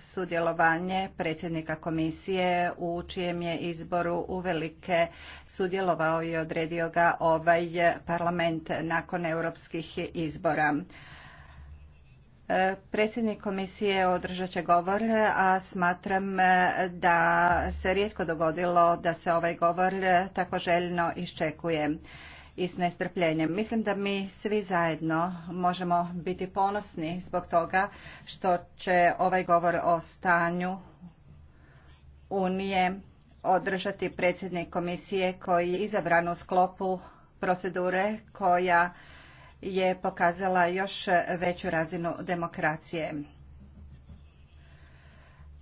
sudjelovanje predsjednika komisije u čijem je izboru uvelike sudjelovao i odredio ga ovaj parlament nakon europskih izbora. E, predsjednik komisije održat će govor, a smatram e, da se rijetko dogodilo da se ovaj govor tako željno iščekuje i s nestrpljenjem. Mislim da mi svi zajedno možemo biti ponosni zbog toga što će ovaj govor o stanju Unije održati predsjednik komisije koji je izabran u sklopu procedure koja je pokazala još veću razinu demokracije.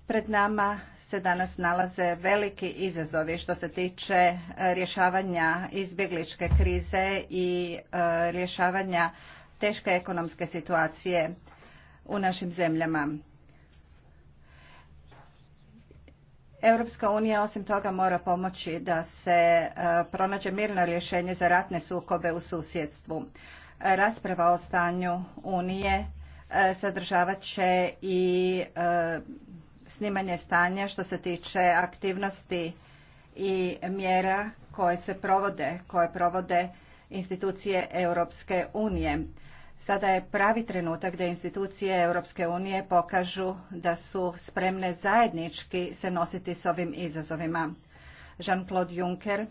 Pred nama se danas nalaze veliki izazovi što se tiče e, rješavanja izbjegličke krize i e, rješavanja teške ekonomske situacije u našim zemljama. Europska unija osim toga mora pomoći da se e, pronađe mirno rješenje za ratne sukobe u susjedstvu. Rasprava o stanju Unije sadržavat će i snimanje stanja što se tiče aktivnosti i mjera koje se provode, koje provode institucije Europske unije. Sada je pravi trenutak da institucije Europske unije pokažu da su spremne zajednički se nositi s ovim izazovima. Jean-Claude Juncker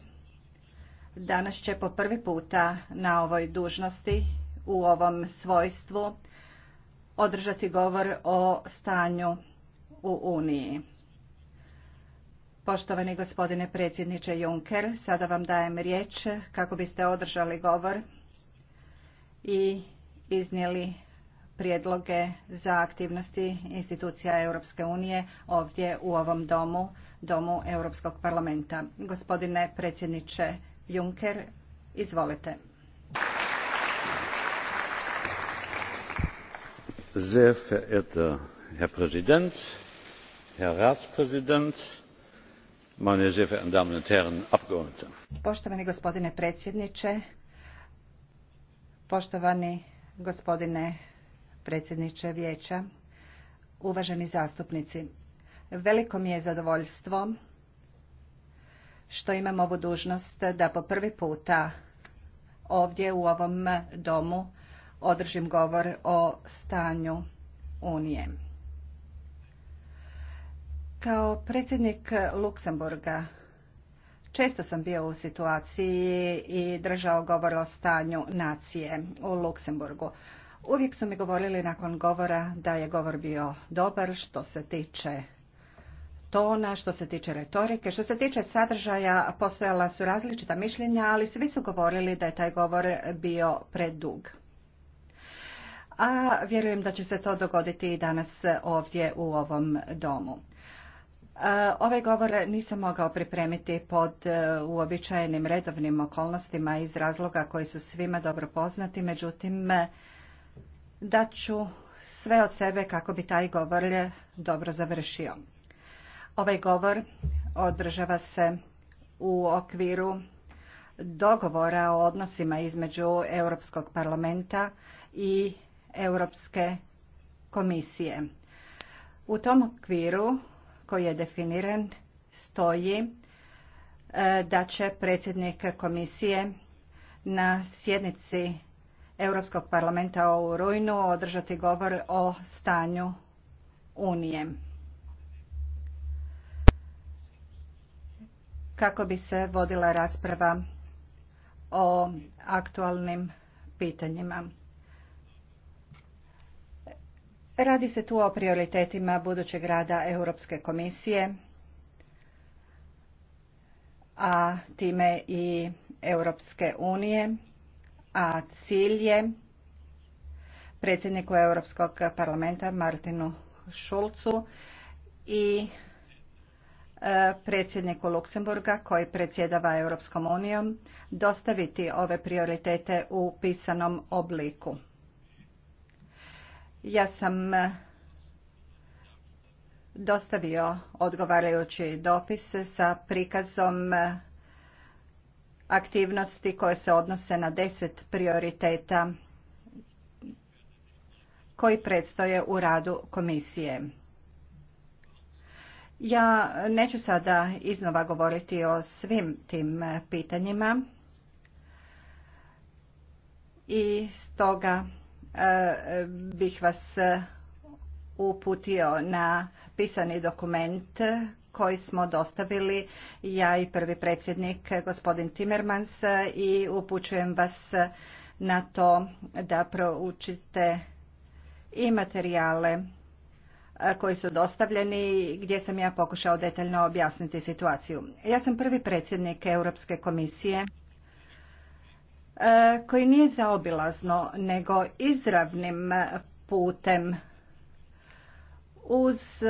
danas će po prvi puta na ovoj dužnosti u ovom svojstvu održati govor o stanju u Uniji. Poštovani gospodine predsjedniče Juncker, sada vam dajem riječ kako biste održali govor i iznijeli prijedloge za aktivnosti institucija Europske unije ovdje u ovom domu, domu Europskog parlamenta. Gospodine predsjedniče Juncker, izvolite. Sehr verehrter Herr herr ratspräsident meine sehr verehrten damen und herren poštovani gospodine predsjedniče poštovani gospodine predsjedniče vijeća uvaženi zastupnici veliko mi je zadovoljstvo što imam ovu dužnost da po prvi puta ovdje u ovom domu održim govor o stanju unije. Kao predsjednik Luksemburga često sam bio u situaciji i držao govor o stanju nacije u Luksemburgu. Uvijek su mi govorili nakon govora da je govor bio dobar što se tiče tona, što se tiče retorike, što se tiče sadržaja, postojala su različita mišljenja, ali svi su govorili da je taj govor bio predug. A vjerujem da će se to dogoditi i danas ovdje u ovom domu. Eh, ovaj govor nisam mogao pripremiti pod eh, uobičajenim redovnim okolnostima iz razloga koji su svima dobro poznati, međutim eh, daću sve od sebe kako bi taj govor dobro završio. Ovaj govor održava se u okviru dogovora o odnosima između Europskog parlamenta i Europske komisije. U tom okviru koji je definiran stoji e, da će predsjednik komisije na sjednici Europskog parlamenta u rujnu održati govor o stanju Unije. Kako bi se vodila rasprava o aktualnim pitanjima. Radi se tu o prioritetima budućeg rada Europske komisije, a time i Europske unije, a cilj je predsjedniku Europskog parlamenta Martinu Šulcu i e, predsjedniku Luksemburga koji predsjedava Europskom unijom dostaviti ove prioritete u pisanom obliku. Ja sam e, dostavio odgovarajući dopis sa prikazom e, aktivnosti koje se odnose na deset prioriteta koji predstoje u radu komisije. Ja neću sada iznova govoriti o svim tim e, pitanjima i stoga Eh, bih vas eh, uputio na pisani dokument koji smo dostavili ja i prvi predsjednik eh, gospodin Timmermans i upućujem vas na to da proučite i materijale koji su dostavljeni gdje sam ja pokušao detaljno objasniti situaciju. Ja sam prvi predsjednik Europske komisije koji nije zaobilazno nego izravnim putem uz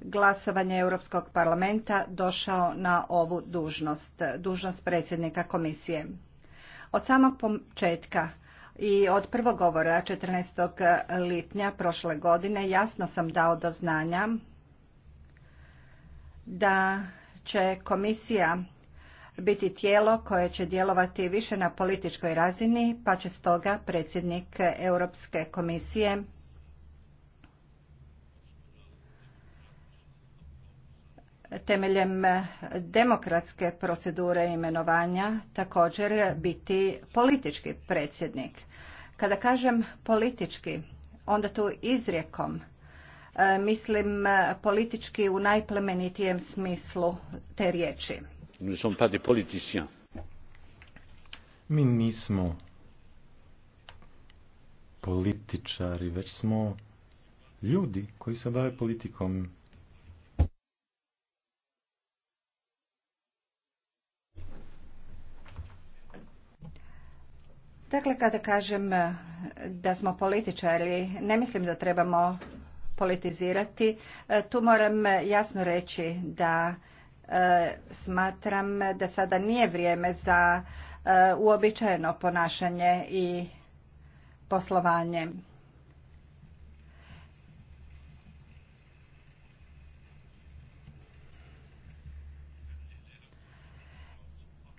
glasovanje Europskog parlamenta došao na ovu dužnost, dužnost predsjednika komisije. Od samog početka i od prvog govora 14. lipnja prošle godine jasno sam dao do znanja da će komisija biti tijelo koje će djelovati više na političkoj razini, pa će stoga predsjednik Europske komisije temeljem demokratske procedure imenovanja također biti politički predsjednik. Kada kažem politički, onda tu izrijekom e, mislim politički u najplemenitijem smislu te riječi. Nous ne sommes pas des Mi nismo političari, već smo ljudi koji se bave politikom. Dakle, kada kažem eh, da smo političari, ne mislim da trebamo politizirati. Eh, tu moram eh, jasno reći da Smatram da sada nije vrijeme za e, uobičajeno ponašanje i poslovanje.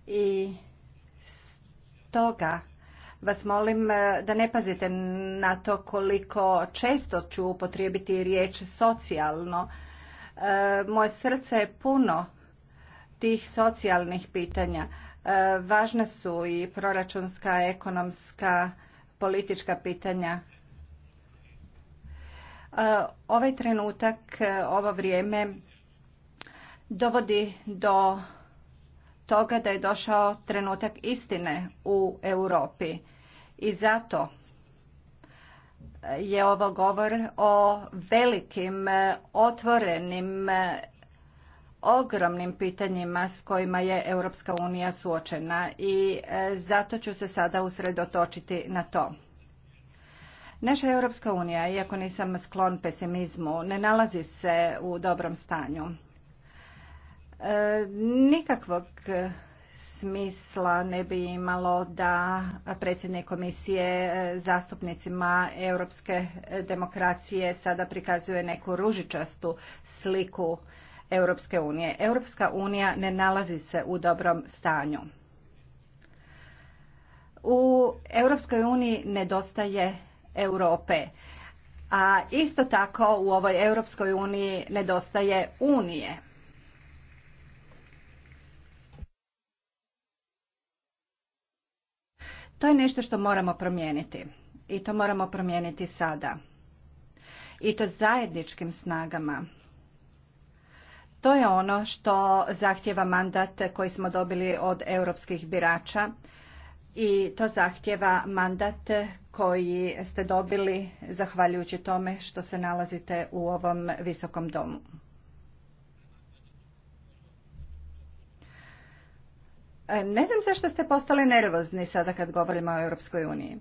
I toga vas molim e, da ne pazite na to koliko često ću upotrijebiti riječ socijalno. E, moje srce je puno tih socijalnih pitanja. E, važne su i proračunska, ekonomska, politička pitanja. E, ovaj trenutak, e, ovo vrijeme dovodi do toga da je došao trenutak istine u Europi. I zato je ovo govor o velikim, otvorenim ogromnim pitanjima s kojima je Europska unija suočena i e, zato ću se sada usredotočiti na to. Naša Europska unija, iako nisam sklon pesimizmu, ne nalazi se u dobrom stanju. E, nikakvog smisla ne bi imalo da predsjednik komisije e, zastupnicima europske demokracije sada prikazuje neku ružičastu sliku Europske unije. Europska unija ne nalazi se u dobrom stanju. U Europskoj uniji nedostaje Europe, a isto tako u ovoj Europskoj uniji nedostaje Unije. To je nešto što moramo promijeniti i to moramo promijeniti sada. I to zajedničkim snagama. To je ono što zahtjeva mandat koji smo dobili od europskih birača i to zahtjeva mandat koji ste dobili zahvaljujući tome što se nalazite u ovom visokom domu. Ne znam zašto ste postali nervozni sada kad govorimo o Europskoj uniji.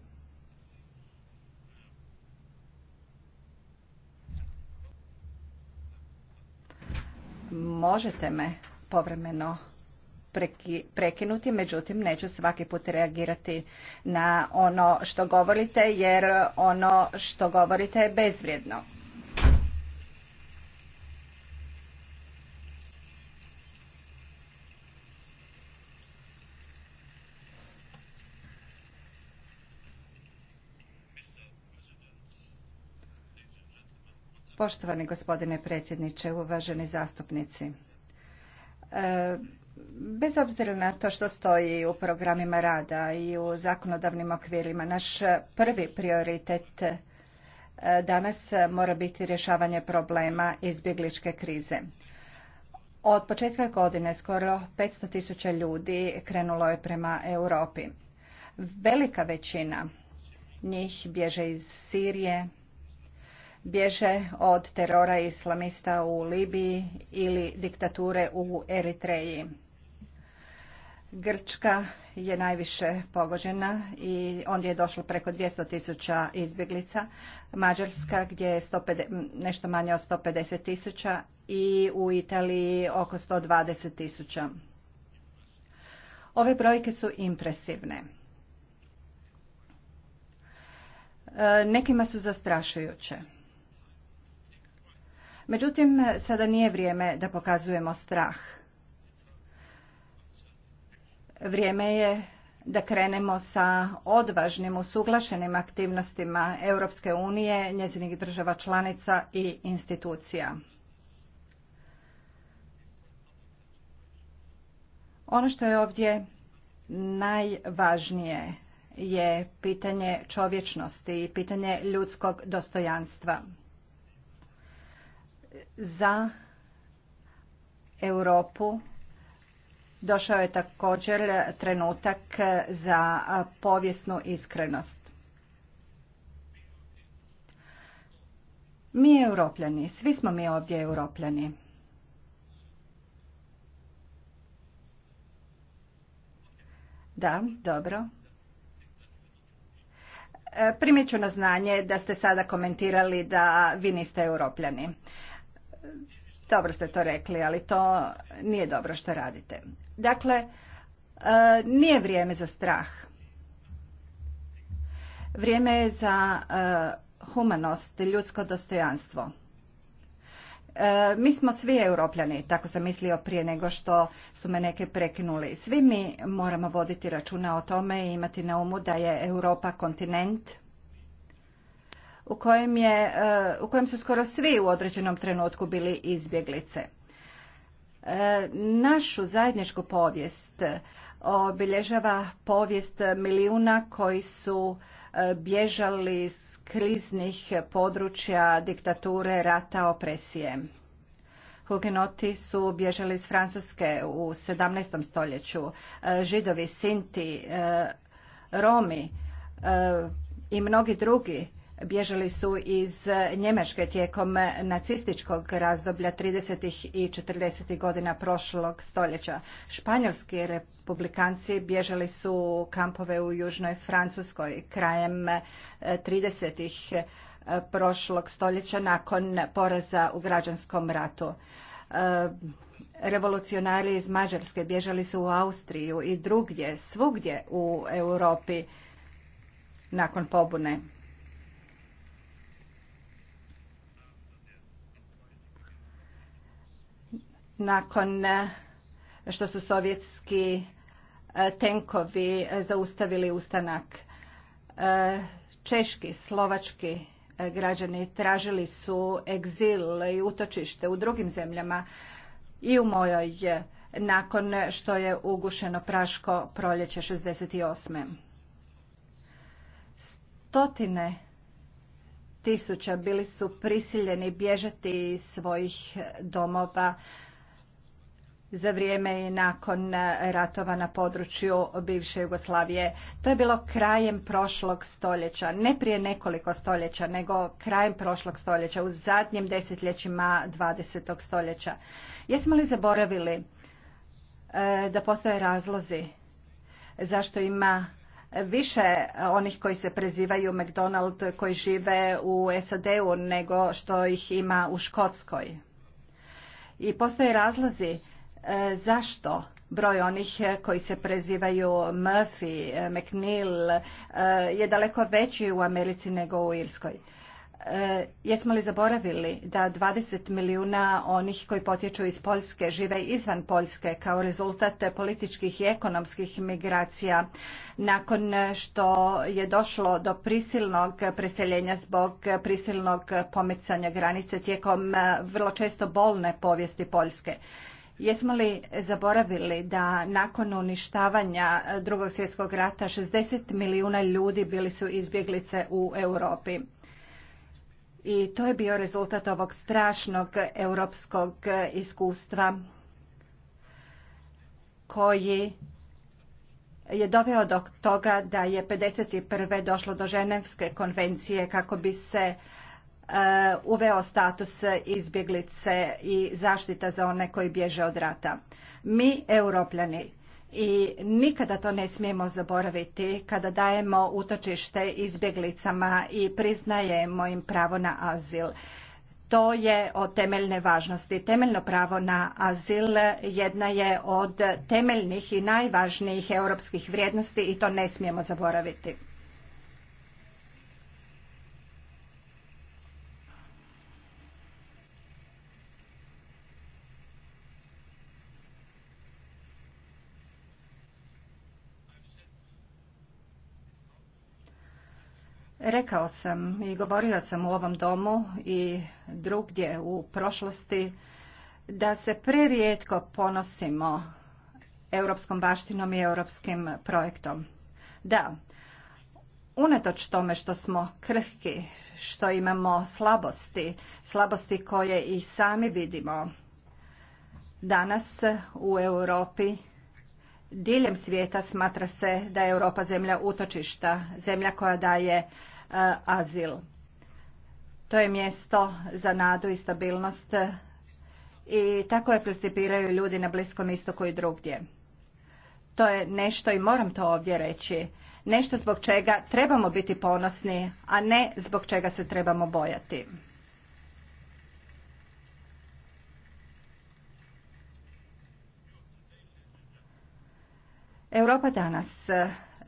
možete me povremeno prekinuti, međutim neću svaki put reagirati na ono što govorite jer ono što govorite je bezvrijedno. Poštovani gospodine predsjedniče, uvaženi zastupnici. E, bez obzira na to što stoji u programima rada i u zakonodavnim okvirima, naš prvi prioritet e, danas mora biti rješavanje problema izbjegličke krize. Od početka godine skoro 500 tisuća ljudi krenulo je prema Europi. Velika većina njih bježe iz Sirije, bježe od terora islamista u Libiji ili diktature u Eritreji. Grčka je najviše pogođena i ondje je došlo preko 200 tisuća izbjeglica. Mađarska gdje je 150, nešto manje od 150 tisuća i u Italiji oko 120 tisuća. Ove brojke su impresivne. E, nekima su zastrašujuće. Međutim, sada nije vrijeme da pokazujemo strah. Vrijeme je da krenemo sa odvažnim usuglašenim aktivnostima Europske unije, njezinih država članica i institucija. Ono što je ovdje najvažnije je pitanje čovječnosti i pitanje ljudskog dostojanstva za Europu došao je također trenutak za povijesnu iskrenost. Mi europljani, svi smo mi ovdje europljani. Da, dobro. E, primit ću na znanje da ste sada komentirali da vi niste europljani. Dobro ste to rekli, ali to nije dobro što radite. Dakle, e, nije vrijeme za strah. Vrijeme je za e, humanost, ljudsko dostojanstvo. E, mi smo svi europljani, tako sam mislio prije nego što su me neke prekinuli. Svi mi moramo voditi računa o tome i imati na umu da je Europa kontinent u kojem, je, e, u kojem su skoro svi u određenom trenutku bili izbjeglice. E, našu zajedničku povijest obilježava povijest milijuna koji su e, bježali iz kriznih područja diktature, rata, opresije. Hugenoti su bježali iz Francuske u 17. stoljeću, židovi, sinti, romi i mnogi drugi Bježali su iz Njemačke tijekom nacističkog razdoblja 30. i 40. godina prošlog stoljeća. Španjolski republikanci bježali su kampove u Južnoj Francuskoj krajem 30. Eh, eh, prošlog stoljeća nakon poraza u građanskom ratu. Eh, revolucionari iz Mađarske bježali su u Austriju i drugdje, svugdje u Europi nakon pobune. nakon e, što su sovjetski e, tenkovi e, zaustavili ustanak. Češki, slovački građani tražili su egzil i utočište u drugim zemljama i u mojoj nakon što je ugušeno Praško proljeće 68. Stotine tisuća bili su prisiljeni bježati iz svojih domova za vrijeme i nakon ratova na području bivše Jugoslavije. To je bilo krajem prošlog stoljeća, ne prije nekoliko stoljeća, nego krajem prošlog stoljeća, u zadnjim desetljećima 20. stoljeća. Jesmo li zaboravili e, da postoje razlozi zašto ima više onih koji se prezivaju McDonald koji žive u SAD-u nego što ih ima u Škotskoj. I postoje razlozi zašto broj onih e, koji se prezivaju Murphy, e, McNeil e, je daleko veći u Americi nego u Irskoj. Jesmo li zaboravili da 20 milijuna onih koji potječu iz Poljske žive izvan Poljske kao rezultat političkih i ekonomskih migracija nakon što je došlo do prisilnog preseljenja zbog prisilnog pomicanja granice tijekom vrlo često bolne povijesti Poljske? Jesmo li zaboravili da nakon uništavanja drugog svjetskog rata 60 milijuna ljudi bili su izbjeglice u Europi? I to je bio rezultat ovog strašnog europskog iskustva koji je doveo do toga da je 51. došlo do Ženevske konvencije kako bi se E, uveo status izbjeglice i zaštita za one koji bježe od rata. Mi, europljani, i nikada to ne smijemo zaboraviti kada dajemo utočište izbjeglicama i priznajemo im pravo na azil. To je od temeljne važnosti. Temeljno pravo na azil jedna je od temeljnih i najvažnijih europskih vrijednosti i to ne smijemo zaboraviti. Rekao sam i govorio sam u ovom domu i drugdje u prošlosti da se prerijetko ponosimo europskom baštinom i europskim projektom. Da, unatoč tome što smo krhki, što imamo slabosti, slabosti koje i sami vidimo, danas u Europi diljem svijeta smatra se da je Europa zemlja utočišta, zemlja koja daje E, azil. To je mjesto za nadu i stabilnost e, i tako je precipiraju ljudi na Bliskom istoku i drugdje. To je nešto i moram to ovdje reći, nešto zbog čega trebamo biti ponosni, a ne zbog čega se trebamo bojati. Europa danas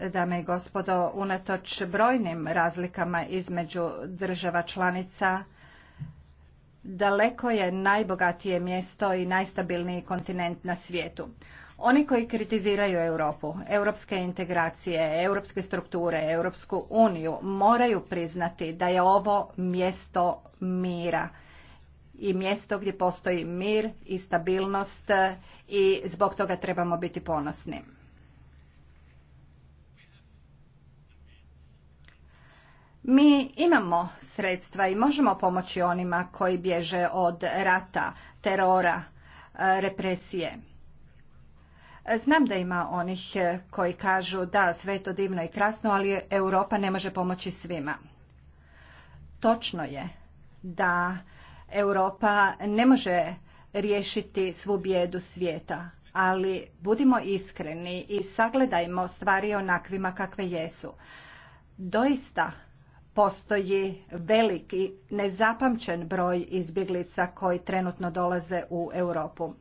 dame i gospodo, unatoč brojnim razlikama između država članica, daleko je najbogatije mjesto i najstabilniji kontinent na svijetu. Oni koji kritiziraju Europu, europske integracije, europske strukture, Europsku uniju, moraju priznati da je ovo mjesto mira i mjesto gdje postoji mir i stabilnost i zbog toga trebamo biti ponosni. Mi imamo sredstva i možemo pomoći onima koji bježe od rata, terora, e, represije. Znam da ima onih koji kažu da sve je to divno i krasno, ali Europa ne može pomoći svima. Točno je da Europa ne može riješiti svu bijedu svijeta, ali budimo iskreni i sagledajmo stvari onakvima kakve jesu. Doista postoji veliki nezapamćen broj izbjeglica koji trenutno dolaze u Europu.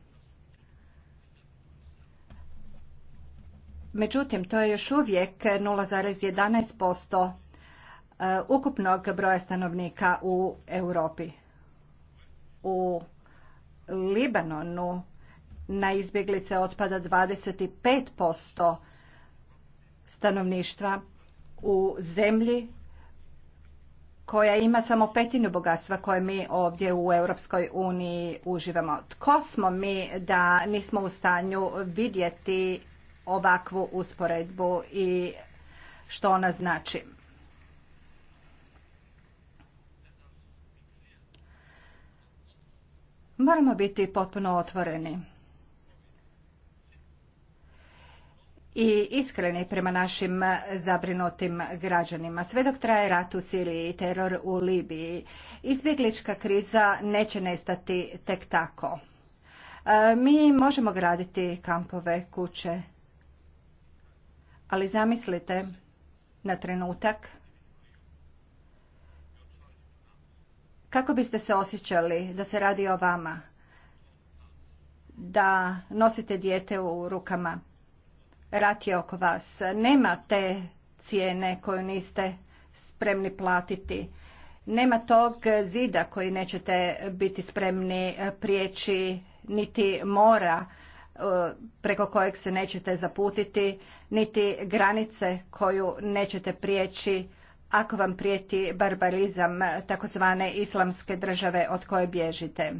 Međutim, to je još uvijek 0,11% eh, ukupnog broja stanovnika u Europi. U Libanonu na izbjeglice otpada 25% stanovništva u zemlji koja ima samo petinu bogatstva koje mi ovdje u Europskoj uniji uživamo. Tko smo mi da nismo u stanju vidjeti ovakvu usporedbu i što ona znači? Moramo biti potpuno otvoreni. i iskreni prema našim zabrinutim građanima. Sve dok traje rat u Siriji i teror u Libiji, izbjeglička kriza neće nestati tek tako. E, mi možemo graditi kampove, kuće, ali zamislite na trenutak kako biste se osjećali da se radi o vama, da nosite dijete u rukama Rat je oko vas. Nema te cijene koju niste spremni platiti. Nema tog zida koji nećete biti spremni prijeći, niti mora e, preko kojeg se nećete zaputiti, niti granice koju nećete prijeći ako vam prijeti barbarizam takozvane islamske države od koje bježite.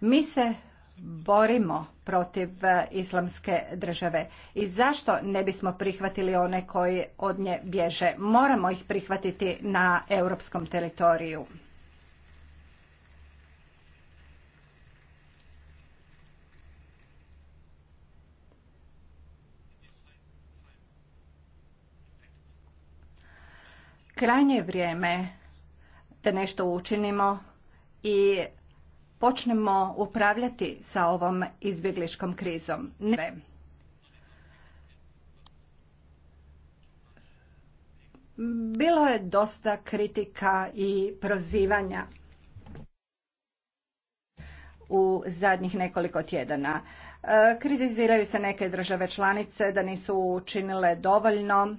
Mi se borimo protiv e, islamske države i zašto ne bismo prihvatili one koji od nje bježe moramo ih prihvatiti na europskom teritoriju krajnje vrijeme da nešto učinimo i počnemo upravljati sa ovom izbjegličkom krizom. Ne. Bilo je dosta kritika i prozivanja u zadnjih nekoliko tjedana. E, kritiziraju se neke države članice da nisu učinile dovoljno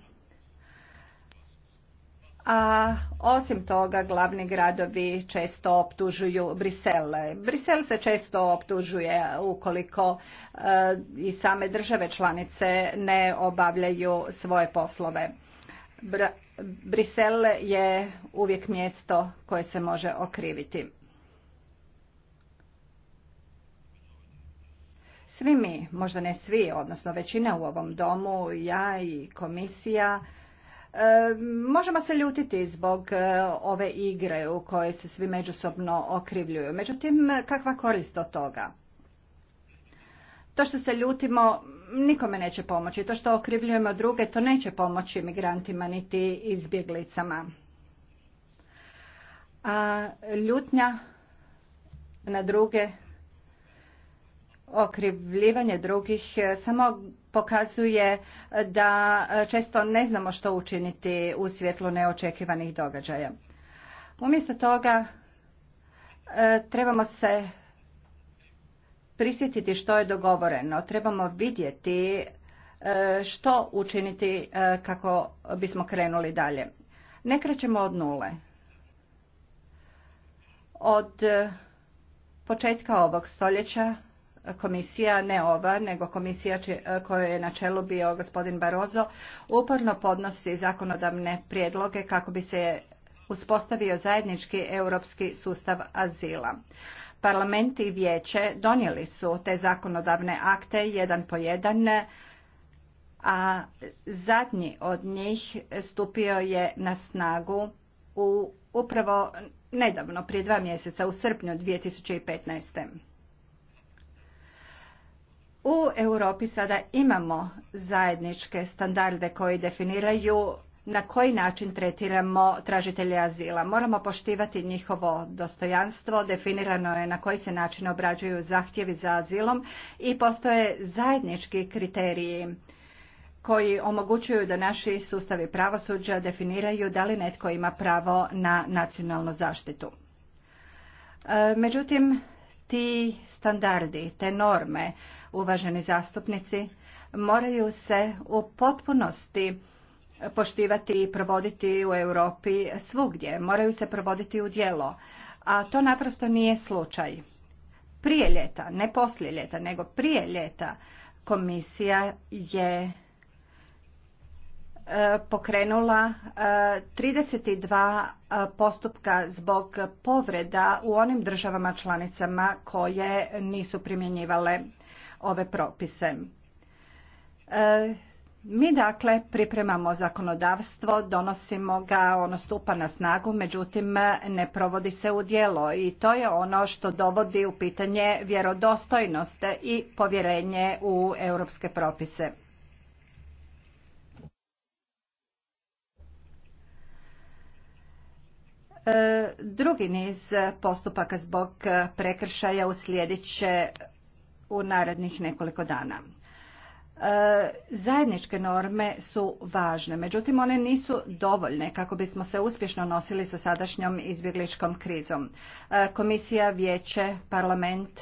a osim toga glavni gradovi često optužuju Brisele. Brisel se često optužuje ukoliko e, i same države članice ne obavljaju svoje poslove. Brisele Brisel je uvijek mjesto koje se može okriviti. Svi mi, možda ne svi, odnosno većina u ovom domu, ja i komisija, E, možemo se ljutiti zbog e, ove igre u kojoj se svi međusobno okrivljuju. Međutim, kakva korist od toga? To što se ljutimo nikome neće pomoći. To što okrivljujemo druge, to neće pomoći migrantima niti izbjeglicama. A ljutnja na druge okrivljivanje drugih e, samo pokazuje da e, često ne znamo što učiniti u svjetlu neočekivanih događaja. Umjesto toga e, trebamo se prisjetiti što je dogovoreno, trebamo vidjeti što učiniti kako bismo krenuli dalje. Ne krećemo od nule. Od početka ovog stoljeća komisija, ne ova, nego komisija kojoj je na čelu bio gospodin Barozo, uporno podnosi zakonodavne prijedloge kako bi se uspostavio zajednički europski sustav azila. Parlament i vijeće donijeli su te zakonodavne akte jedan po jedan, a zadnji od njih stupio je na snagu u upravo nedavno, prije dva mjeseca, u srpnju 2015. U Europi sada imamo zajedničke standarde koji definiraju na koji način tretiramo tražitelje azila. Moramo poštivati njihovo dostojanstvo, definirano je na koji se način obrađuju zahtjevi za azilom i postoje zajednički kriteriji koji omogućuju da naši sustavi pravosuđa definiraju da li netko ima pravo na nacionalnu zaštitu. E, međutim, ti standardi, te norme uvaženi zastupnici, moraju se u potpunosti poštivati i provoditi u Europi svugdje. Moraju se provoditi u djelo. A to naprosto nije slučaj. Prije ljeta, ne poslije ljeta, nego prije ljeta komisija je e, pokrenula 32 e, e, postupka zbog povreda u onim državama članicama koje nisu primjenjivale ove propise. E, mi dakle pripremamo zakonodavstvo, donosimo ga, ono stupa na snagu, međutim ne provodi se u djelo i to je ono što dovodi u pitanje vjerodostojnost i povjerenje u europske propise. E, drugi niz postupaka zbog prekršaja uslijedit će u narednih nekoliko dana. E, zajedničke norme su važne, međutim one nisu dovoljne kako bismo se uspješno nosili sa sadašnjom izbjegličkom krizom. E, komisija, vijeće, parlament,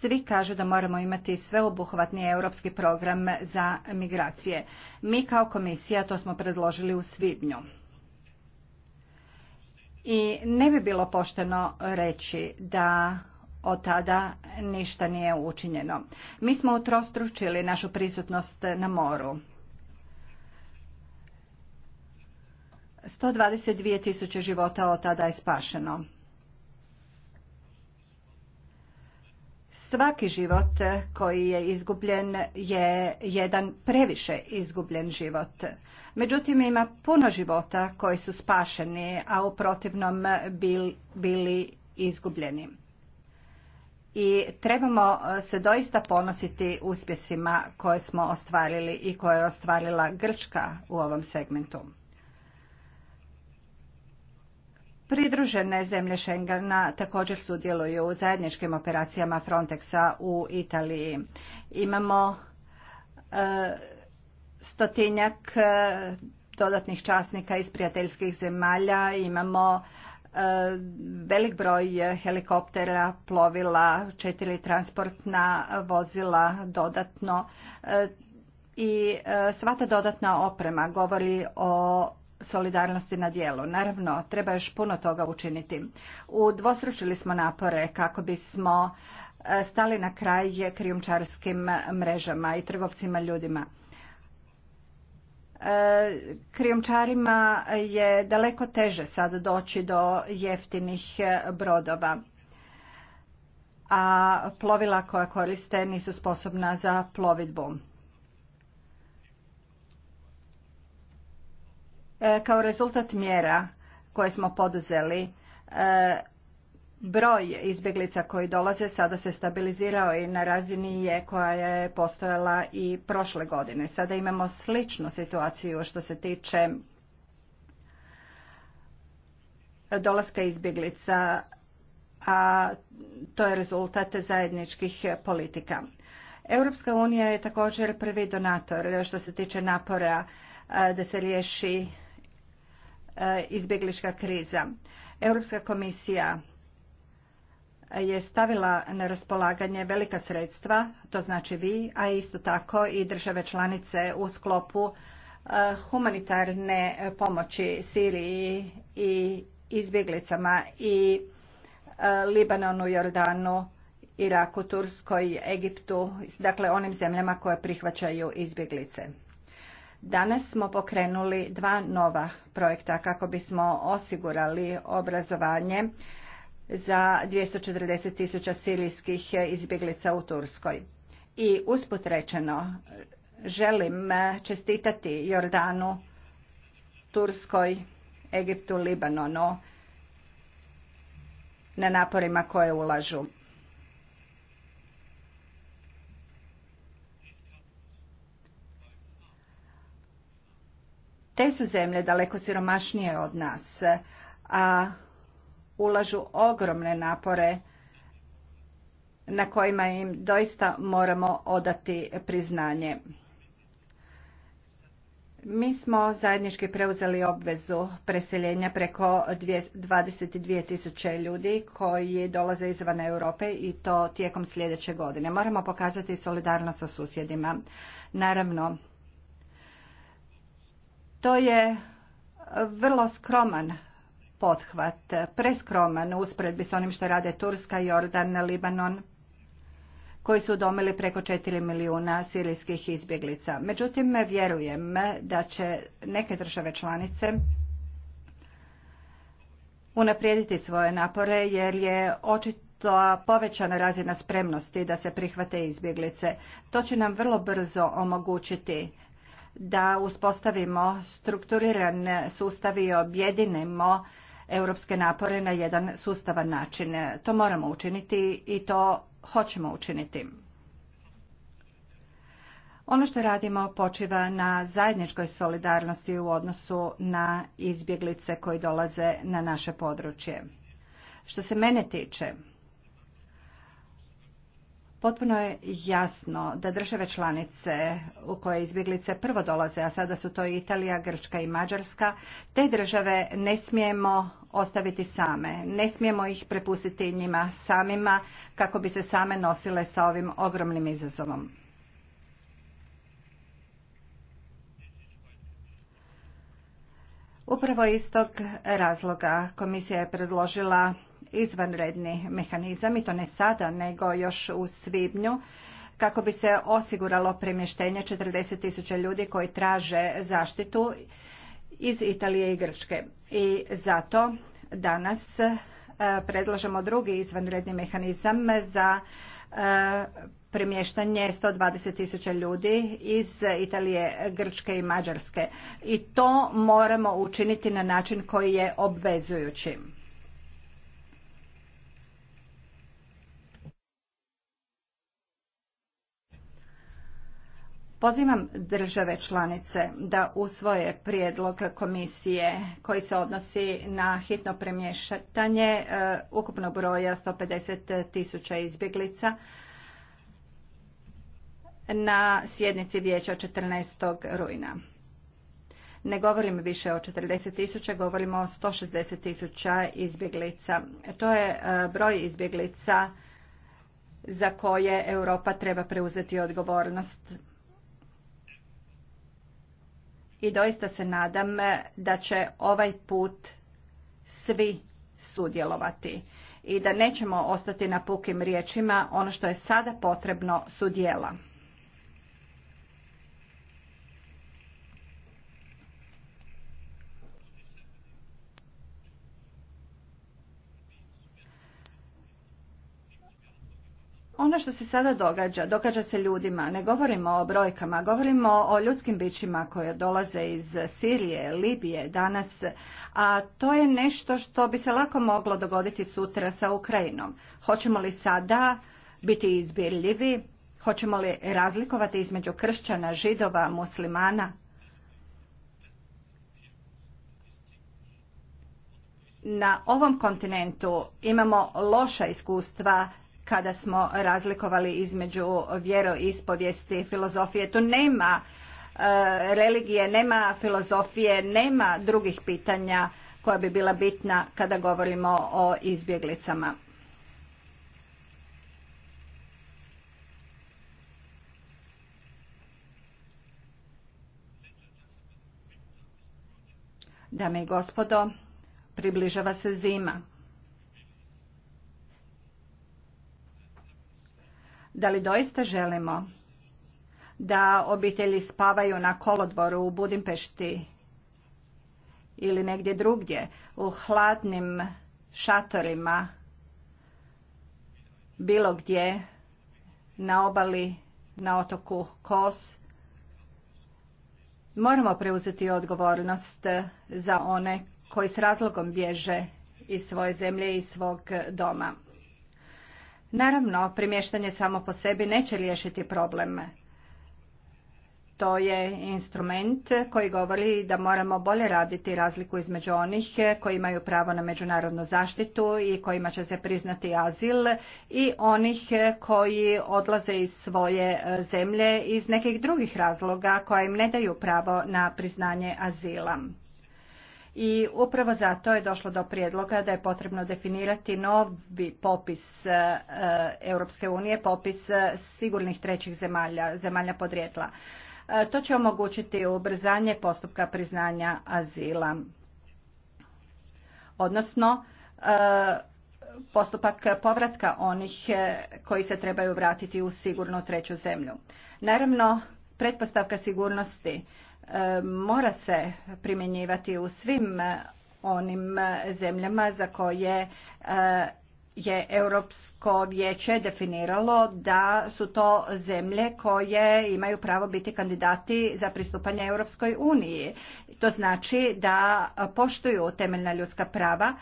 svi kažu da moramo imati sveobuhvatni europski program za migracije. Mi kao komisija to smo predložili u svibnju. I ne bi bilo pošteno reći da od tada ništa nije učinjeno. Mi smo utrostručili našu prisutnost na moru. 122 tisuće života od tada je spašeno. Svaki život koji je izgubljen je jedan previše izgubljen život. Međutim, ima puno života koji su spašeni, a u protivnom bili izgubljeni. I trebamo se doista ponositi uspjesima koje smo ostvarili i koje je ostvarila Grčka u ovom segmentu. Pridružene zemlje Schengena također sudjeluju u zajedničkim operacijama Frontexa u Italiji. Imamo e, stotinjak e, dodatnih časnika iz prijateljskih zemalja, imamo e, velik broj helikoptera, plovila, četiri transportna vozila dodatno i sva ta dodatna oprema govori o solidarnosti na dijelu. Naravno, treba još puno toga učiniti. Udvostručili smo napore kako bismo e, stali na kraj krijumčarskim mrežama i trgovcima ljudima. E, krijumčarima je daleko teže sad doći do jeftinih e, brodova, a plovila koja koriste nisu sposobna za plovidbu. E, kao rezultat mjera koje smo poduzeli, e, broj izbjeglica koji dolaze sada se stabilizirao i na razini je koja je postojala i prošle godine. Sada imamo sličnu situaciju što se tiče dolaska izbjeglica, a to je rezultat zajedničkih politika. Europska unija je također prvi donator što se tiče napora e, da se riješi E, izbjeglička kriza. Europska komisija je stavila na raspolaganje velika sredstva, to znači vi, a isto tako i države članice u sklopu e, humanitarne pomoći Siriji i izbjeglicama i e, Libanonu, Jordanu, Iraku, Turskoj, Egiptu, dakle onim zemljama koje prihvaćaju izbjeglice. Danas smo pokrenuli dva nova projekta kako bismo osigurali obrazovanje za 240 tisuća sirijskih izbjeglica u Turskoj. I usput rečeno, želim čestitati Jordanu, Turskoj, Egiptu, Libanonu na naporima koje ulažu. Te su zemlje daleko siromašnije od nas, a ulažu ogromne napore na kojima im doista moramo odati priznanje. Mi smo zajednički preuzeli obvezu preseljenja preko 22.000 ljudi koji dolaze izvan Europe i to tijekom sljedeće godine. Moramo pokazati solidarnost sa susjedima. Naravno, to je e, vrlo skroman pothvat, preskroman usporedbi s onim što rade Turska, Jordan, Libanon, koji su domili preko 4 milijuna sirijskih izbjeglica. Međutim, vjerujem da će neke države članice unaprijediti svoje napore jer je očito povećana razina spremnosti da se prihvate izbjeglice. To će nam vrlo brzo omogućiti da uspostavimo strukturiran sustav i objedinimo europske napore na jedan sustavan način. To moramo učiniti i to hoćemo učiniti. Ono što radimo počiva na zajedničkoj solidarnosti u odnosu na izbjeglice koji dolaze na naše područje. Što se mene tiče, Potpuno je jasno da države članice u koje izbjeglice prvo dolaze, a sada su to Italija, Grčka i Mađarska, te države ne smijemo ostaviti same. Ne smijemo ih prepustiti njima samima kako bi se same nosile sa ovim ogromnim izazovom. Upravo iz tog razloga komisija je predložila izvanredni mehanizam i to ne sada nego još u svibnju kako bi se osiguralo premještenje 40.000 ljudi koji traže zaštitu iz Italije i Grčke. I zato danas e, predlažemo drugi izvanredni mehanizam za e, premještanje 120.000 ljudi iz Italije, Grčke i Mađarske. I to moramo učiniti na način koji je obvezujući. Pozivam države članice da usvoje prijedlog komisije koji se odnosi na hitno premještanje e, ukupnog broja 150 tisuća izbjeglica na sjednici vijeća 14. rujna. Ne govorim više o 40 tisuća, govorimo o 160 tisuća izbjeglica. To je e, broj izbjeglica za koje Europa treba preuzeti odgovornost i doista se nadam e, da će ovaj put svi sudjelovati i da nećemo ostati na pukim riječima ono što je sada potrebno sudjela. ono što se sada događa, događa se ljudima, ne govorimo o brojkama, govorimo o ljudskim bićima koje dolaze iz Sirije, Libije danas, a to je nešto što bi se lako moglo dogoditi sutra sa Ukrajinom. Hoćemo li sada biti izbirljivi? Hoćemo li razlikovati između kršćana, židova, muslimana? Na ovom kontinentu imamo loša iskustva kada smo razlikovali između vjeroispovijesti i filozofije. Tu nema e, religije, nema filozofije, nema drugih pitanja koja bi bila bitna kada govorimo o izbjeglicama. Dame i gospodo, približava se zima. Da li doista želimo da obitelji spavaju na kolodvoru u Budimpešti ili negdje drugdje u hladnim šatorima bilo gdje na obali, na otoku Kos. Moramo preuzeti odgovornost za one koji s razlogom bježe iz svoje zemlje i svog doma. Naravno, premještanje samo po sebi neće riješiti problem. To je instrument koji govori da moramo bolje raditi razliku između onih koji imaju pravo na međunarodnu zaštitu i kojima će se priznati azil i onih koji odlaze iz svoje e, zemlje iz nekih drugih razloga koja im ne daju pravo na priznanje azila i upravo zato je došlo do prijedloga da je potrebno definirati novi popis e, e, Europske unije, popis e, sigurnih trećih zemalja, zemalja podrijetla. To će omogućiti ubrzanje postupka priznanja azila. Odnosno, postupak povratka onih koji se trebaju vratiti u sigurnu treću zemlju. Naravno, pretpostavka sigurnosti mora se primjenjivati u svim onim zemljama za koje eh, je Europsko vijeće definiralo da su to zemlje koje imaju pravo biti kandidati za pristupanje Europskoj uniji. To znači da poštuju temeljna ljudska prava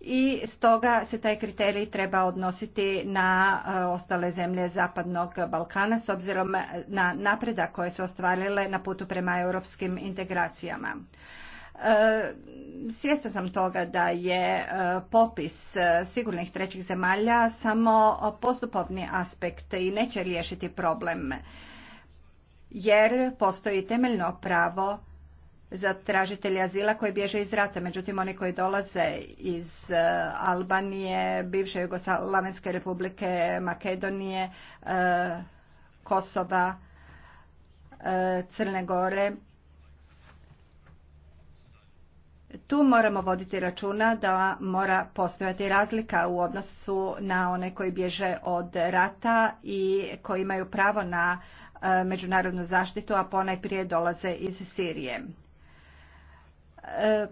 i stoga se taj kriterij treba odnositi na e, ostale zemlje Zapadnog Balkana s obzirom na napredak koje su ostvarile na putu prema europskim integracijama. E, Svjesta sam toga da je e, popis sigurnih trećih zemalja samo postupovni aspekt i neće riješiti problem jer postoji temeljno pravo za tražitelje azila koji bježe iz rata. Međutim, oni koji dolaze iz e, Albanije, bivše Jugoslavenske republike, Makedonije, e, Kosova, e, Crne Gore, tu moramo voditi računa da mora postojati razlika u odnosu na one koji bježe od rata i koji imaju pravo na međunarodnu zaštitu, a ponajprije dolaze iz Sirije. E,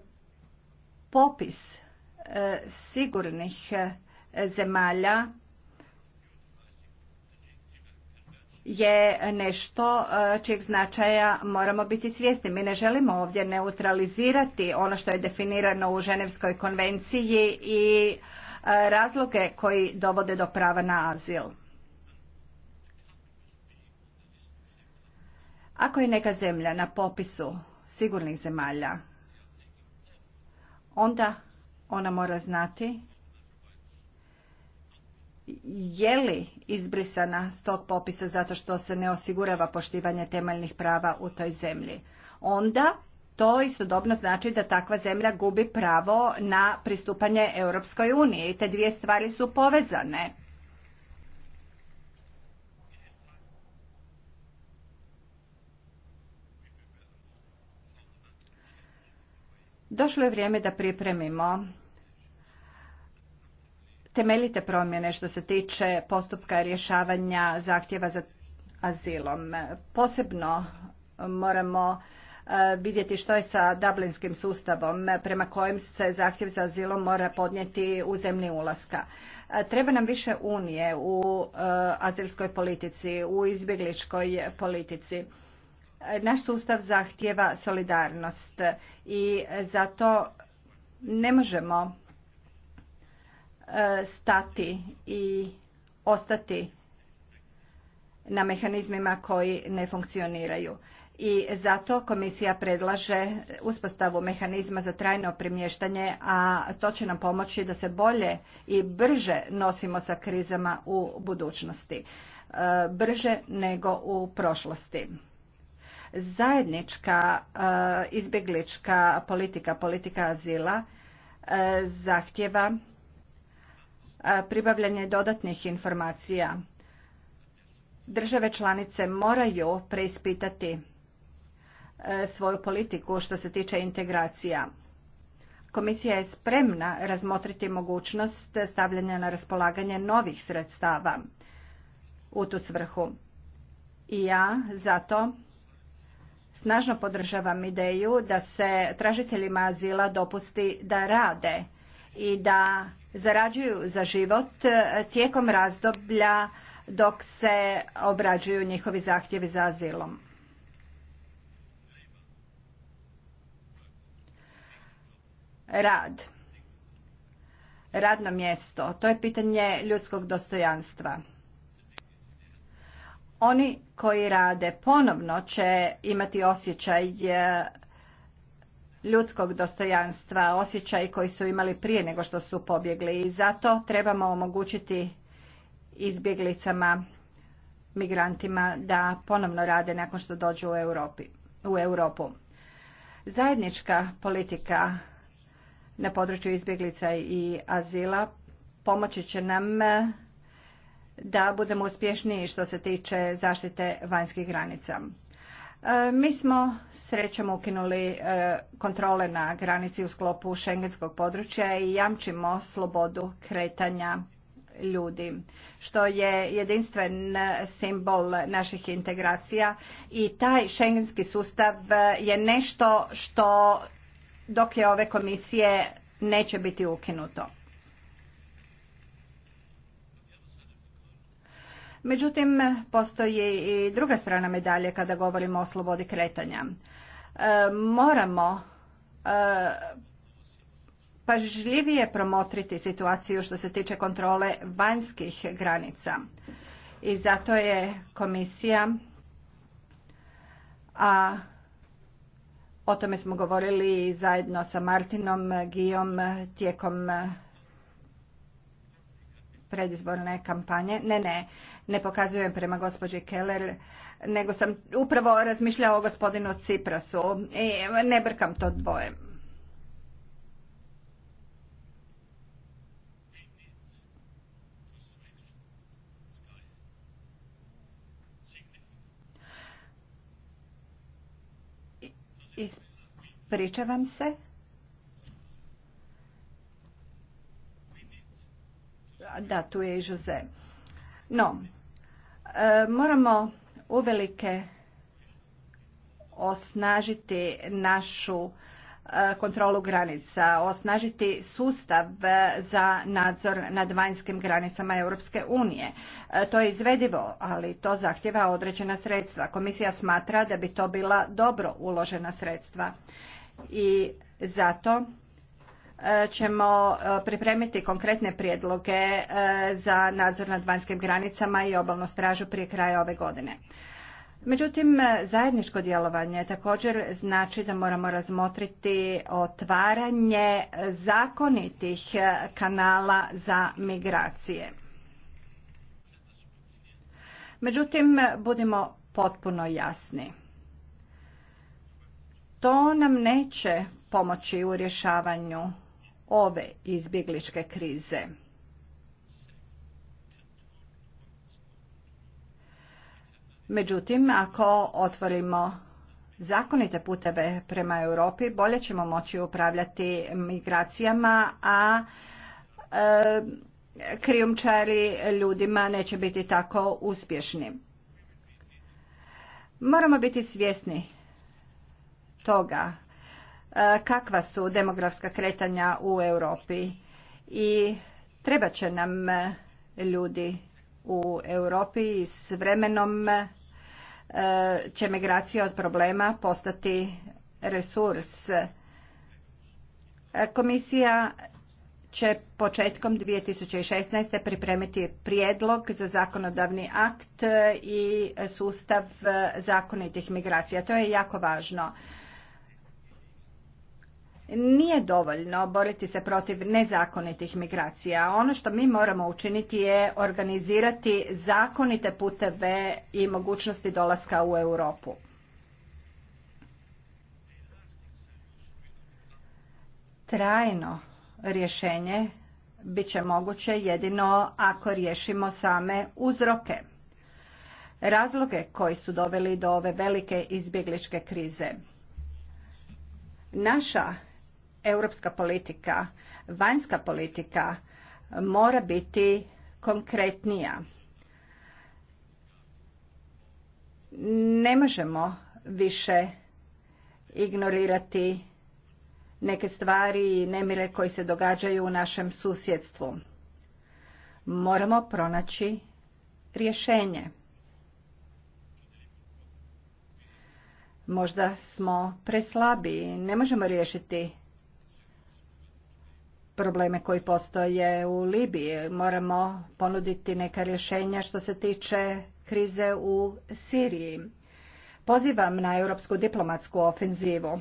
popis e, sigurnih e, zemalja je nešto čijeg značaja moramo biti svjesni. Mi ne želimo ovdje neutralizirati ono što je definirano u Ženevskoj konvenciji i razloge koji dovode do prava na azil. Ako je neka zemlja na popisu sigurnih zemalja, onda ona mora znati je li izbrisana s tog popisa zato što se ne osigurava poštivanje temeljnih prava u toj zemlji. Onda to istodobno znači da takva zemlja gubi pravo na pristupanje Europskoj uniji i te dvije stvari su povezane. Došlo je vrijeme da pripremimo temeljite promjene što se tiče postupka rješavanja zahtjeva za azilom. Posebno moramo e, vidjeti što je sa dublinskim sustavom prema kojem se zahtjev za azilom mora podnijeti u zemlji ulaska. E, treba nam više unije u e, azilskoj politici, u izbjegličkoj politici naš sustav zahtjeva solidarnost i zato ne možemo e, stati i ostati na mehanizmima koji ne funkcioniraju. I zato komisija predlaže uspostavu mehanizma za trajno premještanje, a to će nam pomoći da se bolje i brže nosimo sa krizama u budućnosti. E, brže nego u prošlosti zajednička e, izbjeglička politika, politika azila e, zahtjeva e, pribavljanje dodatnih informacija. Države članice moraju preispitati svoju politiku što se tiče integracija. Komisija je spremna razmotriti mogućnost stavljanja na raspolaganje novih sredstava u tu svrhu. I ja zato Snažno podržavam ideju da se tražiteljima azila dopusti da rade i da zarađuju za život tijekom razdoblja dok se obrađuju njihovi zahtjevi za azilom. Rad. Radno mjesto. To je pitanje ljudskog dostojanstva. Oni koji rade ponovno će imati osjećaj e, ljudskog dostojanstva, osjećaj koji su imali prije nego što su pobjegli i zato trebamo omogućiti izbjeglicama, migrantima da ponovno rade nakon što dođu u, Europi, u Europu. Zajednička politika na području izbjeglica i azila pomoći će nam da budemo uspješniji što se tiče zaštite vanjskih granica. E, mi smo srećom ukinuli e, kontrole na granici u sklopu šengenskog područja i jamčimo slobodu kretanja ljudi, što je jedinstven simbol naših integracija i taj šengenski sustav je nešto što dok je ove komisije neće biti ukinuto. Međutim, postoji i druga strana medalje kada govorimo o slobodi kretanja. E, moramo e, pažljivije promotriti situaciju što se tiče kontrole vanjskih granica. I zato je komisija, a o tome smo govorili zajedno sa Martinom Gijom tijekom predizborne kampanje. Ne, ne, ne pokazujem prema gospođi Keller, nego sam upravo razmišljao o gospodinu Ciprasu. I ne brkam to dvoje. Ispričavam se. Da, tu je i no, e, moramo uvelike osnažiti našu e, kontrolu granica, osnažiti sustav e, za nadzor nad vanjskim granicama Europske unije. To je izvedivo, ali to zahtjeva određena sredstva. Komisija smatra da bi to bila dobro uložena sredstva i zato ćemo e, pripremiti konkretne prijedloge e, za nadzor nad vanjskim granicama i obalnu stražu prije kraja ove godine. Međutim, e, zajedničko djelovanje također znači da moramo razmotriti otvaranje zakonitih kanala za migracije. Međutim, budimo potpuno jasni. To nam neće pomoći u rješavanju ove izbjegličke krize. Međutim, ako otvorimo zakonite puteve prema Europi, bolje ćemo moći upravljati migracijama, a e, krijumčari ljudima neće biti tako uspješni. Moramo biti svjesni toga E, kakva su demografska kretanja u Europi i treba će nam e, ljudi u Europi i s vremenom e, će migracija od problema postati resurs. Komisija će početkom 2016. pripremiti prijedlog za zakonodavni akt i sustav zakonitih migracija. To je jako važno. Nije dovoljno boriti se protiv nezakonitih migracija. Ono što mi moramo učiniti je organizirati zakonite puteve i mogućnosti dolaska u Europu. Trajno rješenje bit će moguće jedino ako riješimo same uzroke. Razloge koji su doveli do ove velike izbjegličke krize. Naša europska politika, vanjska politika mora biti konkretnija. Ne možemo više ignorirati neke stvari i nemire koji se događaju u našem susjedstvu. Moramo pronaći rješenje. Možda smo preslabi, ne možemo riješiti probleme koji postoje u Libiji. Moramo ponuditi neka rješenja što se tiče krize u Siriji. Pozivam na europsku diplomatsku ofenzivu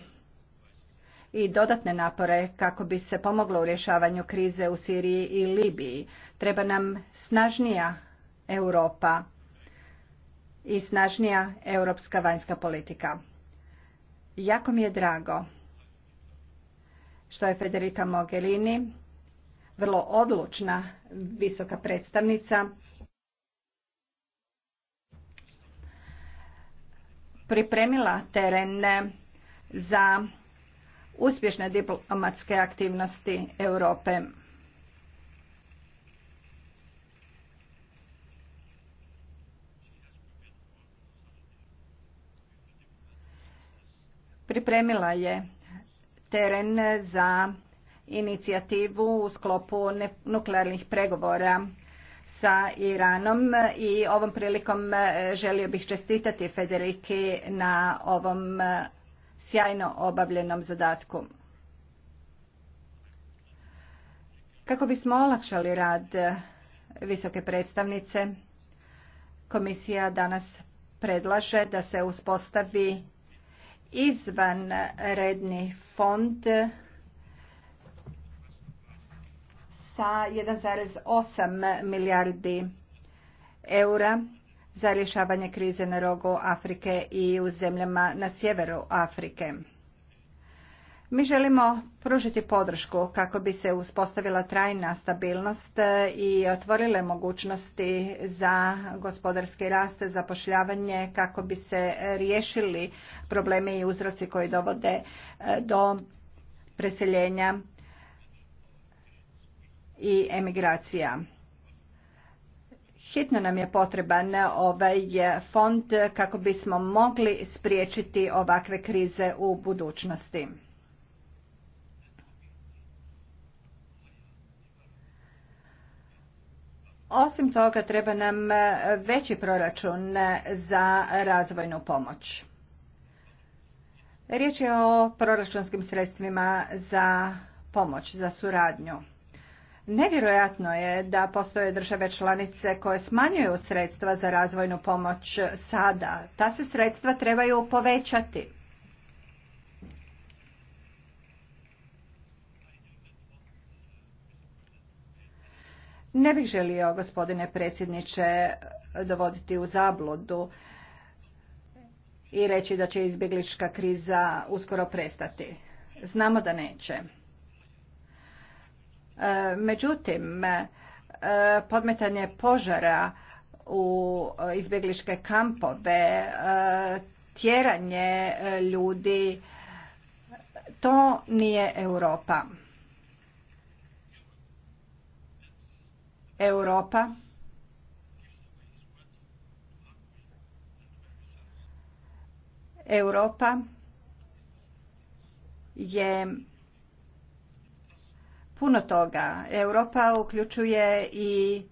i dodatne napore kako bi se pomoglo u rješavanju krize u Siriji i Libiji. Treba nam snažnija Europa i snažnija europska vanjska politika. Jako mi je drago što je Federica Mogherini vrlo odlučna visoka predstavnica pripremila terene za uspješne diplomatske aktivnosti Europe. Pripremila je teren za inicijativu u sklopu nuklearnih pregovora sa Iranom i ovom prilikom e, želio bih čestitati Federiki na ovom e, sjajno obavljenom zadatku. Kako bismo olakšali rad e, visoke predstavnice, komisija danas predlaže da se uspostavi izvanredni fond sa 1,8 milijardi eura za rješavanje krize na rogu Afrike i u zemljama na sjeveru Afrike. Mi želimo pružiti podršku kako bi se uspostavila trajna stabilnost e, i otvorile mogućnosti za gospodarski rast, zapošljavanje, kako bi se riješili problemi i uzroci koji dovode e, do preseljenja i emigracija. Hitno nam je potreban ovaj fond kako bismo mogli spriječiti ovakve krize u budućnosti. Osim toga treba nam e, veći proračun e, za razvojnu pomoć. Riječ je o proračunskim sredstvima za pomoć, za suradnju. Nevjerojatno je da postoje države članice koje smanjuju sredstva za razvojnu pomoć sada. Ta se sredstva trebaju povećati. Ne bih želio, gospodine predsjedniče, dovoditi u zabludu i reći da će izbjeglička kriza uskoro prestati. Znamo da neće. E, međutim, e, podmetanje požara u izbjegličke kampove, e, tjeranje ljudi, to nije Europa. Europa Europa je puno toga. Europa uključuje i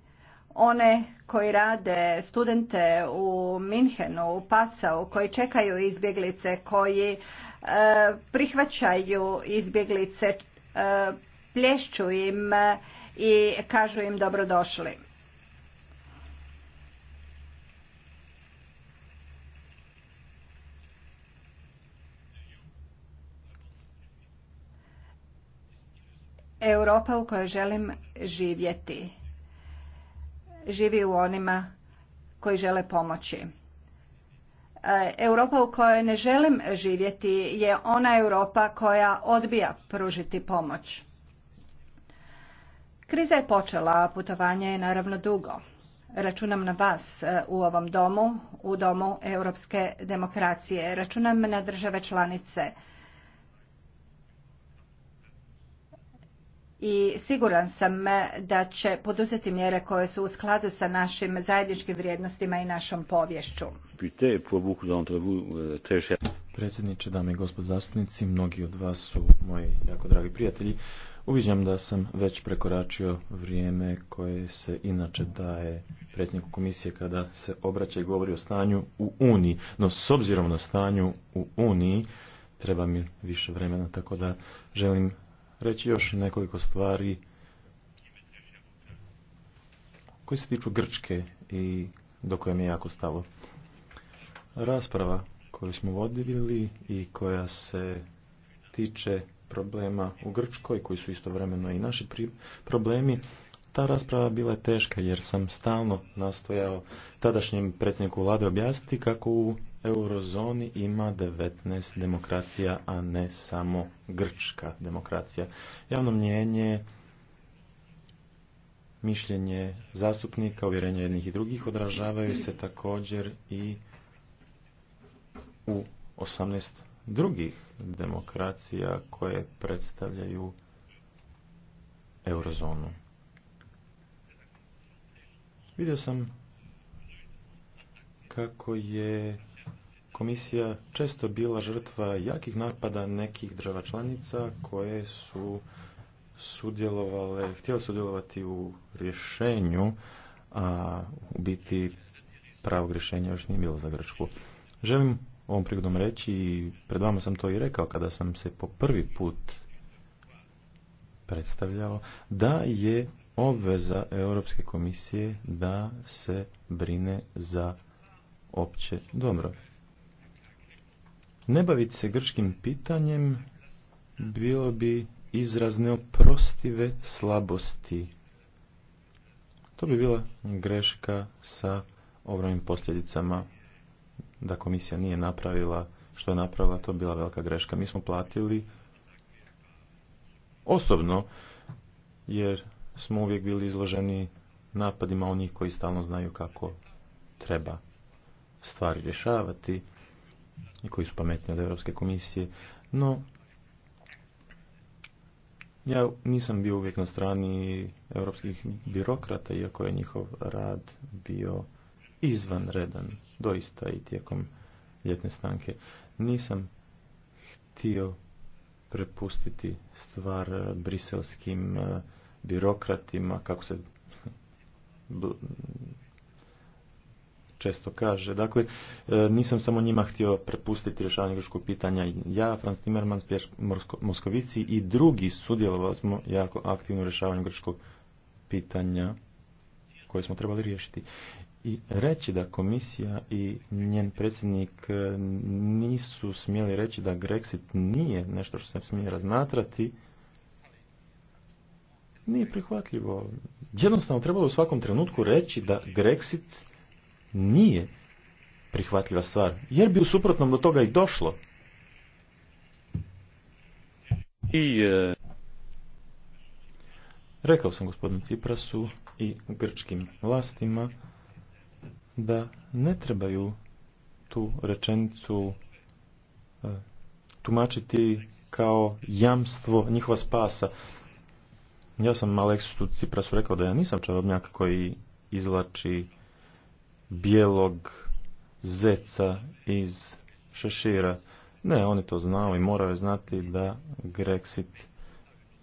one koji rade studente u Minhenu, u Pasau, koji čekaju izbjeglice, koji e, prihvaćaju izbjeglice, e, plješću im i kažu im dobrodošli. Europa u kojoj želim živjeti. Živi u onima koji žele pomoći. E, Europa u kojoj ne želim živjeti je ona Europa koja odbija pružiti pomoć. Kriza je počela, a putovanje je naravno dugo. Računam na vas e, u ovom domu, u domu europske demokracije. Računam na države članice. i siguran sam e, da će poduzeti mjere koje su u skladu sa našim zajedničkim vrijednostima i našom povješću. Euh, Predsjedniče, dame i gospod zastupnici, mnogi od vas su moji jako dragi prijatelji. Uviđam da sam već prekoračio vrijeme koje se inače daje predsjedniku komisije kada se obraća i govori o stanju u Uniji. No s obzirom na stanju u Uniji treba mi više vremena, tako da želim reći još nekoliko stvari koje se tiču Grčke i do koje mi je jako stalo. Rasprava koju smo vodili i koja se tiče problema u Grčkoj, koji su istovremeno i naši problemi, ta rasprava bila je teška jer sam stalno nastojao tadašnjem predsjedniku vlade objasniti kako u eurozoni ima 19 demokracija, a ne samo grčka demokracija. Javno mnjenje, mišljenje zastupnika, uvjerenje jednih i drugih odražavaju se također i u 18 drugih demokracija koje predstavljaju eurozonu. Vidio sam kako je komisija često bila žrtva jakih napada nekih država članica koje su sudjelovale, htjele sudjelovati u rješenju, a u biti pravog rješenja još nije bilo za Grčku. Želim ovom prigodom reći i pred vama sam to i rekao kada sam se po prvi put predstavljao da je obveza Europske komisije da se brine za opće dobro. Ne baviti se grčkim pitanjem bilo bi izraz neoprostive slabosti. To bi bila greška sa ogromnim posljedicama da komisija nije napravila što je napravila, to je bila velika greška. Mi smo platili osobno, jer smo uvijek bili izloženi napadima onih koji stalno znaju kako treba stvari rješavati i koji su pametni od Europske komisije. No, ja nisam bio uvijek na strani europskih birokrata, iako je njihov rad bio izvanredan, doista i tijekom ljetne stanke. Nisam htio prepustiti stvar eh, briselskim eh, birokratima, kako se često kaže. Dakle, eh, nisam samo njima htio prepustiti rješavanje grčkog pitanja. Ja, Franz Timerman, Moskovici i drugi sudjelovali smo jako aktivno u rješavanju pitanja koje smo trebali riješiti i reći da komisija i njen predsjednik e, nisu smjeli reći da Grexit nije nešto što se smije razmatrati, nije prihvatljivo. Jednostavno trebalo u svakom trenutku reći da Grexit nije prihvatljiva stvar, jer bi u suprotnom do toga i došlo. I... E, Rekao sam gospodinu Ciprasu i grčkim vlastima da ne trebaju tu rečenicu e, tumačiti kao jamstvo njihova spasa. Ja sam Aleksu Ciprasu rekao da ja nisam čarobnjak koji izlači bijelog zeca iz šešira. Ne, oni to znao i moraju znati da Grexit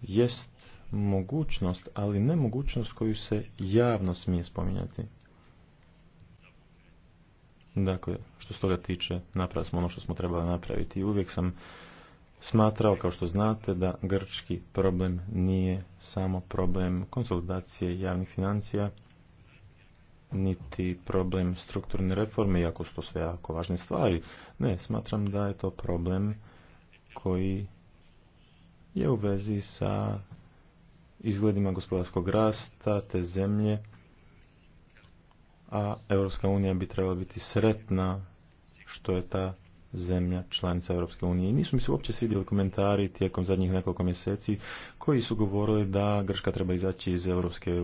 jest mogućnost, ali ne mogućnost koju se javno smije spominjati. Dakle, što se toga tiče, napravili smo ono što smo trebali napraviti. I uvijek sam smatrao, kao što znate, da grčki problem nije samo problem konsolidacije javnih financija, niti problem strukturne reforme, iako su to sve jako važne stvari. Ne, smatram da je to problem koji je u vezi sa izgledima gospodarskog rasta te zemlje a Europska unija bi trebala biti sretna što je ta zemlja članica Europske unije. I nisu mi se uopće svidjeli komentari tijekom zadnjih nekoliko mjeseci koji su govorili da Grčka treba izaći iz, Europske,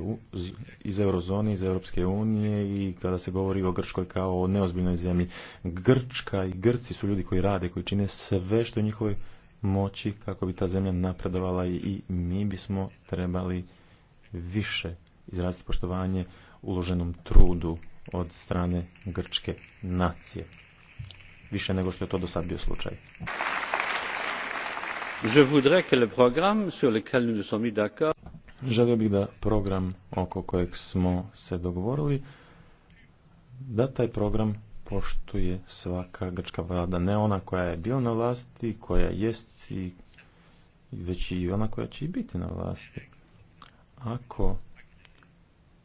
iz eurozone, iz Europske unije i kada se govori o Grčkoj kao o neozbiljnoj zemlji. Grčka i Grci su ljudi koji rade, koji čine sve što je njihovoj moći kako bi ta zemlja napredovala i mi bismo trebali više izraziti poštovanje uloženom trudu od strane grčke nacije. Više nego što je to do sad bio slučaj. Je voudrais que le Želio bih da program oko kojeg smo se dogovorili, da taj program poštuje svaka grčka vlada, ne ona koja je bila na vlasti, koja jest i već i ona koja će i biti na vlasti. Ako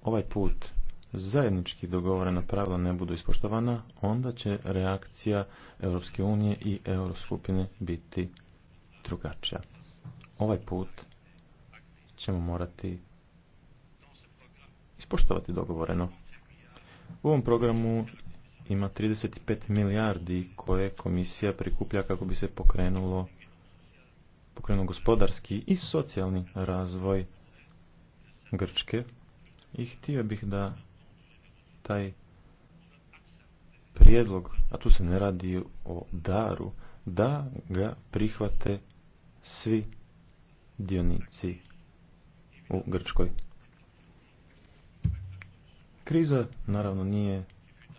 ovaj put zajednički dogovorena pravila ne budu ispoštovana, onda će reakcija Europske unije i Euroskupine biti drugačija. Ovaj put ćemo morati ispoštovati dogovoreno. U ovom programu ima 35 milijardi koje komisija prikuplja kako bi se pokrenulo pokrenuo gospodarski i socijalni razvoj Grčke i htio bih da taj prijedlog, a tu se ne radi o daru, da ga prihvate svi dionici u Grčkoj. Kriza naravno nije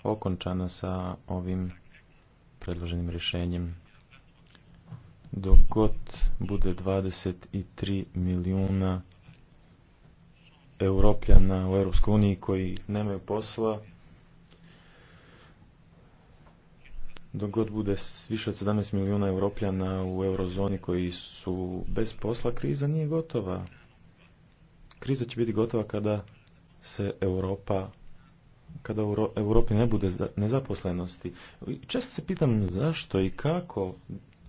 okončana sa ovim predloženim rješenjem. Dok god bude 23 milijuna europljana u EU koji nemaju posla, dok god bude više od 17 milijuna europljana u eurozoni koji su bez posla, kriza nije gotova. Kriza će biti gotova kada se Europa kada u Europi ne bude nezaposlenosti. Često se pitam zašto i kako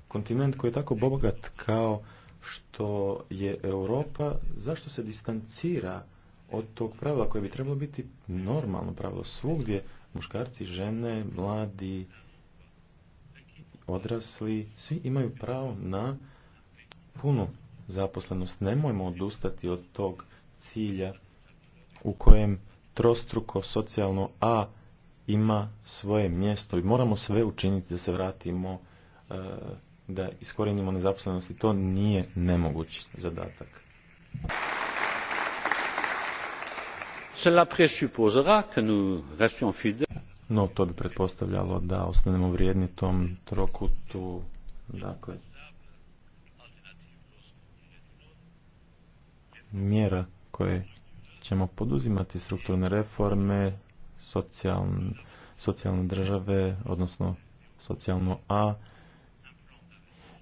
kontinent koji je tako bogat kao što je Europa, zašto se distancira od tog pravila koje bi trebalo biti normalno pravilo svugdje, muškarci, žene, mladi, odrasli, svi imaju pravo na punu zaposlenost. Nemojmo odustati od tog cilja u kojem trostruko socijalno A ima svoje mjesto i moramo sve učiniti da se vratimo, e, da iskorenimo nezaposlenost i to nije nemogući zadatak cela presupposera que nous restions fidèles no to bi pretpostavljalo da ostanemo vrijedni tom trokutu dakle mjera koje ćemo poduzimati strukturne reforme socijalne, socijalne države odnosno socijalno A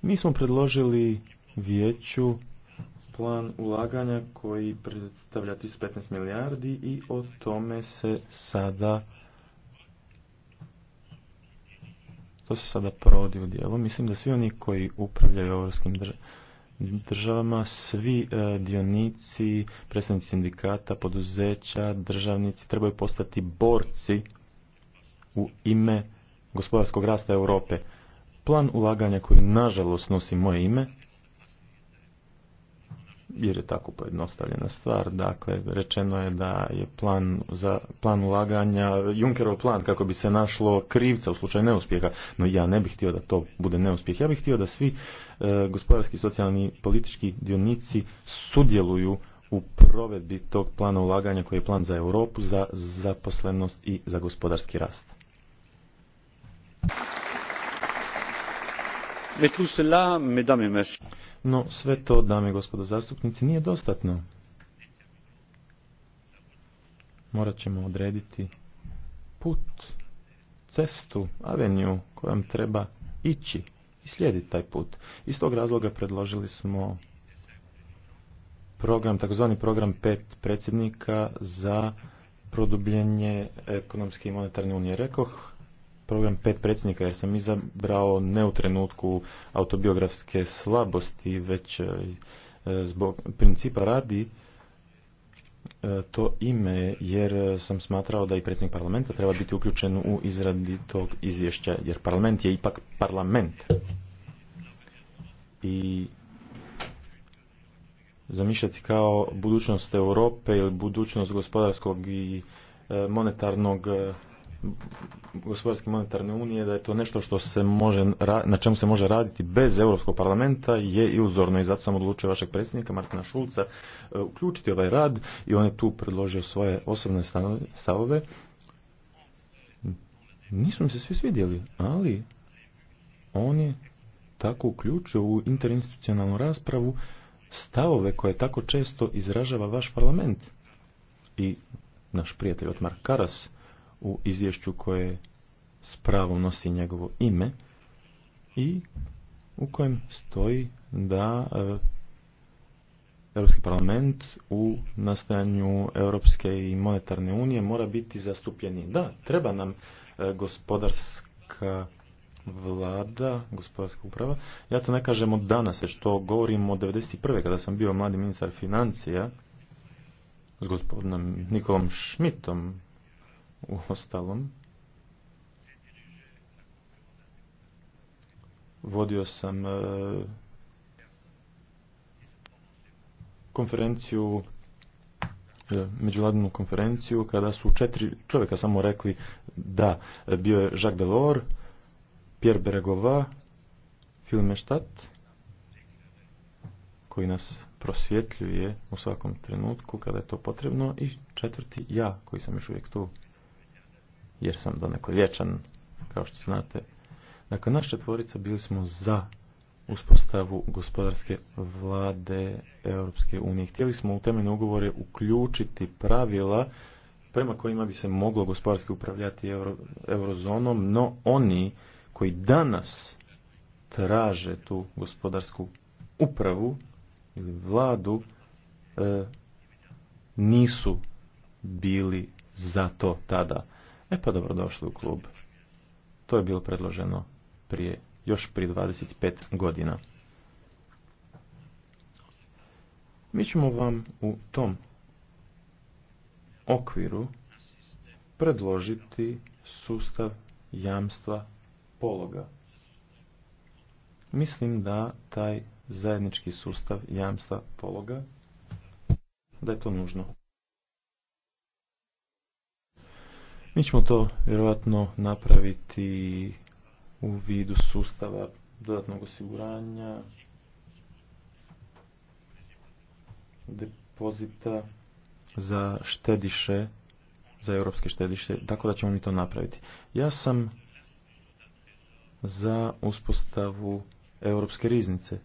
mi smo predložili vijeću plan ulaganja koji predstavlja 15 milijardi i o tome se sada to se sada provodi u dijelu. Mislim da svi oni koji upravljaju europskim državama, svi e, dionici, predstavnici sindikata, poduzeća, državnici trebaju postati borci u ime gospodarskog rasta Europe. Plan ulaganja koji nažalost nosi moje ime jer je tako pojednostavljena stvar. Dakle, rečeno je da je plan za plan ulaganja, Junkerov plan kako bi se našlo krivca u slučaju neuspjeha, no ja ne bih htio da to bude neuspjeh. Ja bih htio da svi e, gospodarski, socijalni, politički dionici sudjeluju u provedbi tog plana ulaganja koji je plan za Europu, za zaposlenost i za gospodarski rast. Mais tout cela, mesdames et messieurs, no sve to, dame i gospodo zastupnici, nije dostatno. Morat ćemo odrediti put, cestu, aveniju kojom treba ići i slijediti taj put. Iz tog razloga predložili smo program, takozvani program pet predsjednika za produbljenje ekonomske i monetarne unije. Rekoh program pet predsjednika jer sam izabrao ne u trenutku autobiografske slabosti već e, zbog principa radi e, to ime jer sam smatrao da i predsjednik parlamenta treba biti uključen u izradi tog izvješća jer parlament je ipak parlament i zamišljati kao budućnost Europe ili budućnost gospodarskog i e, monetarnog gospodarske monetarne unije da je to nešto što se može, na čemu se može raditi bez Europskog parlamenta je iluzorno i zato sam odlučio vašeg predsjednika Martina Šulca e, uključiti ovaj rad i on je tu predložio svoje osobne stavove. Nisu mi se svi svidjeli, ali on je tako uključio u interinstitucionalnu raspravu stavove koje tako često izražava vaš parlament. I naš prijatelj Mark Karas u izvješću koje s pravom nosi njegovo ime i u kojem stoji da e, Europski parlament u nastajanju Europske i monetarne unije mora biti zastupljeni. Da, treba nam e, gospodarska vlada, gospodarska uprava. Ja to ne kažem od danas, što to govorim od 1991. kada sam bio mladi ministar financija s gospodinom Nikolom Šmitom, u ostalom, vodio sam e, konferenciju e, međuladnu konferenciju kada su četiri čovjeka samo rekli da e, bio je Jacques Delors, Pierre Beregova, Filmeštat koji nas prosvjetljuje u svakom trenutku kada je to potrebno i četvrti ja koji sam još uvijek tu jer sam donekle vječan, kao što znate. Dakle, naš četvorica bili smo za uspostavu gospodarske vlade Europske unije. Htjeli smo u temeljne ugovore uključiti pravila prema kojima bi se moglo gospodarski upravljati eurozonom, no oni koji danas traže tu gospodarsku upravu ili vladu e, nisu bili za to tada. E pa došli u klub. To je bilo predloženo prije, još prije 25 godina. Mi ćemo vam u tom okviru predložiti sustav jamstva pologa. Mislim da taj zajednički sustav jamstva pologa da je to nužno. Mi ćemo to vjerojatno napraviti u vidu sustava dodatnog osiguranja, depozita za štediše, za europske štediše, tako da ćemo mi to napraviti. Ja sam za uspostavu europske riznice.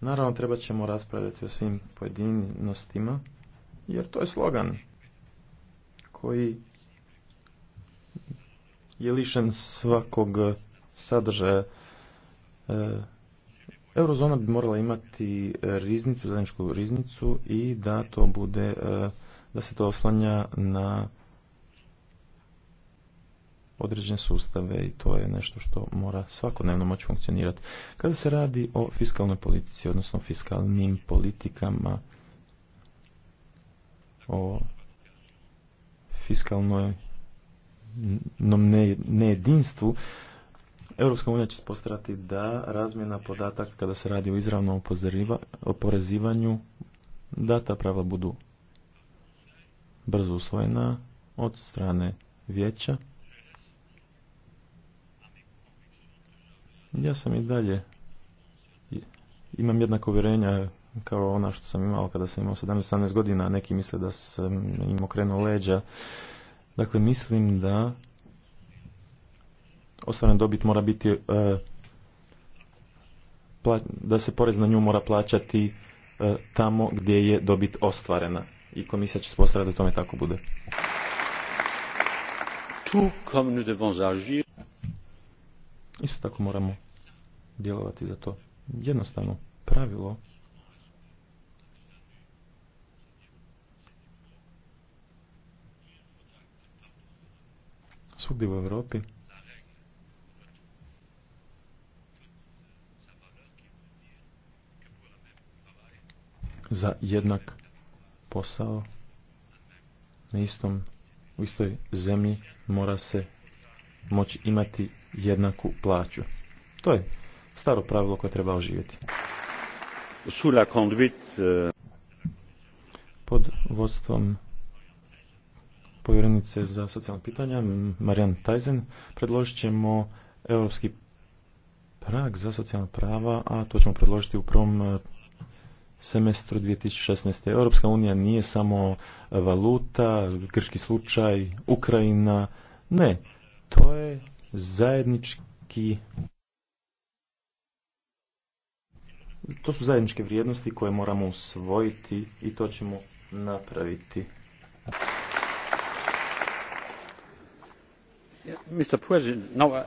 Naravno, treba ćemo raspravljati o svim pojedinostima, jer to je slogan koji je lišen svakog sadržaja. E, Eurozona bi morala imati riznicu, zajedničku riznicu i da to bude, e, da se to oslanja na određene sustave i to je nešto što mora svakodnevno moći funkcionirati. Kada se radi o fiskalnoj politici, odnosno fiskalnim politikama, o fiskalnoj nejedinstvu, Europska unija će postarati da razmjena podataka kada se radi o izravnom oporezivanju, da ta pravila budu brzo usvojena od strane vijeća. Ja sam i dalje, imam jednako uvjerenja kao ona što sam imao kada sam imao 17-18 godina, neki misle da sam im okrenuo leđa Dakle, mislim da ostvarena dobit mora biti e, da se porez na nju mora plaćati e, tamo gdje je dobit ostvarena i komisija će se da tome tako bude. Tu Isto tako moramo djelovati za to. Jednostavno pravilo svugdje u Europi. za jednak posao na istom, u istoj zemlji mora se moći imati jednaku plaću. To je staro pravilo koje treba oživjeti. Euh, Pod vodstvom povjerenice za socijalna pitanja, Marijan Tajzen, predložit ćemo europski prag za socijalna prava, a to ćemo predložiti u prvom e, semestru 2016. Europska unija nije samo valuta, grški slučaj, Ukrajina, ne, to je zajednički to su zajedničke vrijednosti koje moramo usvojiti i to ćemo napraviti. Uh,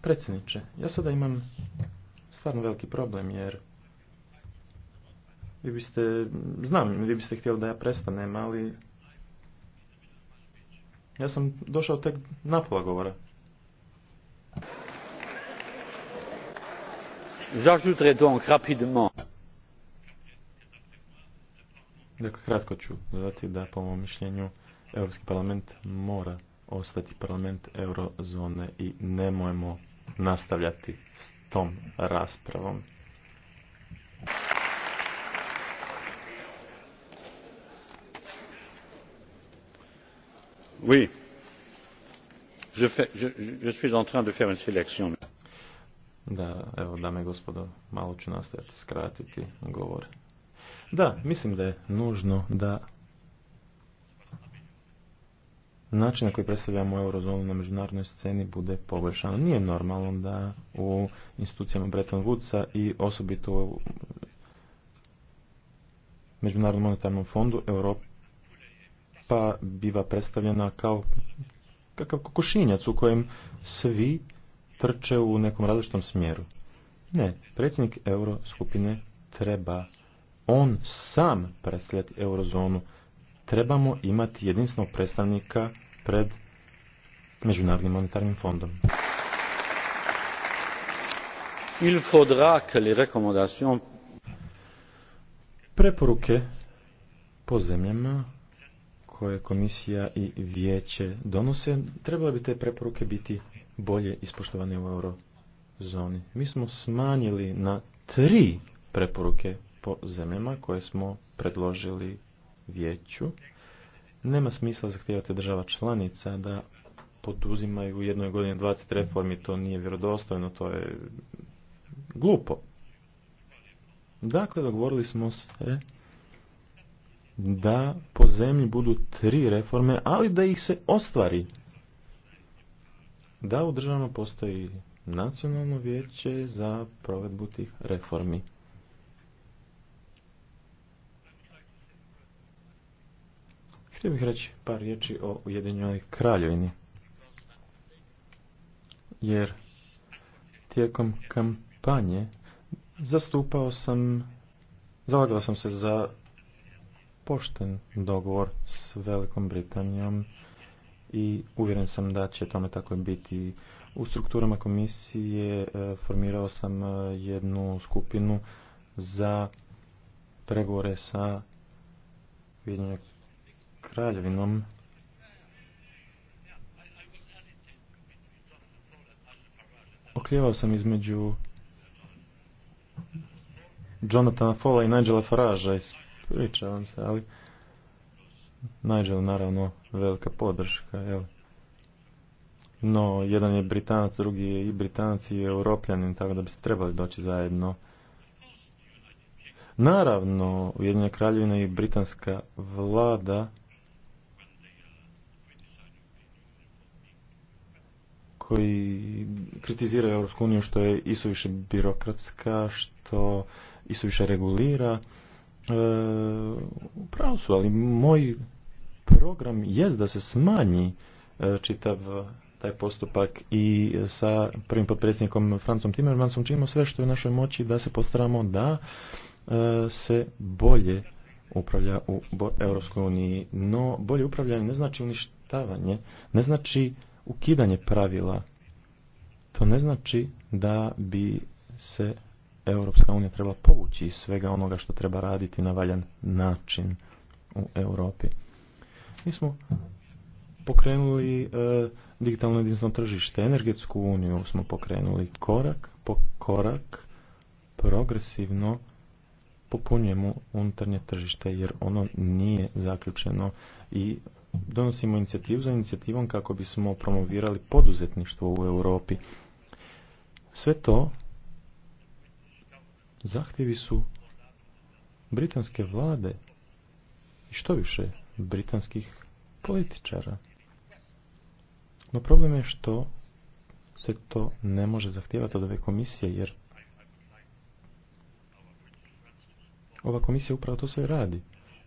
Predsjedniče, ja sada imam stvarno veliki problem jer vi biste, znam, vi biste htjeli da ja prestanem, ali ja sam došao tek na pola govora. J'ajouterai donc rapidement. Dakle, kratko ću dodati da po mom mišljenju Europski parlament mora ostati parlament eurozone i ne nemojmo nastavljati s tom raspravom. Oui. Je, fais, je, je suis en train de faire une sélection. Da, evo, dame i gospodo, malo ću nastaviti skratiti govor. Da, mislim da je nužno da način na koji predstavljamo eurozonu na međunarodnoj sceni bude poboljšano. Nije normalno da u institucijama Bretton Woodsa i osobito u Međunarodnom monetarnom fondu pa biva predstavljena kao kakav kokošinjac u kojem svi trče u nekom različitom smjeru. Ne, predsjednik euro skupine treba on sam predstavljati eurozonu trebamo imati jedinstvenog predstavnika pred Međunarodnim monetarnim fondom. Il faudra que les recommandations preporuke po zemljama koje komisija i vijeće donose, trebale bi te preporuke biti bolje ispoštovane u eurozoni. Mi smo smanjili na tri preporuke po zemljama koje smo predložili vijeću, nema smisla zahtijevati država članica da poduzimaju u jednoj godini 20 reformi, to nije vjerodostojno, to je glupo. Dakle, dogovorili smo se da po zemlji budu tri reforme, ali da ih se ostvari. Da u državama postoji nacionalno vijeće za provedbu tih reformi. Htio bih reći par riječi o Ujedinjenoj kraljevini. Jer tijekom kampanje zastupao sam, zalagao sam se za pošten dogovor s Velikom Britanijom i uvjeren sam da će tome tako biti. U strukturama komisije e, formirao sam e, jednu skupinu za pregovore sa Ujedinjenom kraljevinom oklijevao sam između Jonathana Fola i Nigela faraža ispričavam se, ali Nigel naravno velika podrška, jel? No, jedan je Britanac, drugi je i Britanac i Europljanin, tako da bi se trebali doći zajedno. Naravno, Ujedinja kraljevina i britanska vlada koji kritiziraju Europsku uniju što je isuviše birokratska, što više regulira, e, pravu su, ali moj program jest da se smanji e, čitav taj postupak i sa prvim potpredsjednikom Francom Timmermansom činimo sve što je u našoj moći da se postaramo da e, se bolje upravlja u Europskoj uniji. No, bolje upravljanje ne znači uništavanje, ne znači ukidanje pravila. To ne znači da bi se Europska unija trebala povući iz svega onoga što treba raditi na valjan način u Europi. Mi smo pokrenuli e, digitalno jedinstveno tržište, energetsku uniju smo pokrenuli korak po korak, progresivno popunjemo unutarnje tržište jer ono nije zaključeno i donosimo inicijativu za inicijativom kako bismo promovirali poduzetništvo u Europi. Sve to zahtjevi su britanske vlade i što više britanskih političara. No problem je što se to ne može zahtijevati od ove komisije, jer ova komisija upravo to sve radi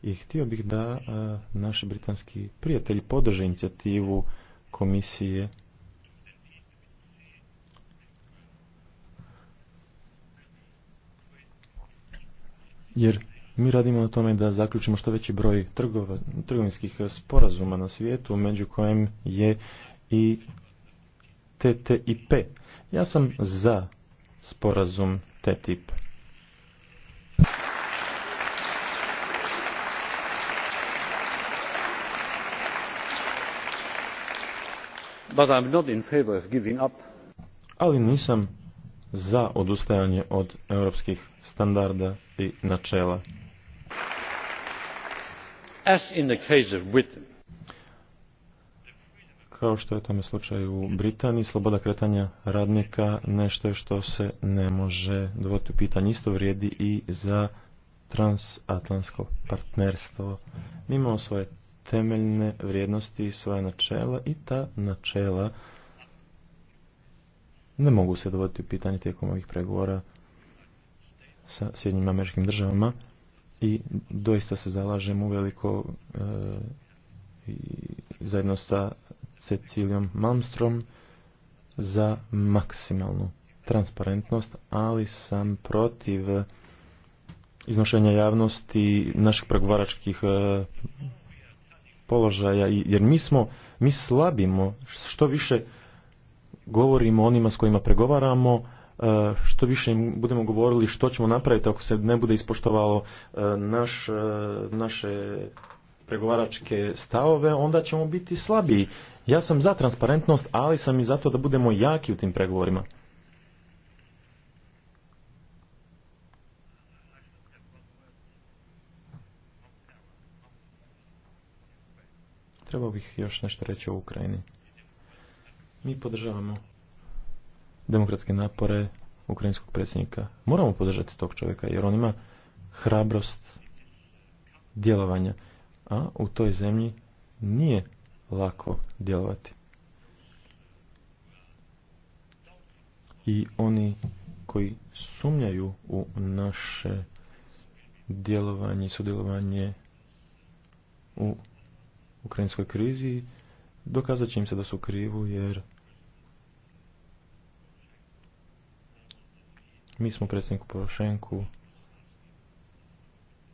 i htio bih da e, naši britanski prijatelji podrže inicijativu komisije jer mi radimo na tome da zaključimo što veći broj trgova, trgovinskih sporazuma na svijetu, među kojem je i TTIP. Ja sam za sporazum TTIP. up. Ali nisam za odustajanje od europskih standarda i načela. As in the case of Kao što je tome slučaj u Britaniji, sloboda kretanja radnika nešto je što se ne može dovoditi u pitanje. Isto vrijedi i za transatlantsko partnerstvo. Mi imamo svoje temeljne vrijednosti i svoja načela i ta načela ne mogu se dovoditi u pitanje tijekom ovih pregovora sa Sjednjim američkim državama i doista se zalažem u veliko e, i zajedno sa Cecilijom Malmstrom za maksimalnu transparentnost, ali sam protiv iznošenja javnosti naših pregovaračkih e, položaja, jer mi smo, mi slabimo, što više govorimo onima s kojima pregovaramo, e, što više budemo govorili što ćemo napraviti ako se ne bude ispoštovalo e, naš, e, naše pregovaračke stavove, onda ćemo biti slabiji. Ja sam za transparentnost, ali sam i zato da budemo jaki u tim pregovorima. Trebao bih još nešto reći o Ukrajini. Mi podržavamo demokratske napore ukrajinskog predsjednika. Moramo podržati tog čovjeka jer on ima hrabrost djelovanja, a u toj zemlji nije lako djelovati. I oni koji sumnjaju u naše djelovanje i sudjelovanje u ukrajinskoj krizi, dokazat će im se da su krivu jer mi smo predsjedniku Porošenku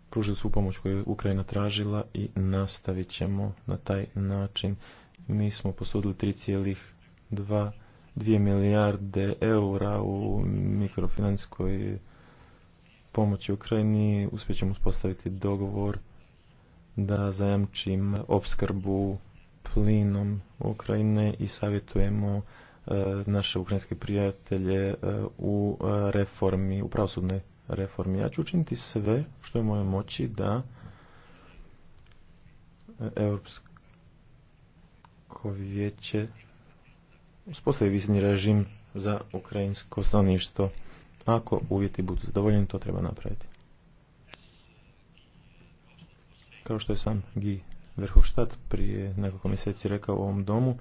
pružili svu pomoć koju je Ukrajina tražila i nastavit ćemo na taj način. Mi smo posudili 3,2 milijarde eura u mikrofinanskoj pomoći Ukrajini. Uspjet ćemo uspostaviti dogovor da zajamčim opskrbu plinom Ukrajine i savjetujemo e, naše ukrajinske prijatelje e, u e, reformi, u pravosudnoj reformi. Ja ću učiniti sve što je moje moći da Europsko vijeće uspostavi visni režim za ukrajinsko stanovništvo. Ako uvjeti budu zadovoljeni, to treba napraviti. Kao što je sam Gi Verhofstadt prije nekoliko mjeseci rekao u ovom domu,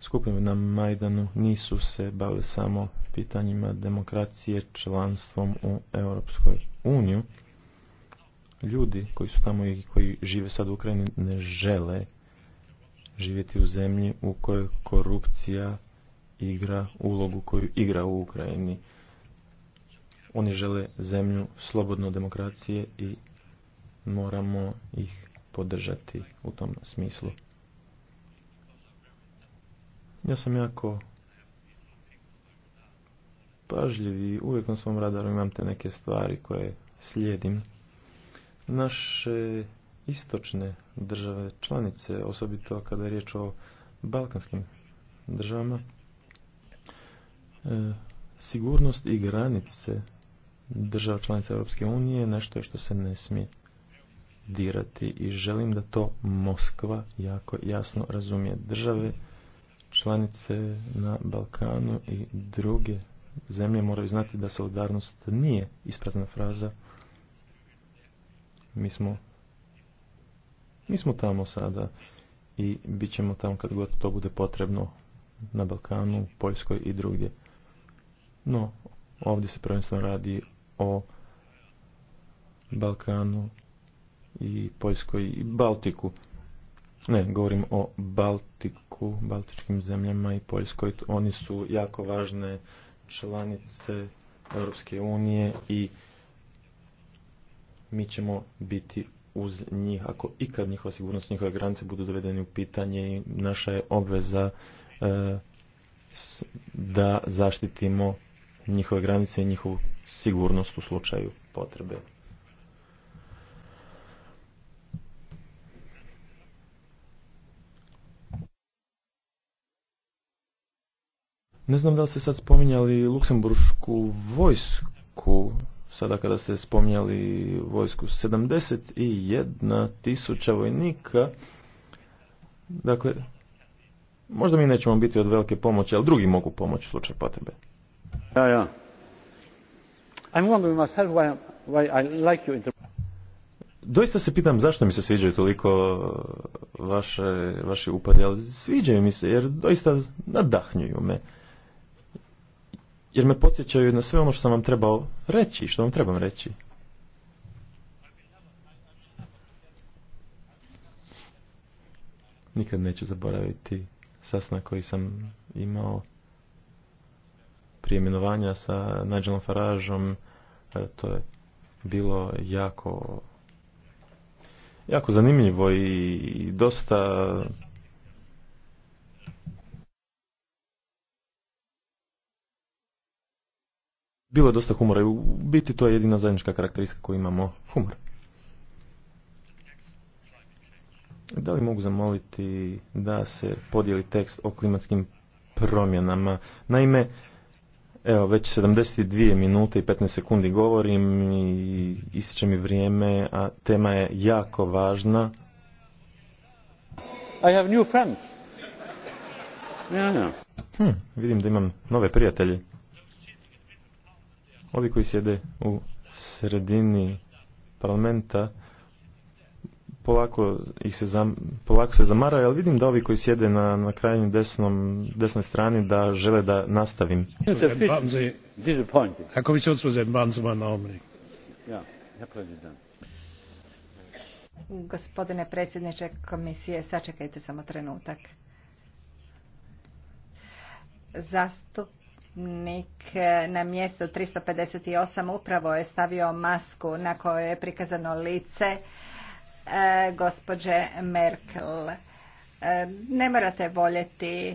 skupine na Majdanu nisu se bavili samo pitanjima demokracije članstvom u Europskoj uniju. Ljudi koji su tamo i koji žive sad u Ukrajini ne žele živjeti u zemlji u kojoj korupcija igra ulogu koju igra u Ukrajini. Oni žele zemlju slobodno demokracije i moramo ih podržati u tom smislu. Ja sam jako pažljiv i uvijek na svom radaru imam te neke stvari koje slijedim. Naše istočne države članice, osobito kada je riječ o balkanskim državama, e, sigurnost i granice država članica Europske unije nešto je što se ne smije dirati i želim da to Moskva jako jasno razumije. Države članice na Balkanu i druge zemlje moraju znati da solidarnost nije isprazna fraza. Mi smo, mi smo tamo sada i bit ćemo tamo kad god to bude potrebno na Balkanu, Poljskoj i drugdje. No, ovdje se prvenstveno radi o Balkanu i Poljskoj i Baltiku. Ne, govorim o Baltiku, Baltičkim zemljama i Poljskoj. Oni su jako važne članice Europske unije i mi ćemo biti uz njih, ako ikad njihova sigurnost, njihove granice budu dovedeni u pitanje i naša je obveza e, da zaštitimo njihove granice i njihovu sigurnost u slučaju potrebe. Ne znam da li ste sad spominjali luksemburšku vojsku, sada kada ste spominjali vojsku, 71 tisuća vojnika, dakle, možda mi nećemo biti od velike pomoći, ali drugi mogu pomoći u slučaju potrebe. Ja, ja. Doista se pitam zašto mi se sviđaju toliko uh, vaše, vaše ali sviđaju mi se jer doista nadahnjuju me. Jer me podsjećaju na sve ono što sam vam trebao reći, što vam trebam reći. Nikad neću zaboraviti sasna koji sam imao prije sa Nigelom Faražom, e, to je bilo jako jako zanimljivo i dosta bilo je dosta humora i u biti to je jedina zajednička karakteristika koju imamo humor. Da li mogu zamoliti da se podijeli tekst o klimatskim promjenama? Naime, Evo, već 72 minute i 15 sekundi govorim i ističe mi vrijeme, a tema je jako važna. I have new friends. Hm, vidim da imam nove prijatelje. Ovi koji sjede u sredini parlamenta polako, ih se zam, polako se zamaraju, ali vidim da ovi koji sjede na, na krajnjoj desnom, desnoj strani da žele da nastavim. Kako bi se Gospodine predsjedniče komisije, sačekajte samo trenutak. nik na mjesto 358 upravo je stavio masku na kojoj je prikazano lice E, gospođe Merkel. E, ne morate voljeti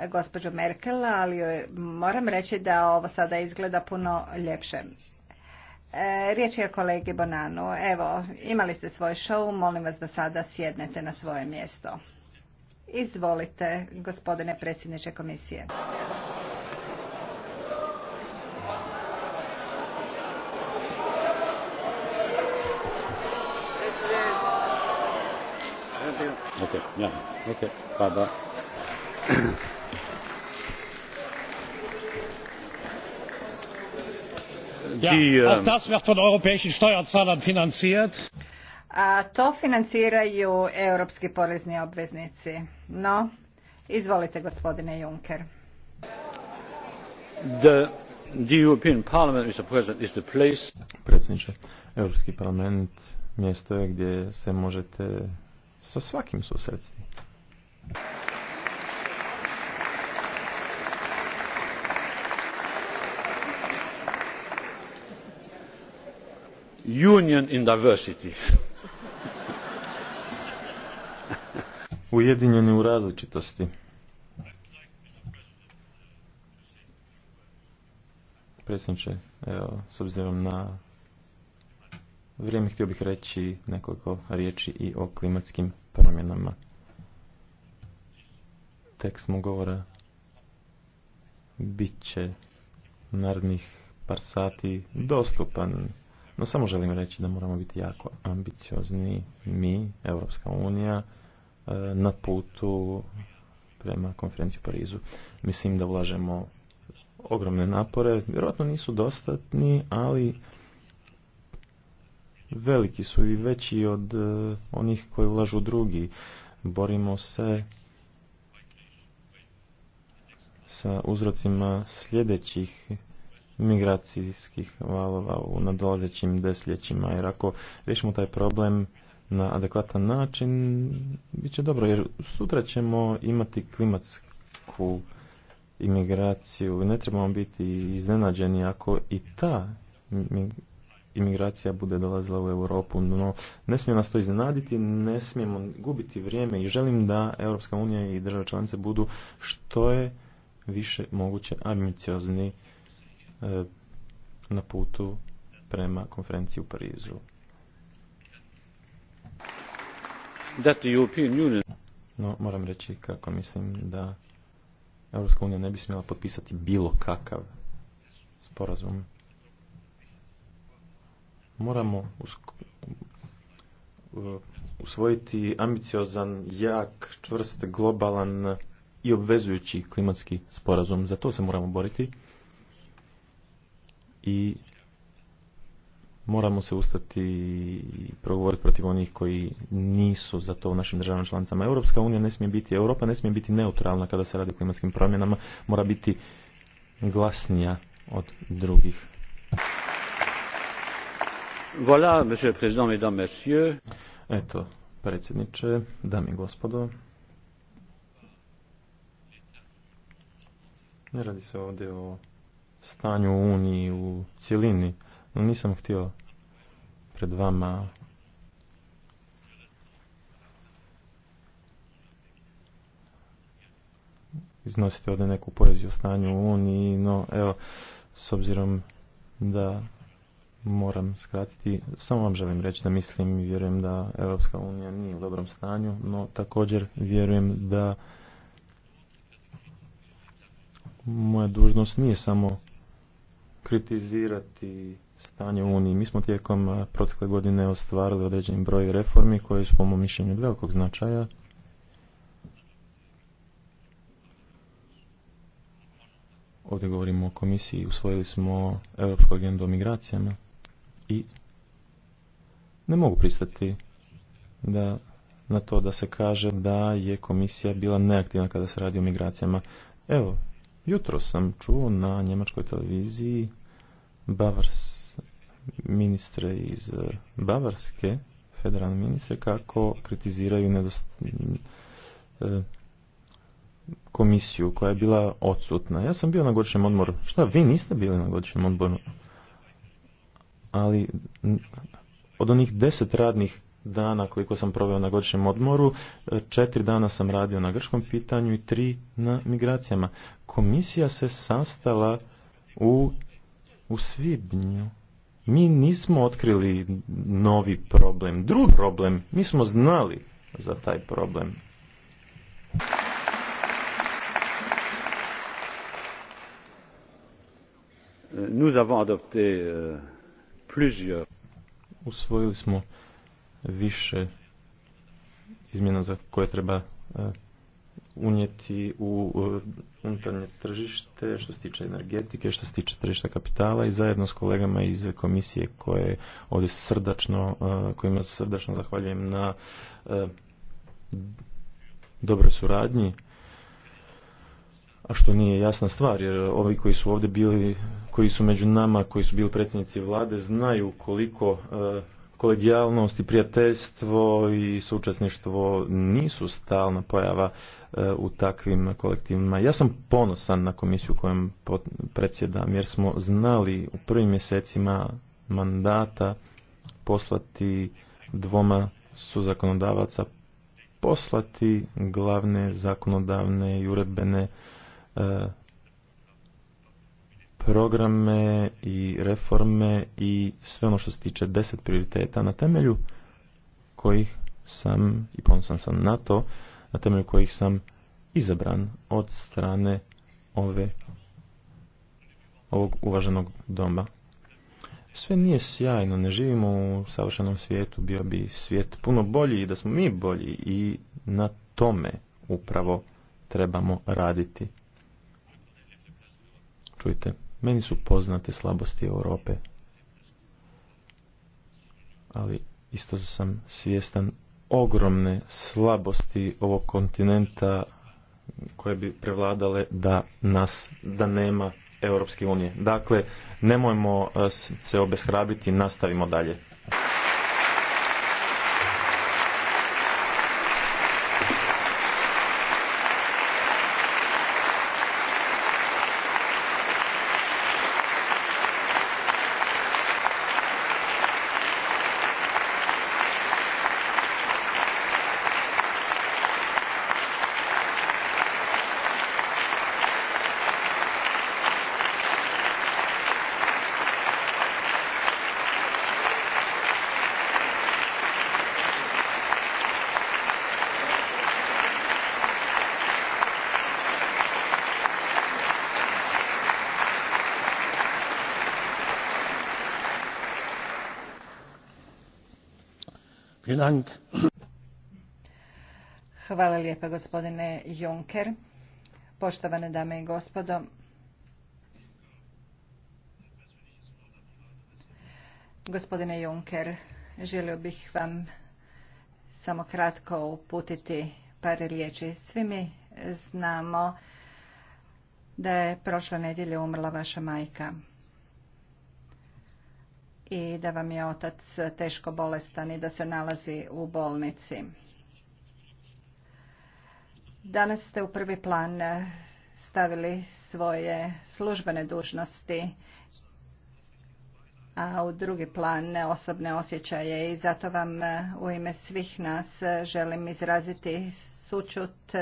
e, gospođu Merkel, ali moram reći da ovo sada izgleda puno ljepše. Riječ je o kolegi Bonanu. Evo, imali ste svoj show, molim vas da sada sjednete na svoje mjesto. Izvolite, gospodine predsjedniče komisije. auch pa eh, das wird von europäischen steuerzahlern finanziert. A to financiraju europski porezni obveznici. No, izvolite gospodine Juncker. The, the European Parliament is the present is the place. Predsjedniče, Europski parlament mjesto je gdje se možete sa svakim susretiti. Union in diversity. Ujedinjeni u različitosti. Predsjedniče, evo, s obzirom na vrijeme htio bih reći nekoliko riječi i o klimatskim promjenama. Tekst mu govora bit će narednih par sati dostupan, no samo želim reći da moramo biti jako ambiciozni mi, Europska unija, e, na putu prema konferenciji u Parizu. Mislim da ulažemo ogromne napore, vjerojatno nisu dostatni, ali veliki su i veći od e, onih koji ulažu drugi. Borimo se sa uzrocima sljedećih migracijskih valova u nadolazećim desljećima, jer ako riješimo taj problem na adekvatan način, bit će dobro, jer sutra ćemo imati klimatsku imigraciju, ne trebamo biti iznenađeni ako i ta imigracija bude dolazila u Europu, no ne smije nas to iznenaditi, ne smijemo gubiti vrijeme i želim da Europska unija i države članice budu što je više moguće ambiciozni e, na putu prema konferenciji u Parizu. No, moram reći kako mislim da Europska unija ne bi smjela potpisati bilo kakav sporazum moramo uh, usvojiti ambiciozan, jak, čvrst, globalan i obvezujući klimatski sporazum. Za to se moramo boriti i moramo se ustati i progovoriti protiv onih koji nisu za to u našim državama članicama. Europska unija ne smije biti, Europa ne smije biti neutralna kada se radi o klimatskim promjenama, mora biti glasnija od drugih Voilà, monsieur le président, mesdames, messieurs. Eto, predsjedniče, dame i gospodo. Ne radi se ovdje o stanju u Uniji u cijelini, no nisam htio pred vama iznositi ovdje neku poeziju o stanju u Uniji, no evo, s obzirom da moram skratiti. Samo vam želim reći da mislim i vjerujem da Europska unija nije u dobrom stanju, no također vjerujem da moja dužnost nije samo kritizirati stanje u Uniji. Mi smo tijekom protekle godine ostvarili određeni broj reformi koje su po mom mišljenju od velikog značaja. Ovdje govorimo o komisiji, usvojili smo Europsku agendu o migracijama i ne mogu pristati da, na to da se kaže da je komisija bila neaktivna kada se radi o migracijama. Evo, jutro sam čuo na njemačkoj televiziji Bavars, ministre iz Bavarske, federalne ministre, kako kritiziraju nedost, e, komisiju koja je bila odsutna. Ja sam bio na godišnjem odmoru. Šta, vi niste bili na godišnjem odmoru? ali od onih deset radnih dana koliko sam proveo na godišnjem odmoru, e, četiri dana sam radio na grškom pitanju i tri na migracijama. Komisija se sastala u, u svibnju. Mi nismo otkrili novi problem, drugi problem. Mi smo znali za taj problem. Nous avons adopté euh, plusieurs. Usvojili smo više izmjena za koje treba e, unijeti u unutarnje tržište što se tiče energetike, što se tiče tržišta kapitala i zajedno s kolegama iz komisije koje ovdje srdačno, e, kojima srdačno zahvaljujem na e, dobroj suradnji što nije jasna stvar, jer ovi koji su ovdje bili, koji su među nama, koji su bili predsjednici vlade, znaju koliko e, kolegijalnost i prijateljstvo i sučasništvo nisu stalna pojava e, u takvim kolektivima. Ja sam ponosan na komisiju kojom predsjedam, jer smo znali u prvim mjesecima mandata poslati dvoma su zakonodavaca poslati glavne zakonodavne i uredbene E, programe i reforme i sve ono što se tiče deset prioriteta na temelju kojih sam i ponosan sam na to na temelju kojih sam izabran od strane ove ovog uvaženog doma. Sve nije sjajno, ne živimo u savršenom svijetu, bio bi svijet puno bolji i da smo mi bolji i na tome upravo trebamo raditi. Čujte, meni su poznate slabosti Europe, ali isto sam svjestan ogromne slabosti ovog kontinenta koje bi prevladale da nas, da nema Europske unije. Dakle, nemojmo e, se obeshrabiti, nastavimo dalje. Hvala lijepa gospodine Juncker. Poštovane dame i gospodo, Gospodine Juncker, želio bih vam samo kratko uputiti par riječi. Svi mi znamo da je prošle nedjelje umrla vaša majka i da vam je otac teško bolestan i da se nalazi u bolnici. Danas ste u prvi plan stavili svoje službene dužnosti, a u drugi plan osobne osjećaje i zato vam u ime svih nas želim izraziti sučut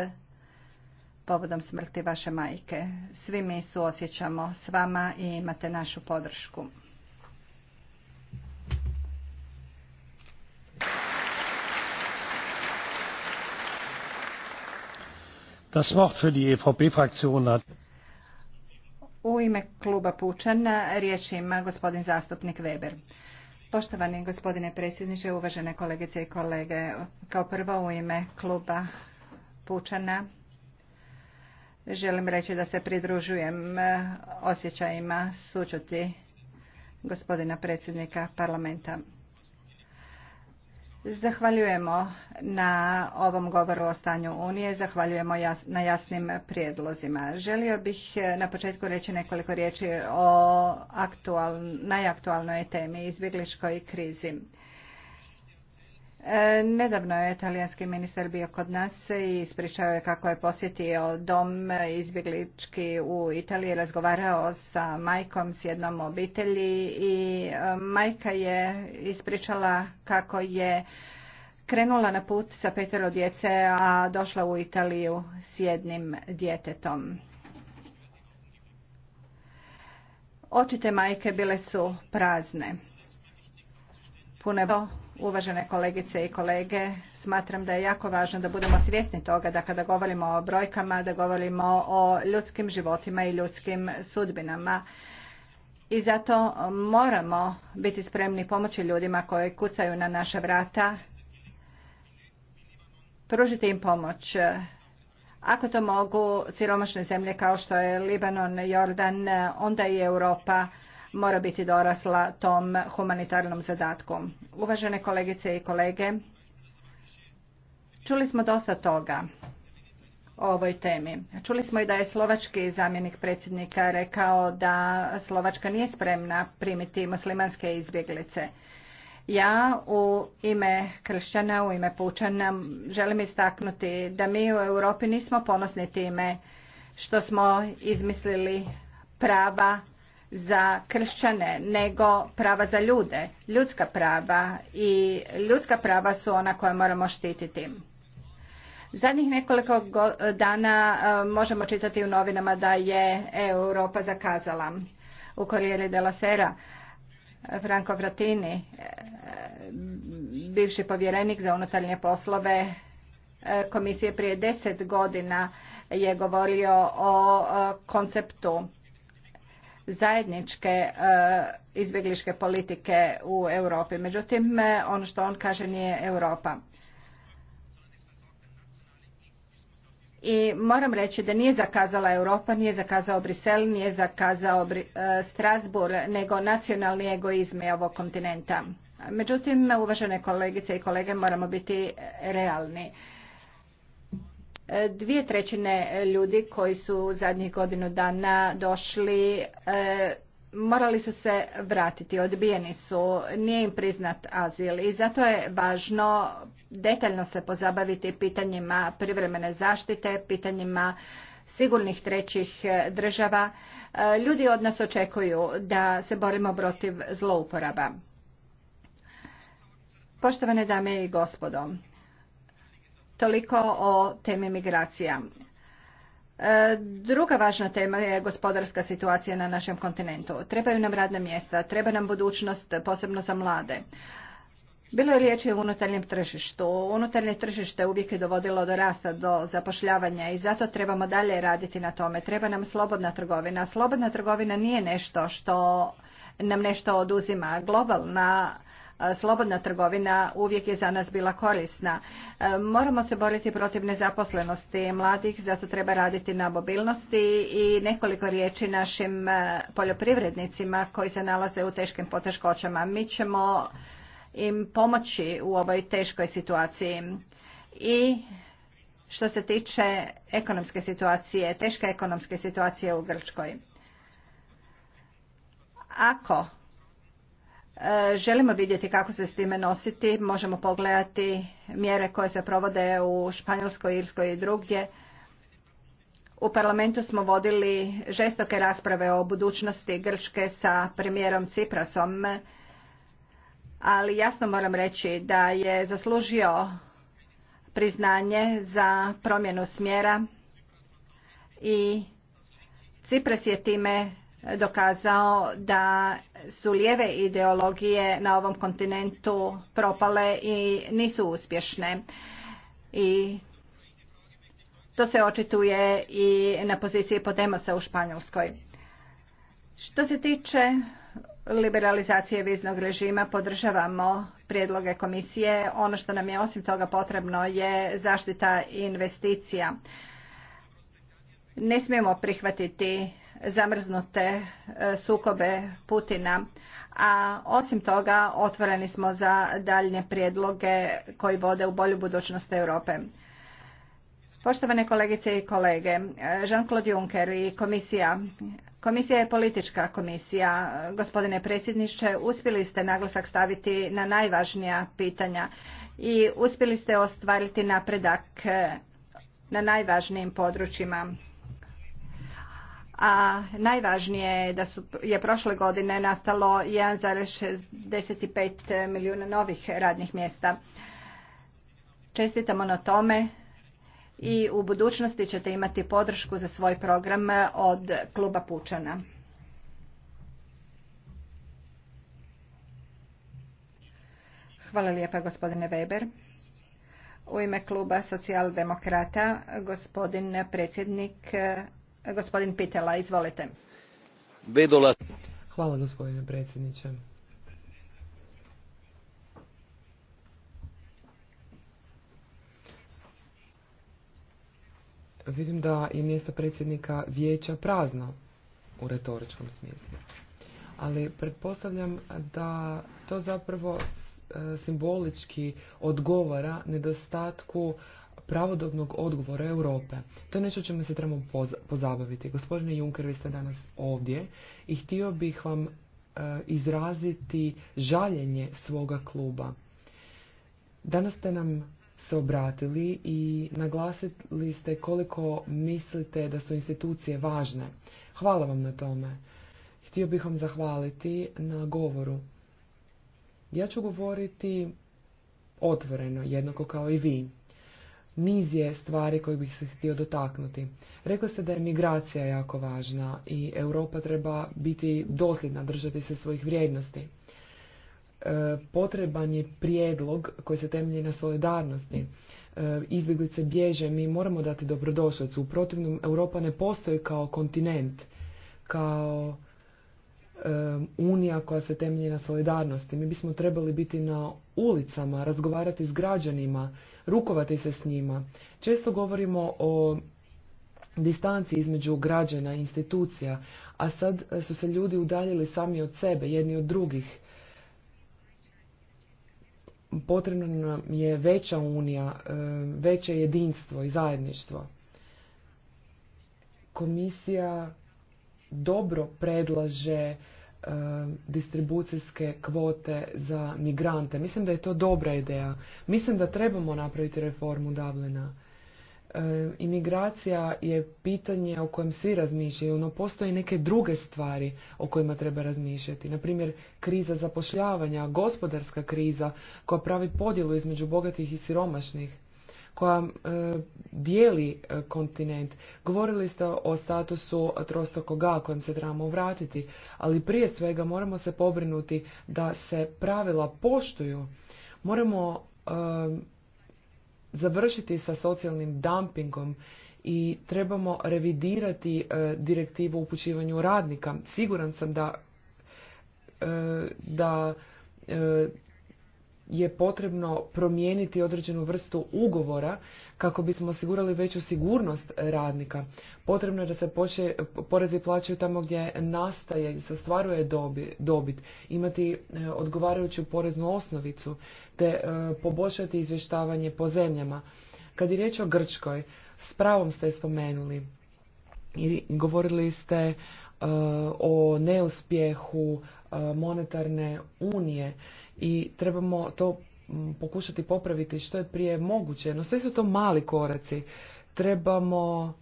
povodom smrti vaše majke. Svi mi suosjećamo s vama i imate našu podršku. E u ime kluba Pučana riječ ima gospodin zastupnik Weber. Poštovani gospodine predsjedniče, uvažene kolegice i kolege, kao prvo u ime kluba Pučana želim reći da se pridružujem osjećajima sučuti gospodina predsjednika parlamenta. Zahvaljujemo na ovom govoru o stanju Unije, zahvaljujemo na jasnim prijedlozima. Želio bih eh, na početku reći nekoliko riječi o aktual, najaktualnoj temi izbjegličkoj krizi. E, nedavno je talijanski ministar bio kod nas i ispričao je kako je posjetio dom izbjeglički u Italiji, razgovarao sa majkom s jednom obitelji i e, majka je ispričala kako je krenula na put sa petero djece, a došla u Italiju s jednim djetetom. Očite majke bile su prazne. Pune Uvažene kolegice i kolege, smatram da je jako važno da budemo svjesni toga da kada govorimo o brojkama, da govorimo o ljudskim životima i ljudskim sudbinama. I zato moramo biti spremni pomoći ljudima koji kucaju na naša vrata, pružiti im pomoć. Ako to mogu siromašne zemlje kao što je Libanon, Jordan, onda i Europa mora biti dorasla tom humanitarnom zadatku. Uvažene kolegice i kolege, čuli smo dosta toga o ovoj temi. Čuli smo i da je slovački zamjenik predsjednika rekao da Slovačka nije spremna primiti muslimanske izbjeglice. Ja u ime kršćana, u ime pučana želim istaknuti da mi u Europi nismo ponosni time što smo izmislili prava za kršćane nego prava za ljude, ljudska prava i ljudska prava su ona koja moramo štititi. Zadnjih nekoliko dana e, možemo čitati u novinama da je Europa zakazala. U Corriere della Sera Franco Gratini, e, bivši povjerenik za unutarnje poslove e, komisije prije deset godina je govorio o konceptu zajedničke e, izbjegličke politike u Europi. Međutim, e, ono što on kaže nije Europa. I moram reći da nije zakazala Europa, nije zakazao Brisel, nije zakazao e, Strasbourg, nego nacionalni egoizmi ovog kontinenta. Međutim, uvažene kolegice i kolege, moramo biti realni. Dvije trećine ljudi koji su zadnjih godinu dana došli e, morali su se vratiti, odbijeni su, nije im priznat azil i zato je važno detaljno se pozabaviti pitanjima privremene zaštite, pitanjima sigurnih trećih e, država. E, ljudi od nas očekuju da se borimo protiv zlouporaba. Poštovane dame i gospodo, Toliko o temi migracija. E, druga važna tema je gospodarska situacija na našem kontinentu. Trebaju nam radna mjesta, treba nam budućnost, posebno za mlade. Bilo je riječi o unutarnjem tržištu. Unutarnje tržište uvijek je dovodilo do rasta, do zapošljavanja i zato trebamo dalje raditi na tome. Treba nam slobodna trgovina. Slobodna trgovina nije nešto što nam nešto oduzima. Globalna slobodna trgovina uvijek je za nas bila korisna. E, moramo se boriti protiv nezaposlenosti mladih, zato treba raditi na mobilnosti i nekoliko riječi našim e, poljoprivrednicima koji se nalaze u teškim poteškoćama. Mi ćemo im pomoći u ovoj teškoj situaciji. I što se tiče ekonomske situacije, teške ekonomske situacije u Grčkoj. Ako Želimo vidjeti kako se s time nositi, možemo pogledati mjere koje se provode u Španjolskoj, Irskoj i drugdje. U parlamentu smo vodili žestoke rasprave o budućnosti Grčke sa premijerom Ciprasom, ali jasno moram reći da je zaslužio priznanje za promjenu smjera i Cipras je time dokazao da su lijeve ideologije na ovom kontinentu propale i nisu uspješne. I to se očituje i na poziciji Podemosa u Španjolskoj. Što se tiče liberalizacije viznog režima podržavamo prijedloge komisije. Ono što nam je osim toga potrebno je zaštita investicija. Ne smijemo prihvatiti zamrznute e, sukobe Putina. A osim toga otvoreni smo za daljnje prijedloge koji vode u bolju budućnost Europe. Poštovane kolegice i kolege, Jean-Claude Juncker i komisija Komisija je politička komisija. Gospodine predsjedniče, uspjeli ste naglasak staviti na najvažnija pitanja i uspjeli ste ostvariti napredak e, na najvažnijim područjima a najvažnije je da su, je prošle godine nastalo 1,65 milijuna novih radnih mjesta. Čestitamo na tome i u budućnosti ćete imati podršku za svoj program od kluba Pučana. Hvala lijepa gospodine Weber. U ime kluba socijaldemokrata gospodin predsjednik Gospodin Pitela, izvolite. Hvala gospodine predsjedniče. Vidim da je mjesto predsjednika vijeća prazno u retoričkom smislu. Ali pretpostavljam da to zapravo e, simbolički odgovara nedostatku pravodobnog odgovora Europe. To je nešto čemu se trebamo pozabaviti. Gospodine Juncker, vi ste danas ovdje i htio bih vam e, izraziti žaljenje svoga kluba. Danas ste nam se obratili i naglasili ste koliko mislite da su institucije važne. Hvala vam na tome. Htio bih vam zahvaliti na govoru. Ja ću govoriti otvoreno, jednako kao i vi niz je stvari koje bih se htio dotaknuti. Rekli ste da je migracija jako važna i Europa treba biti dosljedna, držati se svojih vrijednosti. E, potreban je prijedlog koji se temelji na solidarnosti. E, izbjeglice bježe, mi moramo dati dobrodošlicu. U protivnom, Europa ne postoji kao kontinent, kao e, unija koja se temelji na solidarnosti. Mi bismo trebali biti na ulicama, razgovarati s građanima, rukovati se s njima. Često govorimo o distanci između građana i institucija, a sad e, su se ljudi udaljili sami od sebe, jedni od drugih. Potrebno nam je veća unija, e, veće jedinstvo i zajedništvo. Komisija dobro predlaže distribucijske kvote za migrante. Mislim da je to dobra ideja. Mislim da trebamo napraviti reformu Dublina. imigracija je pitanje o kojem svi razmišljaju, no postoje neke druge stvari o kojima treba razmišljati. Naprimjer, kriza zapošljavanja, gospodarska kriza koja pravi podjelu između bogatih i siromašnih koja e, dijeli e, kontinent. Govorili ste o statusu trostokoga kojem se trebamo vratiti, ali prije svega moramo se pobrinuti da se pravila poštuju. Moramo e, završiti sa socijalnim dumpingom i trebamo revidirati direktivu o upućivanju radnika. Siguran sam da, da je potrebno promijeniti određenu vrstu ugovora kako bismo osigurali veću sigurnost radnika. Potrebno je da se porezi plaćaju tamo gdje nastaje i se ostvaruje dobit, imati e, odgovarajuću poreznu osnovicu te e, poboljšati izvještavanje po zemljama. Kad je riječ o Grčkoj, s pravom ste spomenuli i govorili ste e, o neuspjehu monetarne unije i trebamo to mm, pokušati popraviti što je prije moguće. No sve su to mali koraci. Trebamo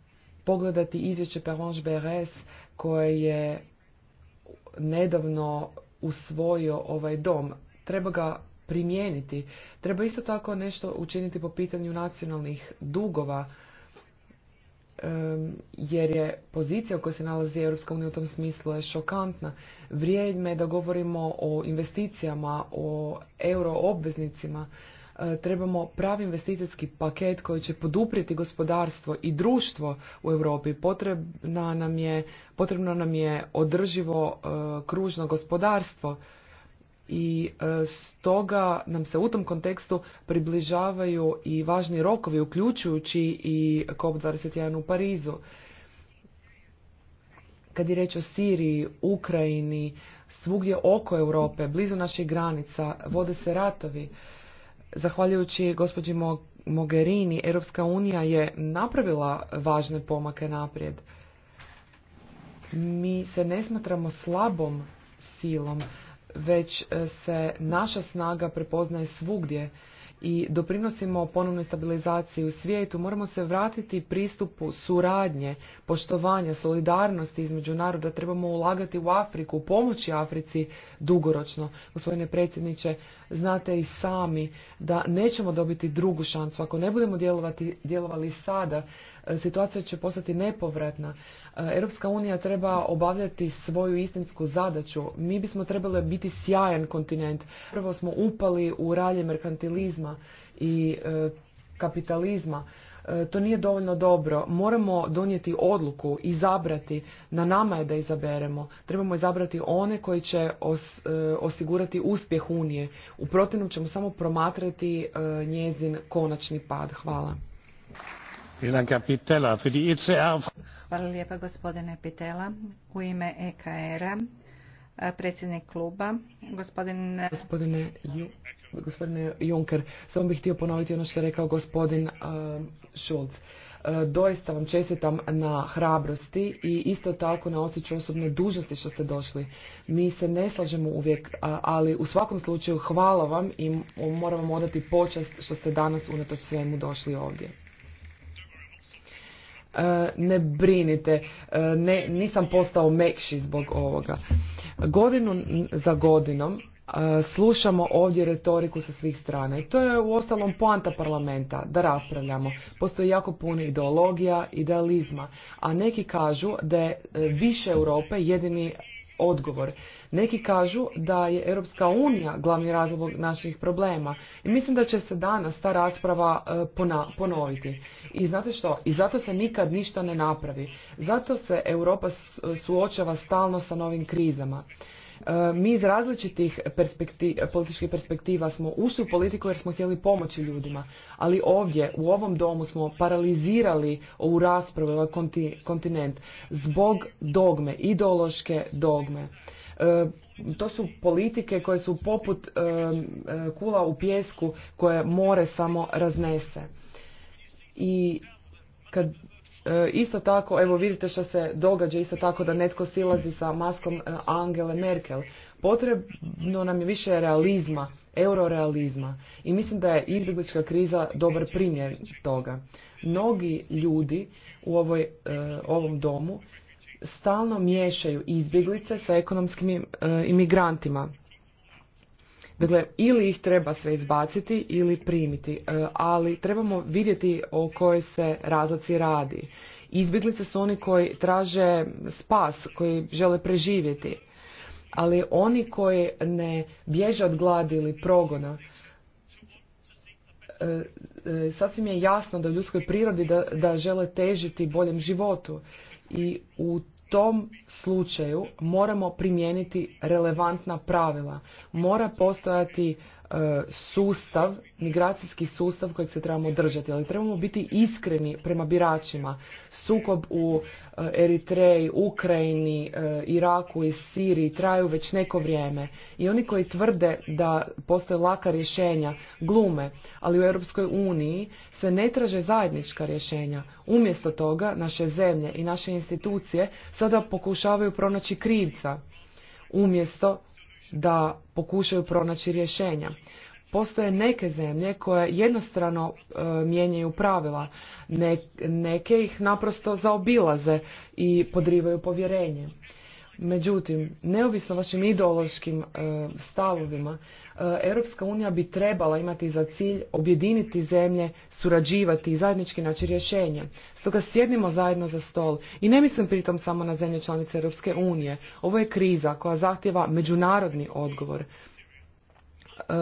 pogledati izvješće Perlange BRS koje je nedavno usvojio ovaj dom. Treba ga primijeniti. Treba isto tako nešto učiniti po pitanju nacionalnih dugova jer je pozicija u kojoj se nalazi Europska unija u tom smislu je šokantna. Vrijeme je da govorimo o investicijama, o euro obveznicima. E, trebamo pravi investicijski paket koji će poduprijeti gospodarstvo i društvo u Europi. nam je, potrebno nam je održivo e, kružno gospodarstvo i e, stoga nam se u tom kontekstu približavaju i važni rokovi, uključujući i COP21 u Parizu. Kad je reč o Siriji, Ukrajini, svugdje oko Europe, blizu naših granica, vode se ratovi. Zahvaljujući gospođi Mogherini, Europska unija je napravila važne pomake naprijed. Mi se ne smatramo slabom silom već e, se naša snaga prepoznaje svugdje i doprinosimo ponovnoj stabilizaciji u svijetu, moramo se vratiti pristupu suradnje, poštovanja, solidarnosti između naroda, trebamo ulagati u Afriku, pomoći Africi dugoročno. Gospodine predsjedniče, znate i sami da nećemo dobiti drugu šansu. Ako ne budemo djelovati, djelovali sada, e, situacija će postati nepovratna. E, Europska unija treba obavljati svoju istinsku zadaću. Mi bismo trebali biti sjajan kontinent. Prvo smo upali u ralje merkantilizma i e, kapitalizma E, to nije dovoljno dobro. Moramo donijeti odluku, izabrati, na nama je da izaberemo. Trebamo izabrati one koji će e, osigurati uspjeh Unije. U protivnom ćemo samo promatrati e, njezin konačni pad. Hvala. Hvala lijepa gospodine Pitela. U ime EKR-a, predsjednik kluba, Gospodine gospodine Juncker, samo bih htio ponoviti ono što je rekao gospodin eh, Schulz. Eh, doista vam čestitam na hrabrosti i isto tako na osjeću osobne dužnosti što ste došli. Mi se ne slažemo uvijek, eh, ali u svakom slučaju hvala vam i moram vam odati počast što ste danas unatoč svemu došli ovdje. Ne brinite, nisam postao mekši zbog ovoga. Godinu za godinom slušamo ovdje retoriku sa svih strana i to je u ostalom poanta parlamenta da raspravljamo. Postoji jako puno ideologija, idealizma, a neki kažu da je e, više Europe jedini odgovor. Neki kažu da je Europska unija glavni razlog naših problema. I mislim da će se danas ta rasprava e, ponoviti. I znate što? I zato se nikad ništa ne napravi. Zato se Europa suočava stalno sa novim krizama. E, mi iz različitih političkih perspektiva smo ušli u politiku jer smo htjeli pomoći ljudima, ali ovdje u ovom domu smo paralizirali ovu raspravu, ovaj kontinent zbog dogme, ideološke dogme. E, to su politike koje su poput e, kula u pjesku koje more samo raznese. I kad E, isto tako, evo vidite što se događa, isto tako da netko silazi sa maskom e, Angele Merkel. Potrebno nam je više realizma, eurorealizma. I mislim da je izbjeglička kriza dobar primjer toga. Mnogi ljudi u ovoj, e, ovom domu stalno miješaju izbjeglice sa ekonomskim imigrantima. Dakle, ili ih treba sve izbaciti ili primiti, e, ali trebamo vidjeti o kojoj se razlaci radi. Izbjeglice su oni koji traže spas, koji žele preživjeti, ali oni koji ne bježe od gladi ili progona, e, e, sasvim je jasno da u ljudskoj prirodi da, da žele težiti boljem životu i u tom slučaju moramo primijeniti relevantna pravila. Mora postojati E, sustav, migracijski sustav kojeg se trebamo držati, ali trebamo biti iskreni prema biračima. Sukob u e, Eritreji, Ukrajini, e, Iraku i Siriji traju već neko vrijeme i oni koji tvrde da postoje laka rješenja glume, ali u Europskoj uniji se ne traže zajednička rješenja. Umjesto toga naše zemlje i naše institucije sada pokušavaju pronaći krivca umjesto da pokušaju pronaći rješenja. Postoje neke zemlje koje jednostrano e, mijenjaju pravila, neke ih naprosto zaobilaze i podrivaju povjerenje. Međutim, neovisno vašim ideološkim e, stavovima, e, Europska unija bi trebala imati za cilj objediniti zemlje, surađivati i zajednički naći rješenje. Stoga sjednimo zajedno za stol i ne mislim pritom samo na zemlje članice Europske unije. Ovo je kriza koja zahtjeva međunarodni odgovor. E,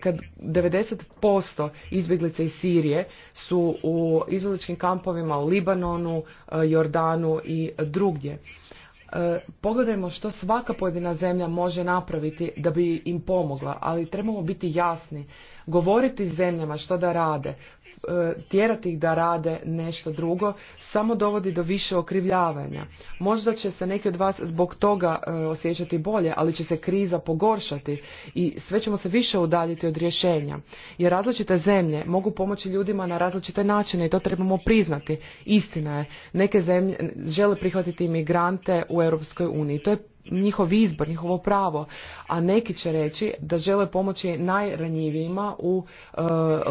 kad 90% izbjeglice iz Sirije su u izbjegličkim kampovima u Libanonu, Jordanu i drugdje pogledajmo što svaka pojedina zemlja može napraviti da bi im pomogla, ali trebamo biti jasni, govoriti zemljama što da rade, E, tjerati ih da rade nešto drugo samo dovodi do više okrivljavanja. Možda će se neki od vas zbog toga e, osjećati bolje, ali će se kriza pogoršati i sve ćemo se više udaljiti od rješenja. Jer različite zemlje mogu pomoći ljudima na različite načine i to trebamo priznati. Istina je, neke zemlje žele prihvatiti imigrante u Europskoj uniji. To je njihov izbor, njihovo pravo, a neki će reći da žele pomoći najranjivijima u e,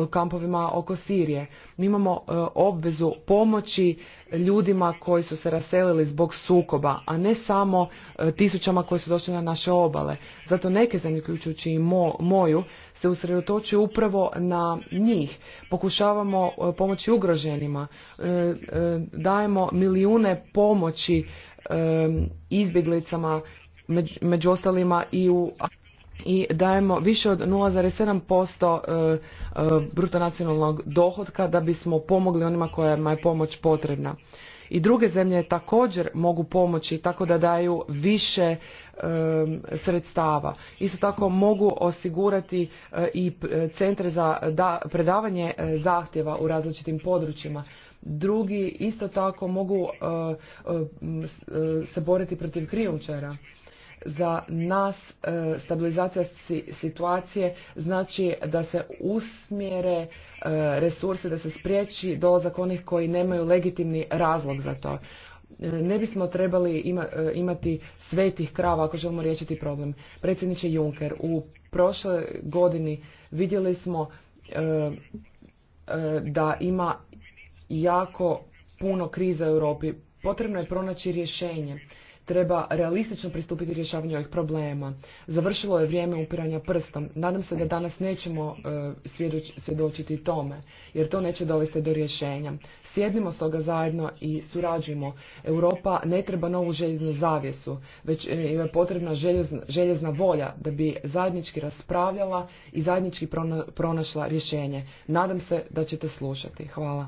kampovima oko Sirije. Mi imamo e, obvezu pomoći ljudima koji su se raselili zbog sukoba, a ne samo e, tisućama koji su došli na naše obale. Zato neke zemlje, uključujući i moju, se usredotočuju upravo na njih. Pokušavamo pomoći ugroženima, dajemo milijune pomoći izbjeglicama, među ostalima i u i dajemo više od 0,7% eh, eh, bruto nacionalnog dohodka da bismo pomogli onima kojima je pomoć potrebna. I druge zemlje također mogu pomoći tako da daju više sredstava. Isto tako mogu osigurati eh, i centre za predavanje zahtjeva u različitim područjima drugi isto tako mogu e, e, e, se boriti protiv krijumčara za nas stabilizacija situacije znači da se usmjere resurse, da se spriječi dolazak onih koji nemaju legitimni razlog za to. Ne bismo trebali imati svetih krava ako želimo riješiti problem. Predsjedniče Juncker, u prošloj godini vidjeli smo da ima jako puno kriza u Europi. Potrebno je pronaći rješenje. Treba realistično pristupiti rješavanju ovih problema. Završilo je vrijeme upiranja prstom. Nadam se da danas nećemo e, svjedočiti tome, jer to neće dovesti do rješenja. Sjednimo stoga zajedno i surađujemo. Europa ne treba novu željeznu zavjesu, već je potrebna željezna volja da bi zajednički raspravljala i zajednički pronašla rješenje. Nadam se da ćete slušati. Hvala.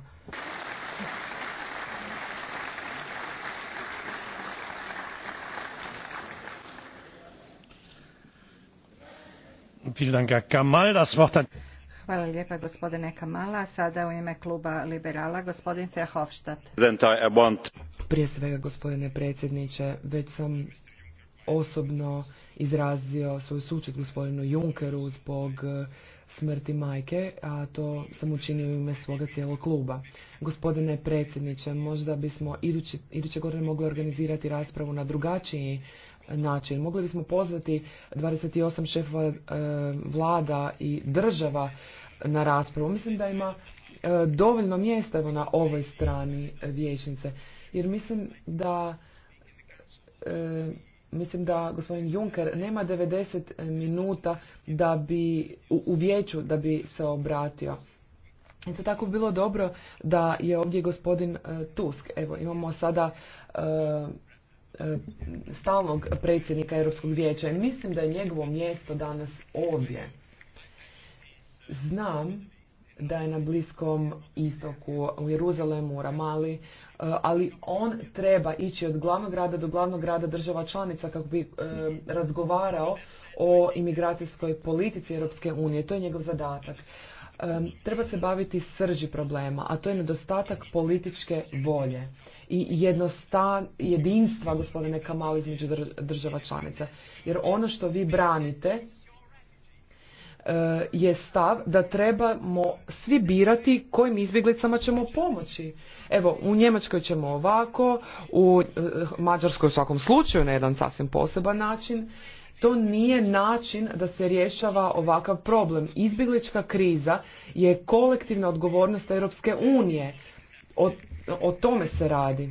Hvala lijepa gospodine Kamala. Sada u ime kluba liberala gospodin Verhofstadt. Prije svega gospodine predsjedniče, već sam osobno izrazio svoju sučet gospodinu Junkeru zbog smrti majke, a to sam učinio u ime svoga cijelog kluba. Gospodine predsjedniče, možda bismo iduće godine mogli organizirati raspravu na drugačiji način. Mogli bismo pozvati 28 šefova e, vlada i država na raspravu. Mislim da ima e, dovoljno mjesta na ovoj strani vijećnice. Jer mislim da e, mislim da gospodin Juncker nema 90 minuta da bi u, vijeću da bi se obratio. Isto tako bilo dobro da je ovdje gospodin e, Tusk. Evo, imamo sada e, e, stalnog predsjednika Europskog vijeća i mislim da je njegovo mjesto danas ovdje. Znam da je na Bliskom istoku, u Jeruzalemu, u Ramali, e, ali on treba ići od glavnog grada do glavnog grada država članica kako bi e, razgovarao o imigracijskoj politici Europske unije. To je njegov zadatak. E, treba se baviti srži problema, a to je nedostatak političke volje i jednostan, jedinstva, gospodine Kamali, između država članica. Jer ono što vi branite E, je stav da trebamo svi birati kojim izbjeglicama ćemo pomoći. Evo, u Njemačkoj ćemo ovako, u e, Mađarskoj u svakom slučaju na jedan sasvim poseban način. To nije način da se rješava ovakav problem. Izbjeglička kriza je kolektivna odgovornost Europske unije. O, o tome se radi.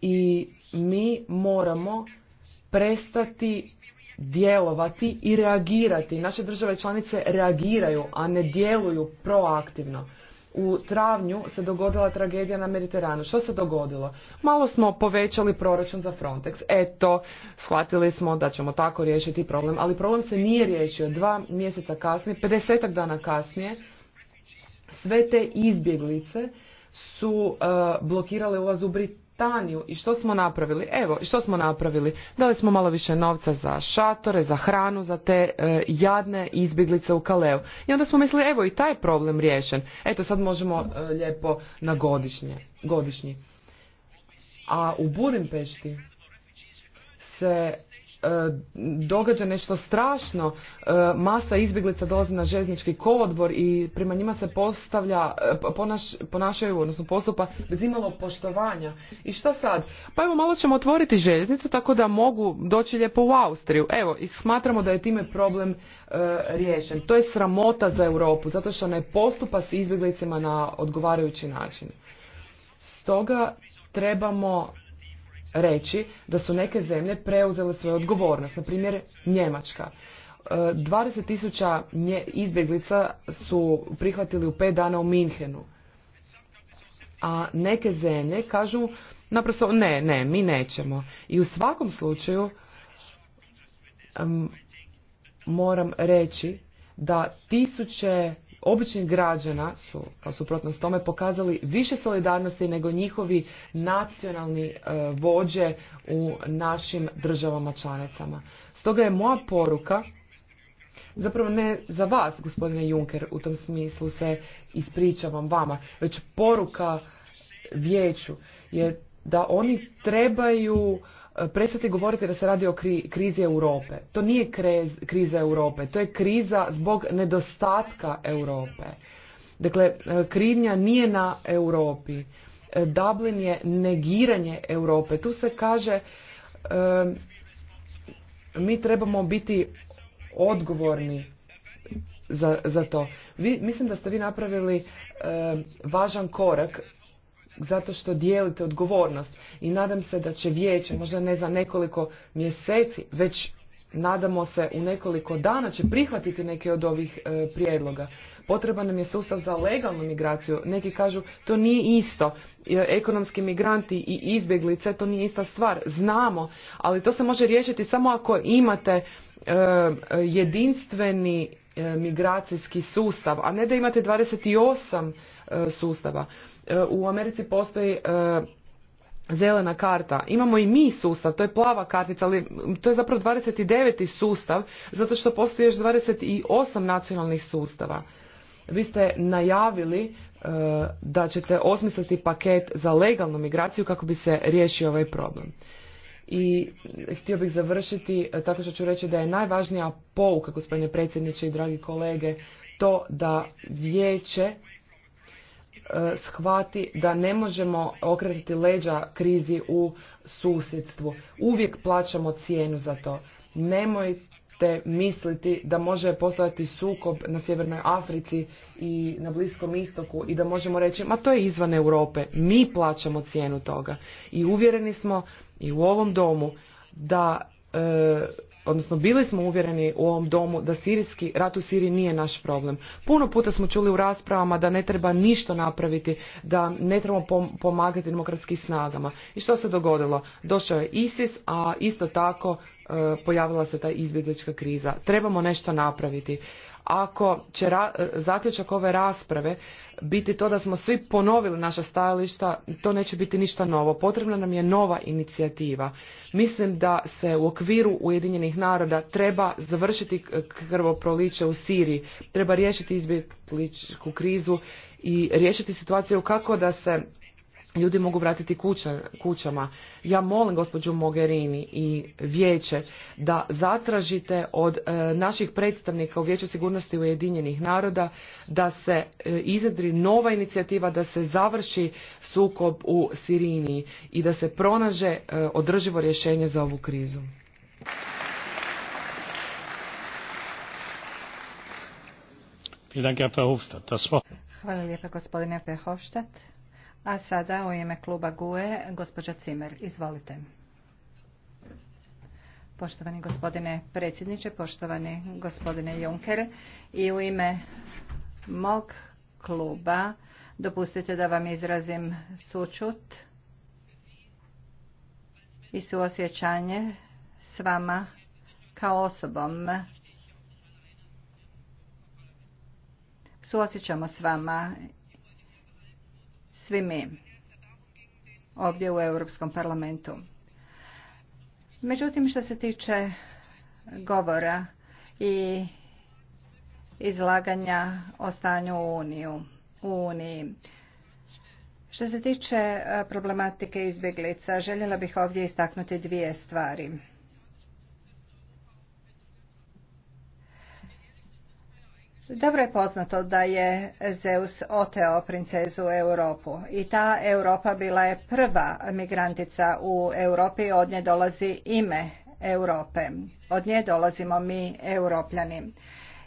I mi moramo prestati djelovati i reagirati. Naše države članice reagiraju, a ne djeluju proaktivno. U travnju se dogodila tragedija na Mediteranu. Što se dogodilo? Malo smo povećali proračun za Frontex. Eto, shvatili smo da ćemo tako riješiti problem, ali problem se nije riješio. Dva mjeseca kasnije, 50 dana kasnije, sve te izbjeglice su eh, blokirale ulaz u Britaniju i što smo napravili? Evo, što smo napravili? Dali smo malo više novca za šatore, za hranu, za te e, jadne izbjeglice u Kaleu. I onda smo mislili, evo i taj problem riješen. Eto, sad možemo e, lijepo na godišnje, godišnji. A u Budimpešti se E, događa nešto strašno, e, masa izbjeglica dolazi na željeznički kolodvor i prema njima se postavlja, e, ponaš, ponašaju, odnosno postupa bez imalo poštovanja. I šta sad? Pa evo malo ćemo otvoriti željeznicu tako da mogu doći lijepo u Austriju. Evo, i smatramo da je time problem riješen. To je sramota za Europu, zato što ne postupa s izbjeglicima na odgovarajući način. Stoga trebamo reći da su neke zemlje preuzele svoju odgovornost, na primjer Njemačka. 20 e, tisuća izbjeglica su prihvatili u pet dana u Minhenu. A neke zemlje kažu naprosto ne, ne, mi nećemo. I u svakom slučaju moram reći da tisuće običnih građana su, kao pa s tome, pokazali više solidarnosti nego njihovi nacionalni e, vođe u našim državama članicama. Stoga je moja poruka, zapravo ne za vas, gospodine Juncker, u tom smislu se ispričavam vama, već poruka vijeću je da oni trebaju E, prestati govoriti da se radi o krizi Europe. To nije kriza Europe, to je kriza zbog nedostatka Europe. Dakle, e, krivnja nije na Europi. E, Dublin je negiranje Europe. Tu se kaže mi trebamo biti odgovorni za, za to. Vi, mislim da ste vi napravili važan korak zato što dijelite odgovornost i nadam se da će vijeće, možda ne za nekoliko mjeseci, već nadamo se u nekoliko dana će prihvatiti neke od ovih e, prijedloga. Potreban nam je sustav za legalnu migraciju. Neki kažu to nije isto. E, ekonomski migranti i izbjeglice to nije ista stvar. Znamo, ali to se može riješiti samo ako imate e, jedinstveni migracijski sustav, a ne da imate 28 E, sustava. E, u Americi postoji e, zelena karta. Imamo i mi sustav, to je plava kartica, ali to je zapravo 29. sustav, zato što postoji još 28 nacionalnih sustava. Vi ste najavili da ćete osmisliti paket za legalnu migraciju kako bi se riješio ovaj problem. I htio bih završiti tako što ću reći da je najvažnija pouka, gospodine predsjedniče i dragi kolege, to da vijeće E, shvati da ne možemo okretiti leđa krizi u susjedstvu. Uvijek plaćamo cijenu za to. Nemojte misliti da može postojati sukob na Sjevernoj Africi i na Bliskom istoku i da možemo reći ma to je izvan Europe. Mi plaćamo cijenu toga. I uvjereni smo i u ovom domu da e, odnosno bili smo uvjereni u ovom domu da sirijski rat u Siriji nije naš problem. Puno puta smo čuli u raspravama da ne treba ništa napraviti, da ne trebamo pomagati demokratskim snagama. I što se dogodilo? Došao je ISIS, a isto tako e, pojavila se ta izbjeglička kriza. Trebamo nešto napraviti ako će e, zaključak ove rasprave biti to da smo svi ponovili naša stajališta, to neće biti ništa novo. Potrebna nam je nova inicijativa. Mislim da se u okviru Ujedinjenih naroda treba završiti krvoproliće u Siriji, treba riješiti izbjegličku krizu i riješiti situaciju kako da se ljudi mogu vratiti kuća, kućama. Ja molim gospođu Mogherini i vijeće da zatražite od e, naših predstavnika u Vijeću sigurnosti Ujedinjenih naroda da se e, izadri nova inicijativa da se završi sukob u Sirini i da se pronaže e, održivo rješenje za ovu krizu. Hvala lijepa gospodine a sada u ime kluba GUE, gospođa Cimer, izvolite. Poštovani gospodine predsjedniče, poštovani gospodine Juncker, i u ime mog kluba dopustite da vam izrazim sučut i suosjećanje s vama kao osobom. Suosjećamo s vama svi mi ovdje u Europskom parlamentu. Međutim, što se tiče govora i izlaganja o stanju u Uniju, u Uniji. Što se tiče problematike izbjeglica, željela bih ovdje istaknuti dvije stvari. Dobro je poznato da je Zeus oteo princezu Europu i ta Europa bila je prva migrantica u Europi i od nje dolazi ime Europe. Od nje dolazimo mi europljani.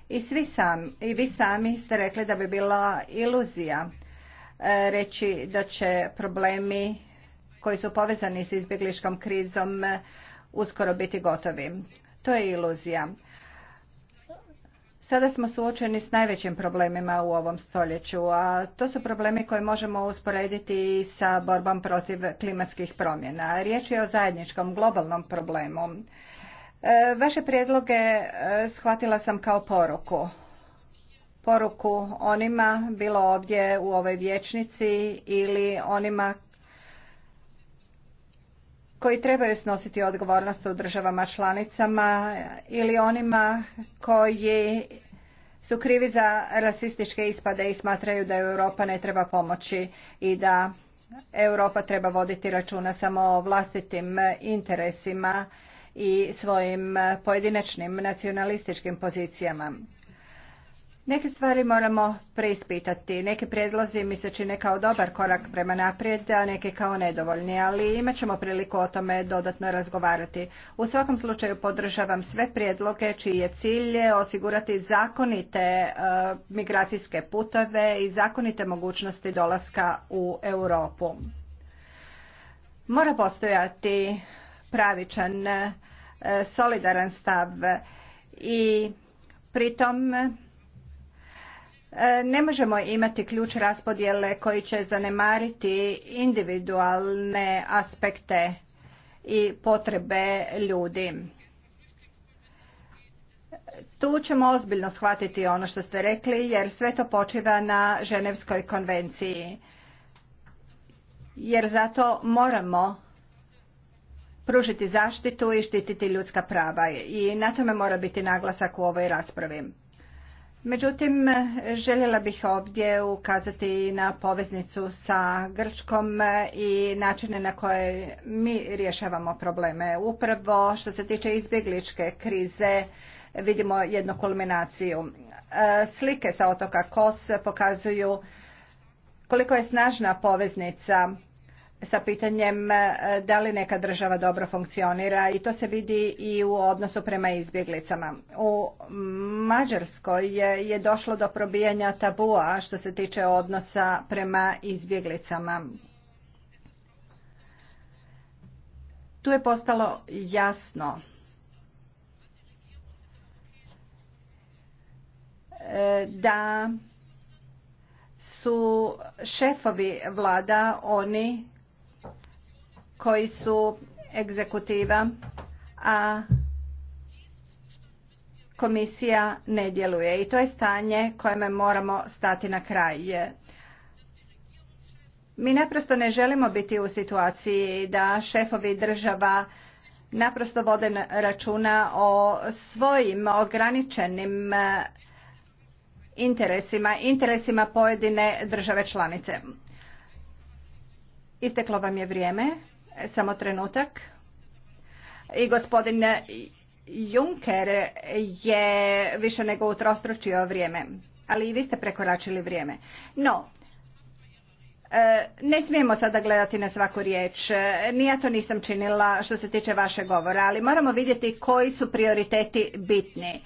I, svi sam, I vi sami ste rekli da bi bila iluzija e, reći da će problemi koji su povezani s izbjegličkom krizom e, uskoro biti gotovi. To je iluzija. Sada smo suočeni s najvećim problemima u ovom stoljeću, a to su problemi koje možemo usporediti i sa borbom protiv klimatskih promjena. Riječ je o zajedničkom globalnom problemu. E, vaše prijedloge e, shvatila sam kao poruku. Poruku onima, bilo ovdje u ovoj vječnici ili onima koji trebaju snositi odgovornost u državama članicama ili onima koji su krivi za rasističke ispade i smatraju da Europa ne treba pomoći i da Europa treba voditi računa samo o vlastitim interesima i svojim pojedinačnim nacionalističkim pozicijama. Neke stvari moramo preispitati. Neki prijedlozi mi se čine kao dobar korak prema naprijed, a neki kao nedovoljni, ali imat ćemo priliku o tome dodatno razgovarati. U svakom slučaju podržavam sve prijedloge čiji je cilj osigurati zakonite e, migracijske putove i zakonite mogućnosti dolaska u Europu. Mora postojati pravičan, e, solidaran stav i pritom E, ne možemo imati ključ raspodjele koji će zanemariti individualne aspekte i potrebe ljudi. Tu ćemo ozbiljno shvatiti ono što ste rekli jer sve to počiva na Ženevskoj konvenciji. Jer zato moramo pružiti zaštitu i štititi ljudska prava i na tome mora biti naglasak u ovoj raspravi. Međutim, željela bih ovdje ukazati na poveznicu sa Grčkom i načine na koje mi rješavamo probleme. Upravo što se tiče izbjegličke krize vidimo jednu kulminaciju. E, slike sa otoka Kos pokazuju koliko je snažna poveznica sa pitanjem e, da li neka država dobro funkcionira i to se vidi i u odnosu prema izbjeglicama. U Mađarskoj je, je došlo do probijanja tabua što se tiče odnosa prema izbjeglicama. Tu je postalo jasno e, da su šefovi vlada oni koji su egzekutiva, a komisija ne djeluje. I to je stanje kojeme moramo stati na kraj. Mi naprosto ne želimo biti u situaciji da šefovi država naprosto vode računa o svojim ograničenim e, interesima, interesima pojedine države članice. Isteklo vam je vrijeme. Samo trenutak. I gospodin Juncker je više nego utrostručio vrijeme, ali i vi ste prekoračili vrijeme. No, e, ne smijemo sada gledati na svaku riječ. E, ni to nisam činila što se tiče vaše govora, ali moramo vidjeti koji su prioriteti bitni.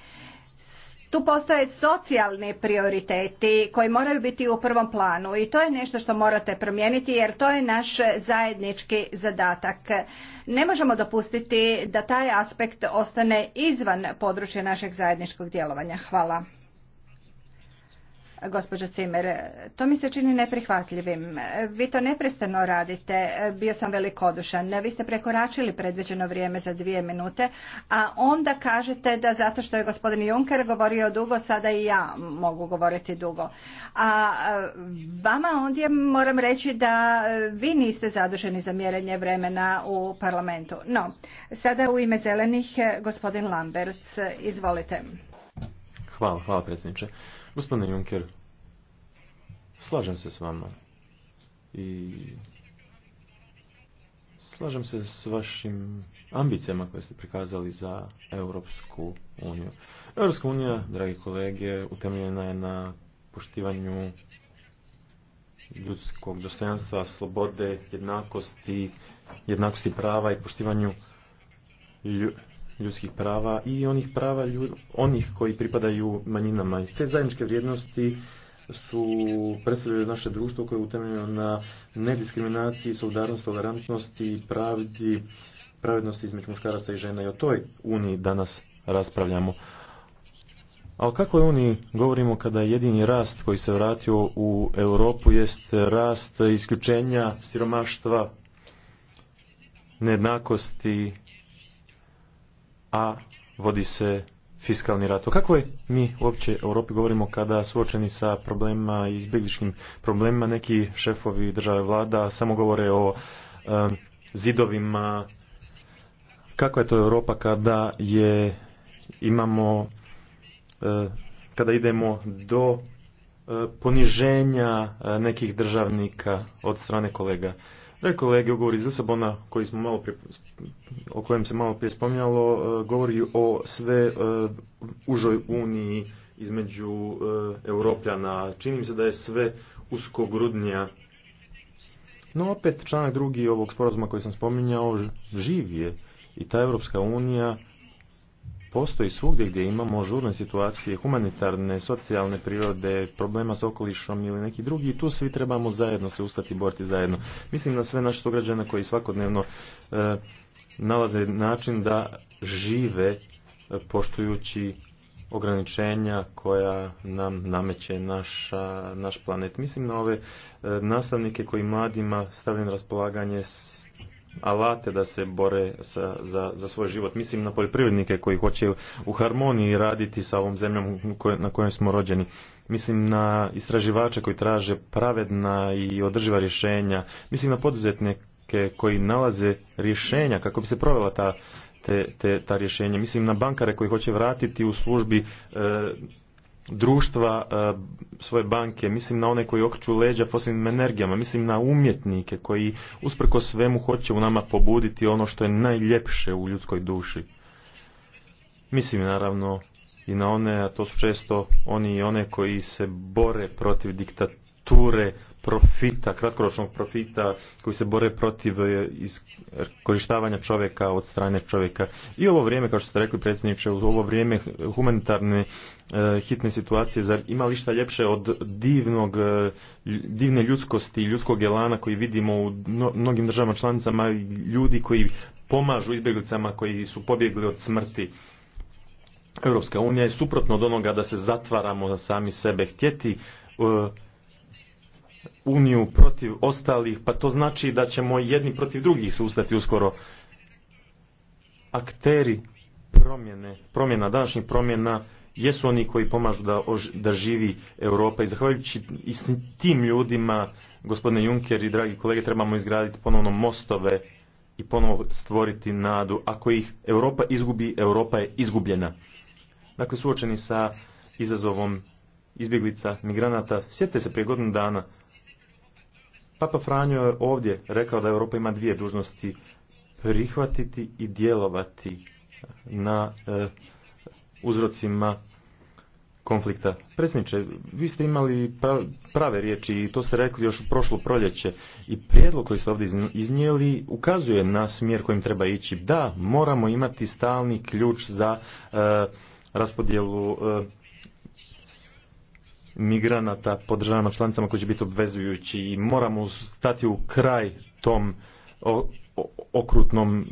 Tu postoje socijalni prioriteti koji moraju biti u prvom planu i to je nešto što morate promijeniti jer to je naš zajednički zadatak. Ne možemo dopustiti da taj aspekt ostane izvan područja našeg zajedničkog djelovanja. Hvala gospođo Cimer. To mi se čini neprihvatljivim. Vi to neprestano radite. Bio sam velikodušan. Vi ste prekoračili predviđeno vrijeme za dvije minute, a onda kažete da zato što je gospodin Juncker govorio dugo, sada i ja mogu govoriti dugo. A vama ondje moram reći da vi niste zaduženi za mjerenje vremena u parlamentu. No, sada u ime zelenih gospodin Lamberts. Izvolite. Hvala, hvala predsjedniče. Gospodine Juncker, slažem se s vama i slažem se s vašim ambicijama koje ste prikazali za Europsku uniju. Europska unija, dragi kolege, utemeljena je na poštivanju ljudskog dostojanstva, slobode, jednakosti, jednakosti prava i poštivanju ljudskih prava i onih prava onih koji pripadaju manjinama. Te zajedničke vrijednosti su predstavljaju naše društvo koje je utemeljeno na nediskriminaciji, solidarnosti, tolerantnosti, pravdi, pravednosti između muškaraca i žena i o toj uniji danas raspravljamo. A o kakvoj uniji govorimo kada jedini rast koji se vratio u Europu jest rast isključenja, siromaštva, nejednakosti, a vodi se fiskalni rat. O je mi uopće u Europi govorimo kada suočeni sa problemima i izbjegličkim problemima neki šefovi države vlada samo govore o zidovima. Kakva je to Europa kada je imamo kada idemo do poniženja nekih državnika od strane kolega. Dakle, kolege, ugovor iz Lisabona koji smo malo o kojem se malo prije spominjalo e, govori o sve e, užoj uniji između e, Europljana. Čini mi se da je sve uskogrudnija. No opet članak drugi ovog sporazuma koji sam spominjao živ je i ta Europska unija postoji svugdje gdje imamo žurne situacije, humanitarne, socijalne prirode, problema s okolišom ili neki drugi i tu svi trebamo zajedno se ustati i boriti zajedno. Mislim na sve naše sugrađane koji svakodnevno e, nalaze način da žive e, poštujući ograničenja koja nam nameće naša, naš planet. Mislim na ove e, nastavnike koji mladima stavljaju na raspolaganje alate da se bore za, za svoj život. Mislim na poljoprivrednike koji hoće u harmoniji raditi sa ovom zemljom na kojoj smo rođeni. Mislim na istraživače koji traže pravedna i održiva rješenja. Mislim na poduzetnike koji nalaze rješenja kako bi se provela ta te, ta rješenja. Mislim na bankare koji hoće vratiti u službi e, društva e, svoje banke, mislim na one koji okreću leđa fosilnim energijama, mislim na umjetnike koji usprko svemu hoće u nama pobuditi ono što je najljepše u ljudskoj duši. Mislim naravno i na one, a to su često oni i one koji se bore protiv diktature profita, kratkoročnog profita koji se bore protiv e, korištavanja čovjeka od strane čovjeka. I ovo vrijeme, kao što ste rekli predsjedniče, u ovo vrijeme humanitarne e, hitne situacije, zar ima šta ljepše od divnog, e, divne ljudskosti i ljudskog jelana koji vidimo u mnogim državama članicama, ljudi koji pomažu izbjeglicama koji su pobjegli od smrti. Europska unija je suprotno od onoga da se zatvaramo za sami sebe. Htjeti uniju protiv ostalih, pa to znači da ćemo jedni protiv drugih se ustati uskoro. Akteri promjene, promjena, današnjih promjena, jesu oni koji pomažu da, da živi Europa i zahvaljujući i s tim ljudima, gospodine Juncker i dragi kolege, trebamo izgraditi ponovno mostove i ponovo stvoriti nadu. Ako ih Europa izgubi, Europa je izgubljena. Dakle, suočeni sa izazovom izbjeglica, migranata, sjetite se prije godinu dana Papa Franjo je ovdje rekao da Europa ima dvije dužnosti, prihvatiti i djelovati na eh, uzrocima konflikta. Predsjedniče, vi ste imali prave riječi i to ste rekli još u prošlo proljeće i prijedlog koji ste ovdje iznijeli ukazuje na smjer kojim treba ići. Da, moramo imati stalni ključ za eh, raspodjelu eh, migranata po državama članicama koji će biti obvezujući i moramo stati u kraj tom okrutnom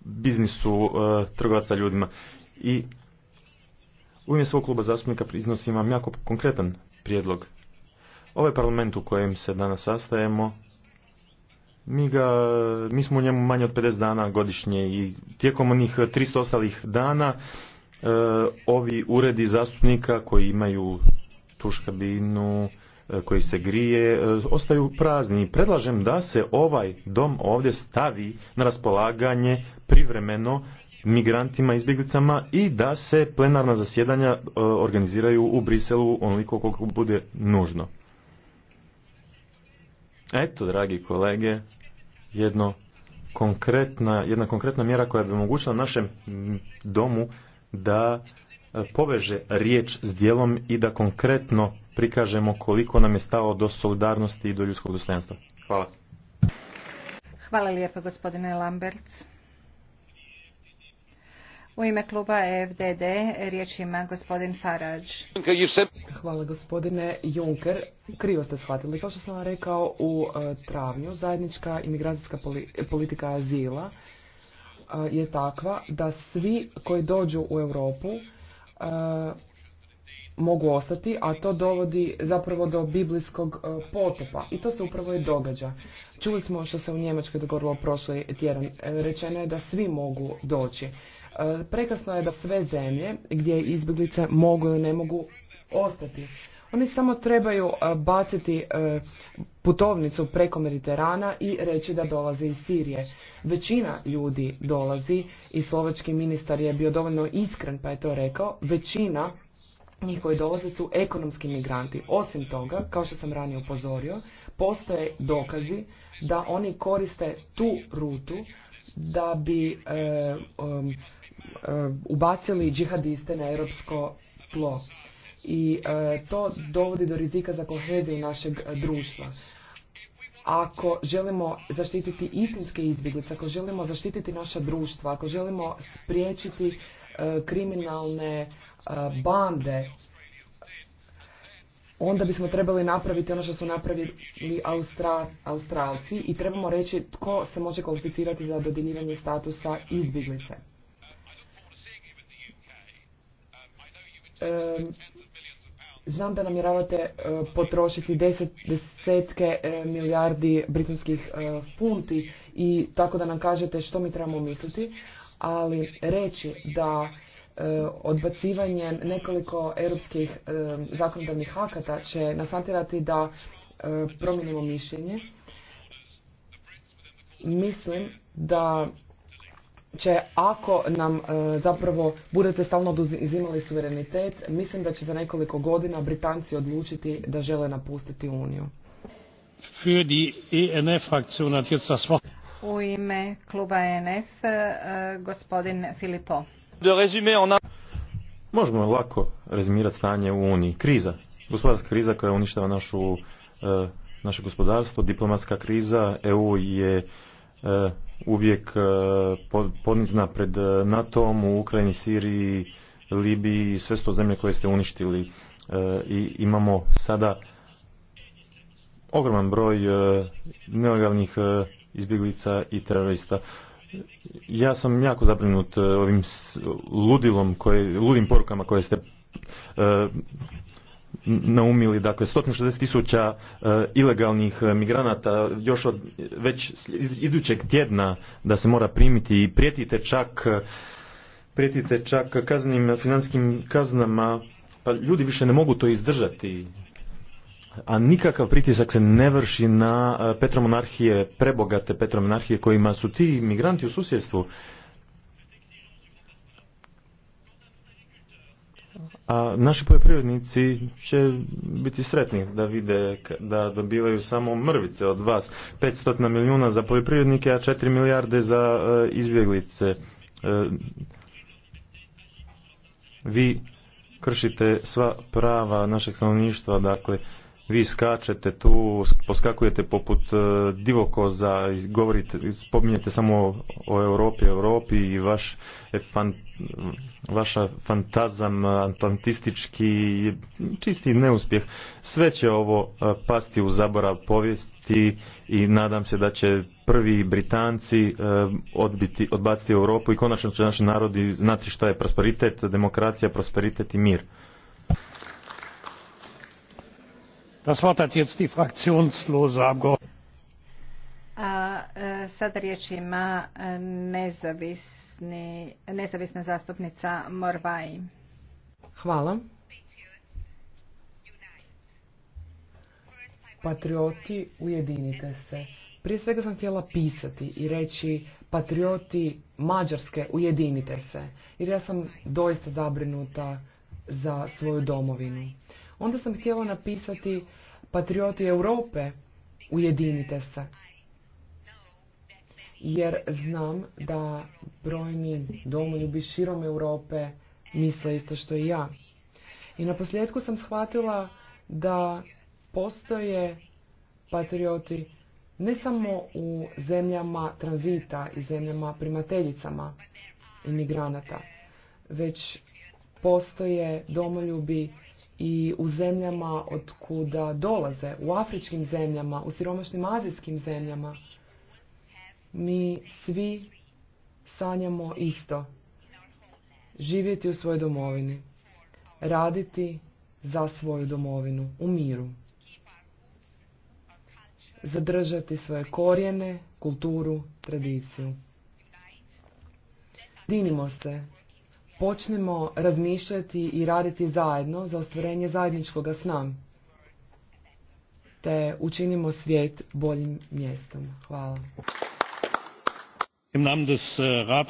biznisu e, trgovaca ljudima. I u ime svog kluba zastupnika iznosim vam jako konkretan prijedlog. Ovaj parlament u kojem se danas sastajemo, mi, ga, mi smo u njemu manje od 50 dana godišnje i tijekom onih 300 ostalih dana e, ovi uredi zastupnika koji imaju tuš e, koji se grije, e, ostaju prazni. Predlažem da se ovaj dom ovdje stavi na raspolaganje privremeno migrantima, izbjeglicama i da se plenarna zasjedanja e, organiziraju u Briselu onoliko koliko bude nužno. Eto, dragi kolege, jedno konkretna, jedna konkretna mjera koja bi omogućila našem domu da poveže riječ s dijelom i da konkretno prikažemo koliko nam je stalo do solidarnosti i do ljudskog dostojanstva. Hvala. Hvala lijepa gospodine Lamberts. U ime kluba e FDD riječ ima gospodin Farage. Hvala gospodine Juncker. Krivo ste shvatili. Kao što sam vam rekao u e, travnju, zajednička imigracijska politika azila e, je takva da svi koji dođu u Europu E, mogu ostati, a to dovodi zapravo do biblijskog e, potopa. I to se upravo i događa. Čuli smo što se u Njemačkoj dogodilo prošli tjedan. E, rečeno je da svi mogu doći. Prekasno je da sve zemlje gdje izbjeglice mogu ili ne mogu ostati. Oni samo trebaju e, baciti e, putovnicu preko Mediterana i reći da dolaze iz Sirije. Većina ljudi dolazi i slovački ministar je bio dovoljno iskren pa je to rekao. Većina njih koji dolaze su ekonomski migranti. Osim toga, kao što sam ranije upozorio, postoje dokazi da oni koriste tu rutu da bi e, um, ubacili džihadiste na europsko tlo i e, to dovodi do rizika za koheziju našeg društva ako želimo zaštititi istinske izbjeglice, ako želimo zaštititi naša društva, ako želimo spriječiti e, kriminalne e, bande, onda bismo trebali napraviti ono što su napravili Austra, Australci i trebamo reći tko se može kvalificirati za dodjeljivanje statusa izbjeglice. Znam da namjeravate e, potrošiti desetke e, milijardi britanskih e, funti i tako da nam kažete što mi trebamo misliti, ali reći da odbacivanje nekoliko europskih zakonodavnih akata će nas da promijenimo mišljenje. Mislim da će ako nam e, zapravo budete stalno oduzimali suverenitet, mislim da će za nekoliko godina Britanci odlučiti da žele napustiti Uniju. E u ime kluba ENF e, gospodin Filipo. Možemo lako rezimirati stanje u Uniji. Kriza, gospodarska kriza koja uništava našu, naše gospodarstvo, diplomatska kriza, EU je uvijek e, ponizna pred e, NATO-om u Ukrajini, Siriji, Libiji i sve sto zemlje koje ste uništili e, i imamo sada ogroman broj nelegalnih izbjeglica i terorista. Ja sam jako zabrinut ovim ludilom ludim porukama koje ste naumili, dakle 160 tisuća e, ilegalnih e, migranata još od već idućeg tjedna da se mora primiti i prijetite čak e, prijetite čak kaznim financijskim kaznama pa ljudi više ne mogu to izdržati a nikakav pritisak se ne vrši na petromonarhije, prebogate petromonarhije kojima su ti migranti u susjedstvu A naši poljoprivrednici će biti sretni da vide da dobivaju samo mrvice od vas. 500 milijuna za poljoprivrednike, a 4 milijarde za e, izbjeglice. E, vi kršite sva prava našeg stanovništva, dakle, vi skačete tu, poskakujete poput e, divokoza i govorite, spominjete samo o Europi, Europi i vaš fan, vaša fantazam atlantistički e, čisti neuspjeh. Sve će ovo e, pasti u zaborav povijesti i nadam se da će prvi Britanci odbiti, odbaciti Europu i konačno će naši narodi znati šta je prosperitet, demokracija, prosperitet i mir. Das Wort hat jetzt die fraktionslose Abgeordnete. E, sada riječi ima e, nezavisna zastupnica Morvaj. Hvala. Patrioti, ujedinite se. Prije svega sam htjela pisati i reći patrioti Mađarske, ujedinite se. Jer ja sam doista zabrinuta za svoju domovinu. Onda sam htjela napisati Patrioti Europe, ujedinite se. Jer znam da brojni domoljubi širom Europe misle isto što i ja. I na posljedku sam shvatila da postoje patrioti ne samo u zemljama tranzita i zemljama primateljicama imigranata, već postoje domoljubi i u zemljama od kuda dolaze, u afričkim zemljama, u siromašnim azijskim zemljama, mi svi sanjamo isto. Živjeti u svojoj domovini, raditi za svoju domovinu, u miru. Zadržati svoje korijene, kulturu, tradiciju. Dinimo se počnemo razmišljati i raditi zajedno za ostvarenje zajedničkoga sna, te učinimo svijet boljim mjestom. Hvala. Äh,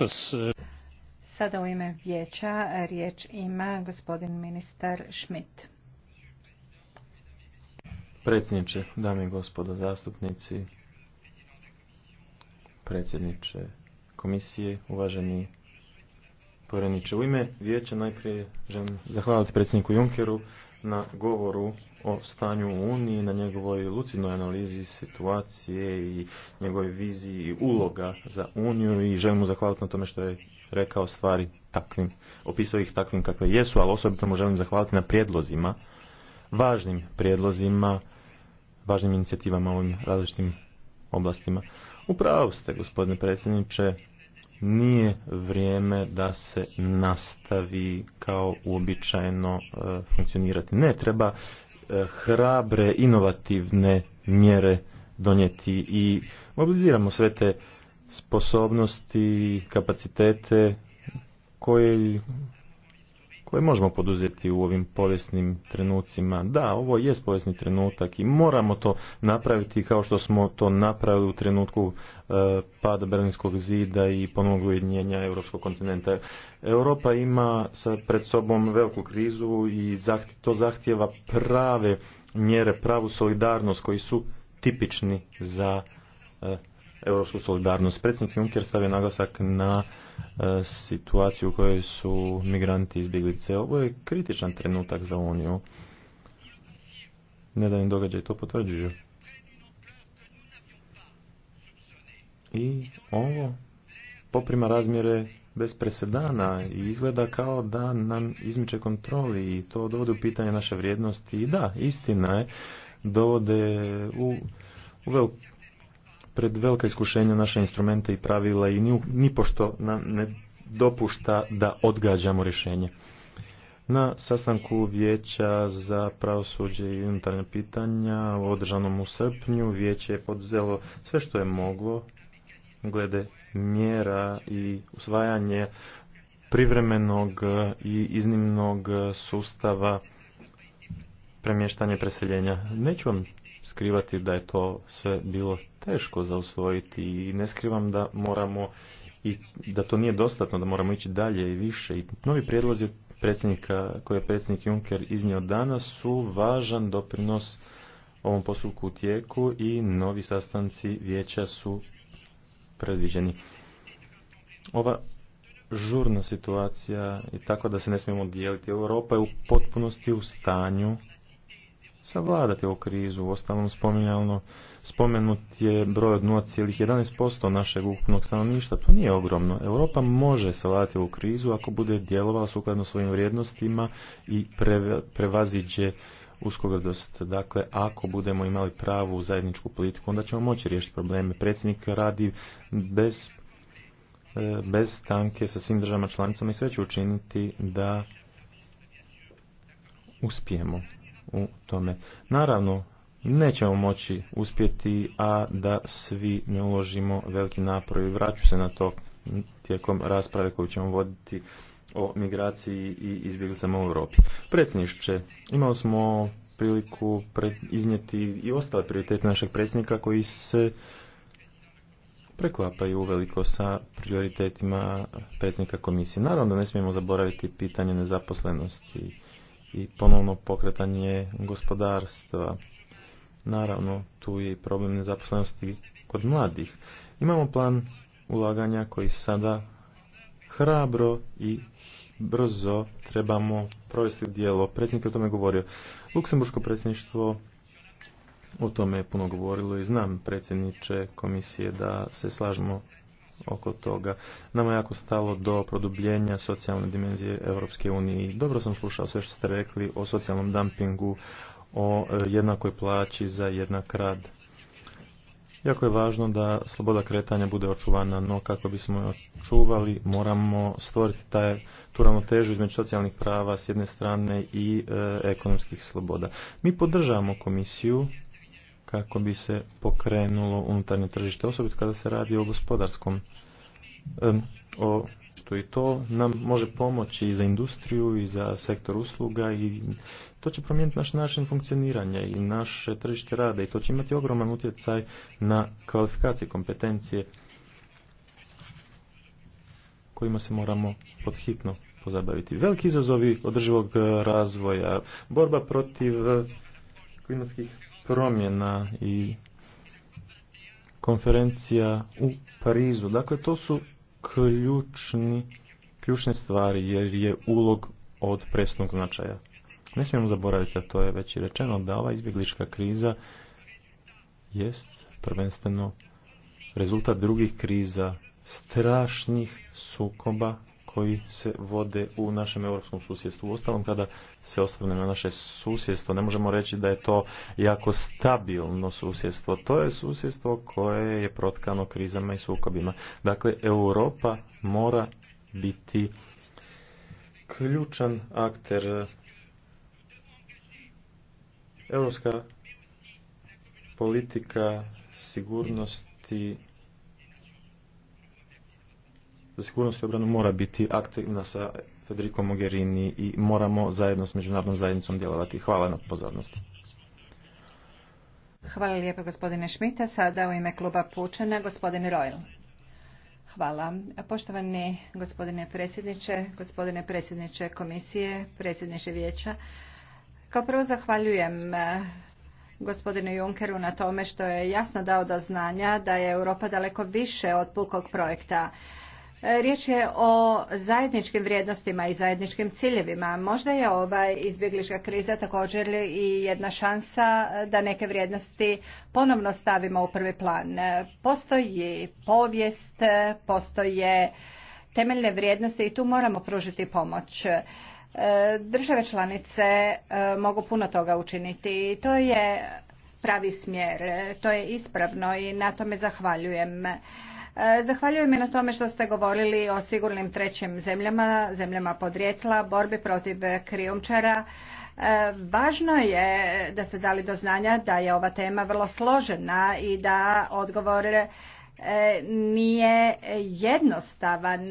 äh, Sada u ime vijeća riječ ima gospodin ministar Schmidt. Predsjedniče, dame i gospodo zastupnici, predsjedniče komisije, uvaženi Povjereniče, u ime vijeća najprije želim zahvaliti predsjedniku Junkeru na govoru o stanju u Uniji, na njegovoj lucidnoj analizi situacije i njegovoj viziji i uloga za Uniju i želim mu zahvaliti na tome što je rekao stvari takvim, opisao ih takvim kakve jesu, ali osobito mu želim zahvaliti na prijedlozima, važnim prijedlozima, važnim inicijativama u ovim različitim oblastima. Upravo ste, gospodine predsjedniče, nije vrijeme da se nastavi kao uobičajeno e, funkcionirati. Ne, treba e, hrabre, inovativne mjere donijeti i mobiliziramo sve te sposobnosti, kapacitete koje koje možemo poduzeti u ovim povijesnim trenucima. Da, ovo je povijesni trenutak i moramo to napraviti kao što smo to napravili u trenutku e, pada Berlinskog zida i ponovnog ujedinjenja Europskog kontinenta. Europa ima sa pred sobom veliku krizu i to zahtjeva prave mjere, pravu solidarnost koji su tipični za e, europsku solidarnost. Predsjednik Juncker stavio naglasak na e, situaciju u kojoj su migranti izbjeglice. Ovo je kritičan trenutak za Uniju. Nedavni događaj to potvrđuju. I ovo poprima razmjere bez presedana i izgleda kao da nam izmiče kontroli i to dovodi u pitanje naše vrijednosti. I da, istina je, dovode u, u pred velika iskušenja naše instrumente i pravila i nipošto nam ne dopušta da odgađamo rješenje. Na sastanku vijeća za pravosuđe i unutarnje pitanja održanom u srpnju vijeće je poduzelo sve što je moglo glede mjera i usvajanje privremenog i iznimnog sustava premještanja preseljenja. Neću vam skrivati da je to sve bilo teško za usvojiti i ne skrivam da moramo i da to nije dostatno, da moramo ići dalje i više. I novi prijedlozi predsjednika koje je predsjednik Juncker iznio danas su važan doprinos ovom postupku u tijeku i novi sastanci vijeća su predviđeni. Ova žurna situacija i tako da se ne smijemo dijeliti. Europa je u potpunosti u stanju savladati ovu krizu. Uostalom spominjano spomenut je broj od 0,11% našeg ukupnog stanovništva. To nije ogromno. Europa može savladati ovu krizu ako bude djelovala sukladno svojim vrijednostima i prevaziđe uskogradost. Dakle, ako budemo imali pravu zajedničku politiku, onda ćemo moći riješiti probleme. Predsjednik radi bez, e, bez stanke sa svim državama članicama i sve će učiniti da uspijemo u tome. Naravno, nećemo moći uspjeti, a da svi ne uložimo veliki napor. I vraću se na to tijekom rasprave koju ćemo voditi o migraciji i izbjeglicama u Europi. Predsjedniče, imali smo priliku iznijeti i ostale prioritete našeg predsjednika koji se preklapaju uveliko sa prioritetima predsjednika komisije. Naravno da ne smijemo zaboraviti pitanje nezaposlenosti i ponovno pokretanje gospodarstva Naravno, tu je i problem nezaposlenosti kod mladih. Imamo plan ulaganja koji sada hrabro i brzo trebamo provesti u dijelo. Predsjednik je o tome govorio. Luksemburško predsjedništvo o tome je puno govorilo i znam predsjedniče komisije da se slažemo oko toga. Nama je jako stalo do produbljenja socijalne dimenzije Europske unije. Dobro sam slušao sve što ste rekli o socijalnom dumpingu, o e, jednakoj plaći za jednak rad. Jako je važno da sloboda kretanja bude očuvana, no kako bismo je očuvali moramo stvoriti taj, tu ravnotežu između socijalnih prava s jedne strane i e, ekonomskih sloboda. Mi podržavamo komisiju kako bi se pokrenulo unutarnje tržište, osobito kada se radi o gospodarskom, e, o tržištu i to nam može pomoći i za industriju i za sektor usluga i to će promijeniti naš način funkcioniranja i naše tržište rada i to će imati ogroman utjecaj na kvalifikacije, kompetencije kojima se moramo podhitno pozabaviti. Veliki izazovi održivog e, razvoja, borba protiv e, klimatskih promjena i konferencija u Parizu. Dakle, to su ključni, ključne stvari jer je ulog od presnog značaja. Ne smijemo zaboraviti, a to je već i rečeno, da ova izbjeglička kriza jest prvenstveno rezultat drugih kriza, strašnih sukoba koji se vode u našem europskom susjedstvu. Uostalom, kada se osvrnemo na naše susjedstvo, ne možemo reći da je to jako stabilno susjedstvo. To je susjedstvo koje je protkano krizama i sukobima. Dakle, Europa mora biti ključan akter europska politika sigurnosti za sigurnost i obranu mora biti aktivna sa Federico Mogherini i moramo zajedno s međunarodnom zajednicom djelovati. Hvala na pozornosti. Hvala lijepo gospodine Šmita. Sada u ime kluba Pučana gospodin Royal. Hvala. Poštovani gospodine predsjedniče, gospodine predsjedniče komisije, predsjedniče vijeća. Kao prvo zahvaljujem eh, gospodinu Junkeru na tome što je jasno dao do znanja da je Europa daleko više od pukog projekta. Riječ je o zajedničkim vrijednostima i zajedničkim ciljevima. Možda je ova izbjeglička kriza također i jedna šansa da neke vrijednosti ponovno stavimo u prvi plan. Postoji povijest, postoje temeljne vrijednosti i tu moramo pružiti pomoć. E, države članice e, mogu puno toga učiniti i to je pravi smjer, e, to je ispravno i na tome zahvaljujem. Zahvaljujem i na tome što ste govorili o sigurnim trećim zemljama, zemljama podrijetla, borbi protiv krijumčara. E, važno je da ste dali do znanja da je ova tema vrlo složena i da odgovor e, nije jednostavan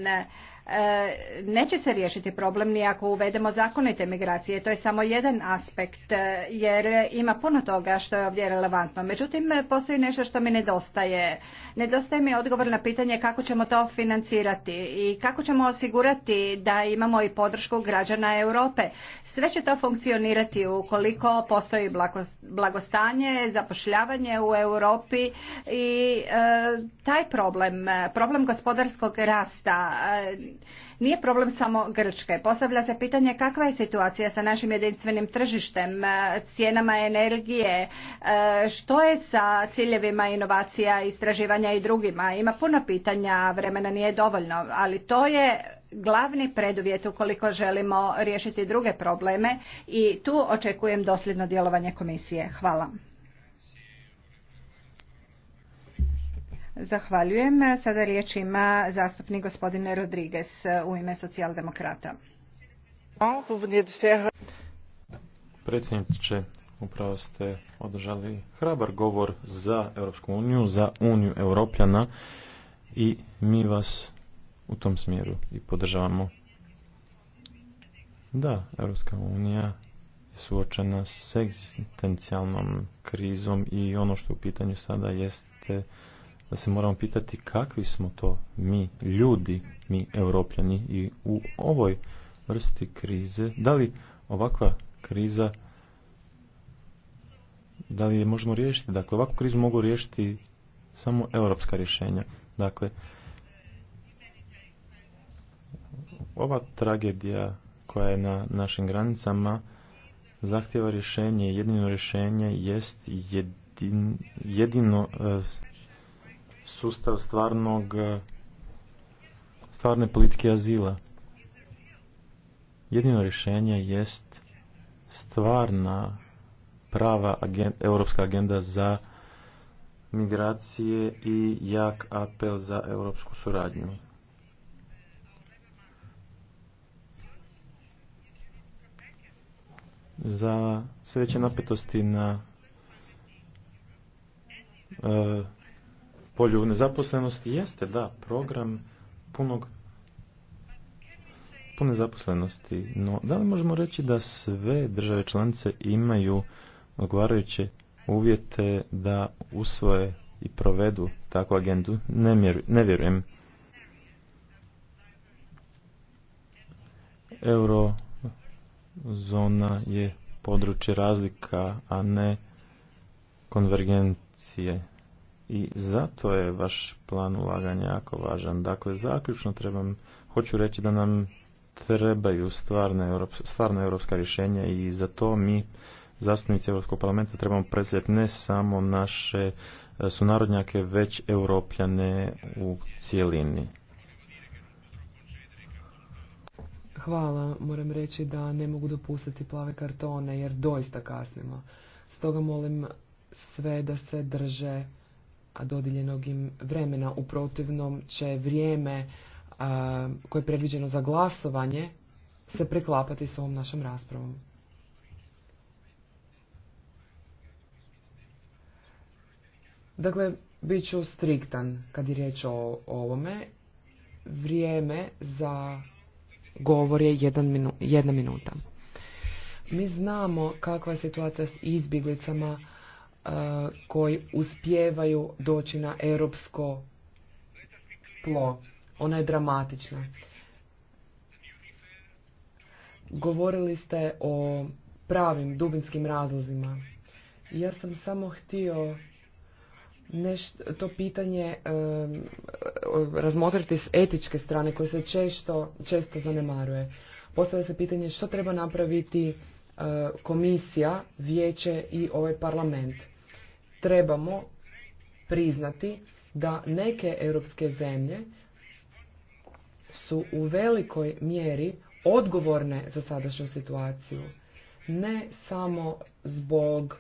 E, neće se riješiti problem ni ako uvedemo zakonite migracije. To je samo jedan aspekt e, jer ima puno toga što je ovdje relevantno. Međutim, e, postoji nešto što mi nedostaje. Nedostaje mi odgovor na pitanje kako ćemo to financirati i kako ćemo osigurati da imamo i podršku građana Europe. Sve će to funkcionirati ukoliko postoji blagostanje, zapošljavanje u Europi i taj problem, problem gospodarskog rasta nije problem samo Grčke. Postavlja se pitanje kakva je situacija sa našim jedinstvenim tržištem, e, cijenama energije, e, što je sa ciljevima inovacija, istraživanja i drugima. Ima puno pitanja, vremena nije dovoljno, ali to je glavni preduvjet ukoliko želimo riješiti druge probleme i tu očekujem dosljedno djelovanje komisije. Hvala. Zahvaljujem. Sada riječ ima zastupnik gospodine Rodriguez u ime socijaldemokrata. Predsjedniče, upravo ste održali hrabar govor za Europsku uniju, za uniju Europljana i mi vas u tom smjeru i podržavamo. Da, Europska unija je suočena s egzistencijalnom krizom i ono što u pitanju sada jeste da se moramo pitati kakvi smo to mi ljudi, mi europljani i u ovoj vrsti krize, da li ovakva kriza da li je možemo riješiti? Dakle, ovakvu krizu mogu riješiti samo europska rješenja. Dakle, ova tragedija koja je na našim granicama zahtjeva rješenje, jedino rješenje jest jedin, jedino e, sustav stvarnog stvarne politike azila. Jedino rješenje jest stvarna prava europska agenda za migracije i jak apel za europsku suradnju. Za sve veće napetosti na e, polju nezaposlenosti jeste da program punog pune zaposlenosti. No, da li možemo reći da sve države članice imaju odgovarajuće uvjete da usvoje i provedu takvu agendu? Ne, ne vjerujem. Eurozona je područje razlika, a ne konvergencije i zato je vaš plan ulaganja jako važan. Dakle, zaključno trebam, hoću reći da nam trebaju stvarne europska rješenja i za to mi zastupnici Europskog parlamenta trebamo predstavljati ne samo naše e, sunarodnjake, već europljane u cijelini. Hvala, moram reći da ne mogu dopustiti plave kartone jer doista kasnimo. Stoga molim sve da se drže a dodijeljenog im vremena. U protivnom će vrijeme koje je predviđeno za glasovanje se preklapati s ovom našom raspravom. Dakle, bit ću striktan kad je riječ o ovome. Vrijeme za govor je jedna minuta. Mi znamo kakva je situacija s izbjeglicama E, koji uspijevaju doći na europsko tlo. Ona je dramatična. Govorili ste o pravim dubinskim razlozima. Ja sam samo htio nešto, to pitanje e, razmotriti s etičke strane koje se često, često zanemaruje. Postavlja se pitanje što treba napraviti e, komisija, vijeće i ovaj parlament trebamo priznati da neke europske zemlje su u velikoj mjeri odgovorne za sadašnju situaciju. Ne samo zbog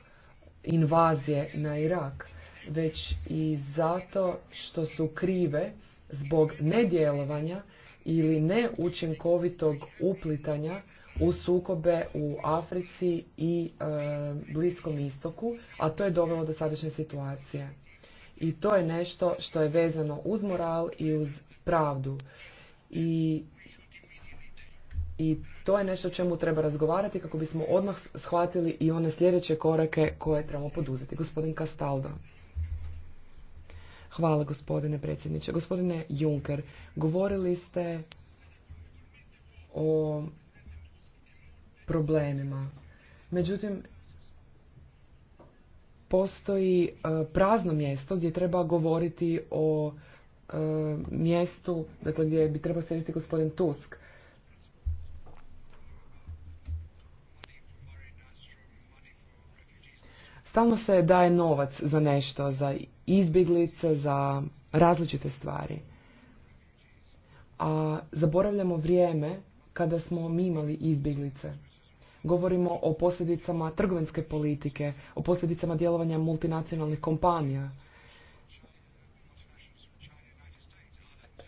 invazije na Irak, već i zato što su krive zbog nedjelovanja ili neučinkovitog uplitanja u sukobe u Africi i e, Bliskom istoku, a to je dovelo do sadašnje situacije. I to je nešto što je vezano uz moral i uz pravdu. I, i to je nešto o čemu treba razgovarati kako bismo odmah shvatili i one sljedeće korake koje trebamo poduzeti. Gospodin Kastaldo. Hvala gospodine predsjedniče. Gospodine Juncker, govorili ste o problemima. Međutim, postoji e, prazno mjesto gdje treba govoriti o e, mjestu, dakle gdje bi trebao sjediti gospodin Tusk. Stalno se daje novac za nešto, za izbjeglice, za različite stvari. A zaboravljamo vrijeme kada smo mi imali izbjeglice. Govorimo o posljedicama trgovinske politike, o posljedicama djelovanja multinacionalnih kompanija.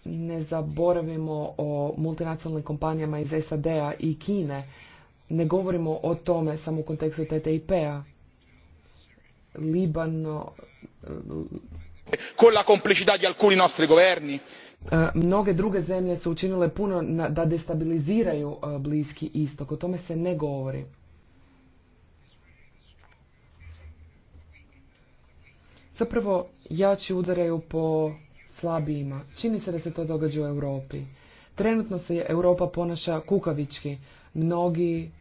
Ne zaboravimo o multinacionalnim kompanijama iz SAD-a i Kine. Ne govorimo o tome samo u kontekstu TTIP-a. Libano... Con la complicità di alcuni nostri governi E, mnoge druge zemlje su učinile puno da destabiliziraju e, Bliski istok. O tome se ne govori. Zapravo, jači udaraju po slabijima. Čini se da se to događa u Europi. Trenutno se Europa ponaša kukavički. Mnogi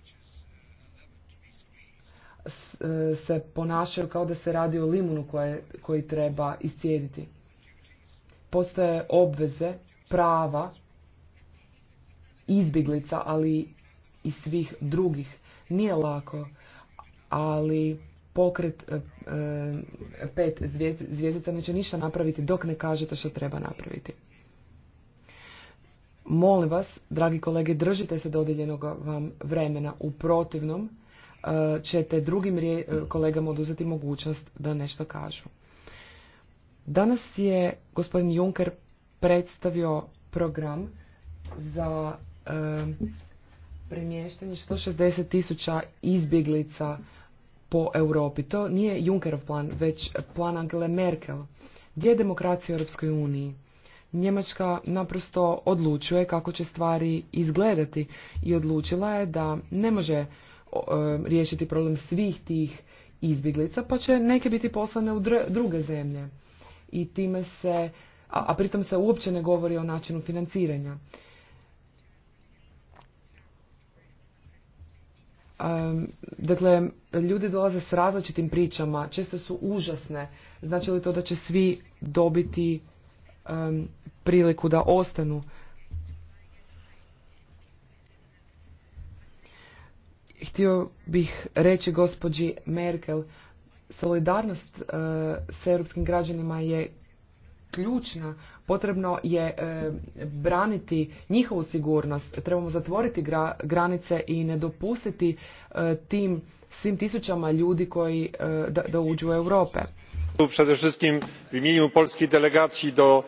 e, se ponašaju kao da se radi o limunu koji treba iscijediti postoje obveze, prava, izbjeglica, ali i svih drugih. Nije lako, ali pokret e, e, pet zvijezdica neće ništa napraviti dok ne kažete što treba napraviti. Molim vas, dragi kolege, držite se dodijeljenog vam vremena. U protivnom e, ćete drugim kolegama oduzeti mogućnost da nešto kažu. Danas je gospodin Juncker predstavio program za e, premještanje 160 tisuća izbjeglica po Europi. To nije Junckerov plan, već plan Angele Merkel. Gdje je demokracija u Europskoj uniji? Njemačka naprosto odlučuje kako će stvari izgledati i odlučila je da ne može riješiti problem svih tih izbjeglica, pa će neke biti poslane u druge zemlje i time se, a, pritom se uopće ne govori o načinu financiranja. dakle, ljudi dolaze s različitim pričama, često su užasne. Znači li to da će svi dobiti priliku da ostanu? Htio bih reći gospođi Merkel solidarnost e, s europskim građanima je ključna, potrebno je e, braniti njihovu sigurnost, trebamo zatvoriti granice i ne dopustiti e, tim svim tisućama ljudi koji da, da uđu u Europe. Przede wszystkim w imieniu polskiej delegacji do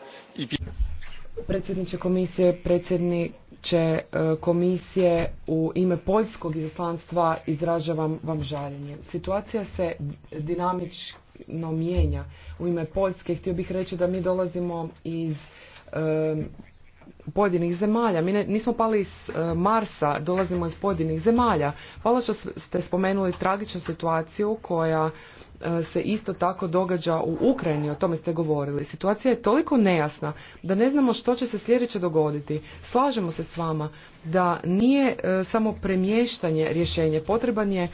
Predsjedniče komisije, predsjednik će e, komisije u ime poljskog izaslanstva izražavam vam žaljenje. Situacija se dinamično mijenja. U ime Poljske htio bih reći da mi dolazimo iz e, pojedinih zemalja. Mi ne, nismo pali iz e, Marsa, dolazimo iz pojedinih zemalja. Hvala što ste spomenuli tragičnu situaciju koja e, se isto tako događa u Ukrajini, o tome ste govorili. Situacija je toliko nejasna da ne znamo što će se sljedeće dogoditi. Slažemo se s vama da nije e, samo premještanje rješenje, potreban je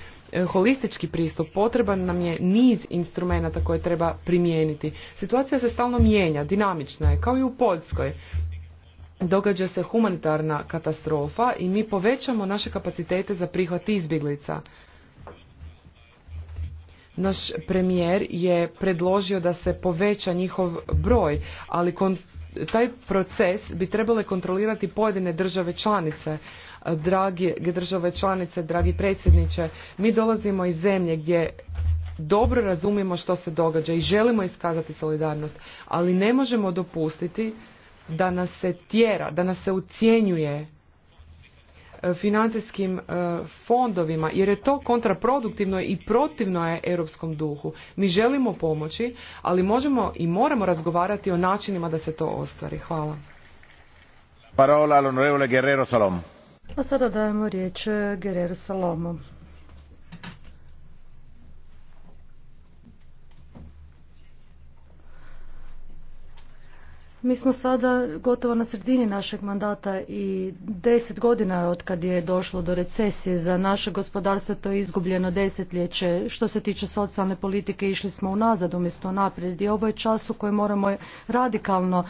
holistički pristup, potreban nam je niz instrumenata koje treba primijeniti. Situacija se stalno mijenja, dinamična je, kao i u Poljskoj događa se humanitarna katastrofa i mi povećamo naše kapacitete za prihvat izbjeglica. Naš premijer je predložio da se poveća njihov broj, ali taj proces bi trebale kontrolirati pojedine države članice. Dragi države članice, dragi predsjedniče, mi dolazimo iz zemlje gdje dobro razumijemo što se događa i želimo iskazati solidarnost, ali ne možemo dopustiti da nas se tjera, da nas se ucijenjuje e, financijskim e, fondovima jer je to kontraproduktivno i protivno je europskom duhu. Mi želimo pomoći, ali možemo i moramo razgovarati o načinima da se to ostvari. Hvala. Parola Guerrero A sada dajemo riječ Guerrero Mi smo sada gotovo na sredini našeg mandata i deset godina od kad je došlo do recesije za naše gospodarstvo to je izgubljeno desetljeće. Što se tiče socijalne politike išli smo unazad umjesto naprijed i ovo je čas u kojem moramo radikalno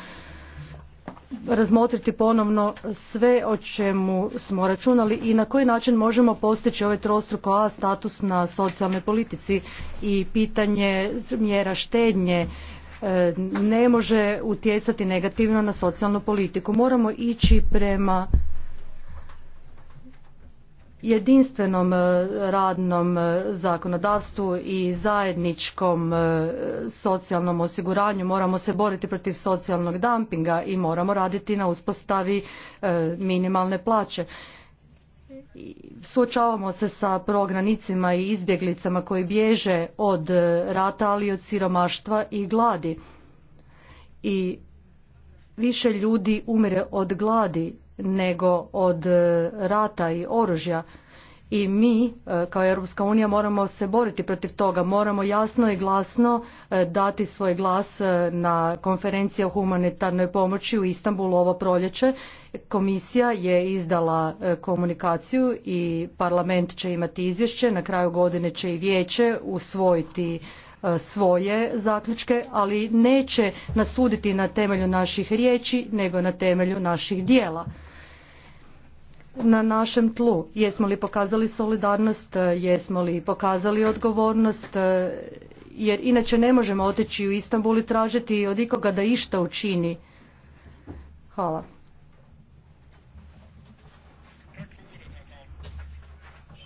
razmotriti ponovno sve o čemu smo računali i na koji način možemo postići ovaj trostruko A status na socijalnoj politici i pitanje mjera štednje E, ne može utjecati negativno na socijalnu politiku. Moramo ići prema jedinstvenom e, radnom e, zakonodavstvu i zajedničkom socijalnom osiguranju moramo se boriti protiv socijalnog dumpinga i moramo raditi na uspostavi minimalne plaće Suočavamo se sa prognanicima i izbjeglicama koji bježe od e, rata, ali i od siromaštva i gladi. I više ljudi umire od gladi nego od e, rata i oružja i mi e, kao Europska unija moramo se boriti protiv toga. Moramo jasno i glasno e, dati svoj glas e, na konferenciji o humanitarnoj pomoći u Istanbulu ovo proljeće. Komisija je izdala komunikaciju i parlament će imati izvješće. Na kraju godine će i vijeće usvojiti svoje zaključke, ali neće nasuditi na temelju naših riječi, nego na temelju naših dijela na našem tlu? Jesmo li pokazali solidarnost, jesmo li pokazali odgovornost, jer inače ne možemo otići u Istanbul i tražiti od ikoga da išta učini. Hvala.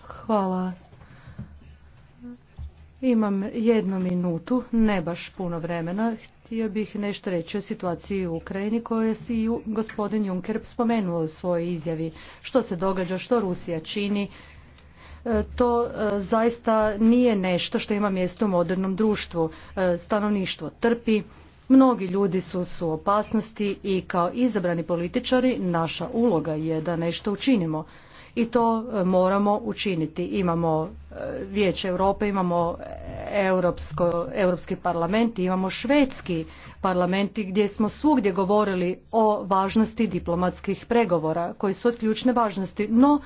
Hvala. Imam jednu minutu, ne baš puno vremena. Htio bih nešto reći o situaciji u Ukrajini koju si gospodin Juncker spomenuo u svojoj izjavi. Što se događa, što Rusija čini, e, to e, zaista nije nešto što ima mjesto u modernom društvu. E, stanovništvo trpi, mnogi ljudi su su opasnosti i kao izabrani političari naša uloga je da nešto učinimo i to e, moramo učiniti. Imamo e, Vijeće Europe, imamo e, Europsko, Europski parlament, imamo Švedski parlament gdje smo svugdje govorili o važnosti diplomatskih pregovora koji su od ključne važnosti, no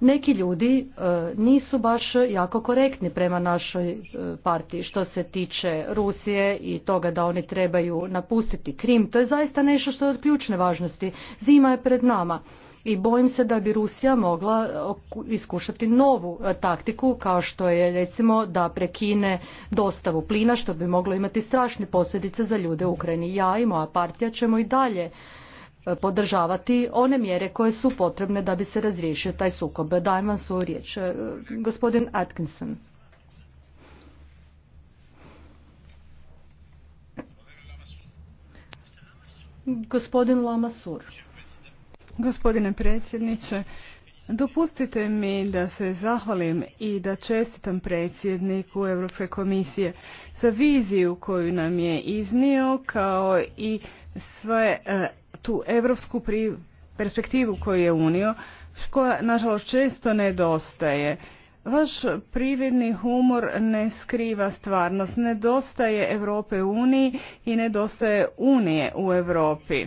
neki ljudi nisu baš jako korektni prema našoj partiji što se tiče Rusije i toga da oni trebaju napustiti Krim. To je zaista nešto što je od ključne važnosti. Zima je pred nama i bojim se da bi Rusija mogla e, iskušati novu e, taktiku kao što je recimo da prekine dostavu plina što bi moglo imati strašne posljedice za ljude u Ukrajini. Ja i moja partija ćemo i dalje e, podržavati one mjere koje su potrebne da bi se razriješio taj sukob. Dajem vam svoju riječ. Gospodin Atkinson. Gospodin Lamasur. Gospodine predsjedniče, dopustite mi da se zahvalim i da čestitam predsjedniku Europske komisije za viziju koju nam je iznio kao i sve e, tu europsku perspektivu koju je unio, koja nažalost često nedostaje. Vaš prividni humor ne skriva stvarnost. Nedostaje Europe uniji i nedostaje Unije u Europi.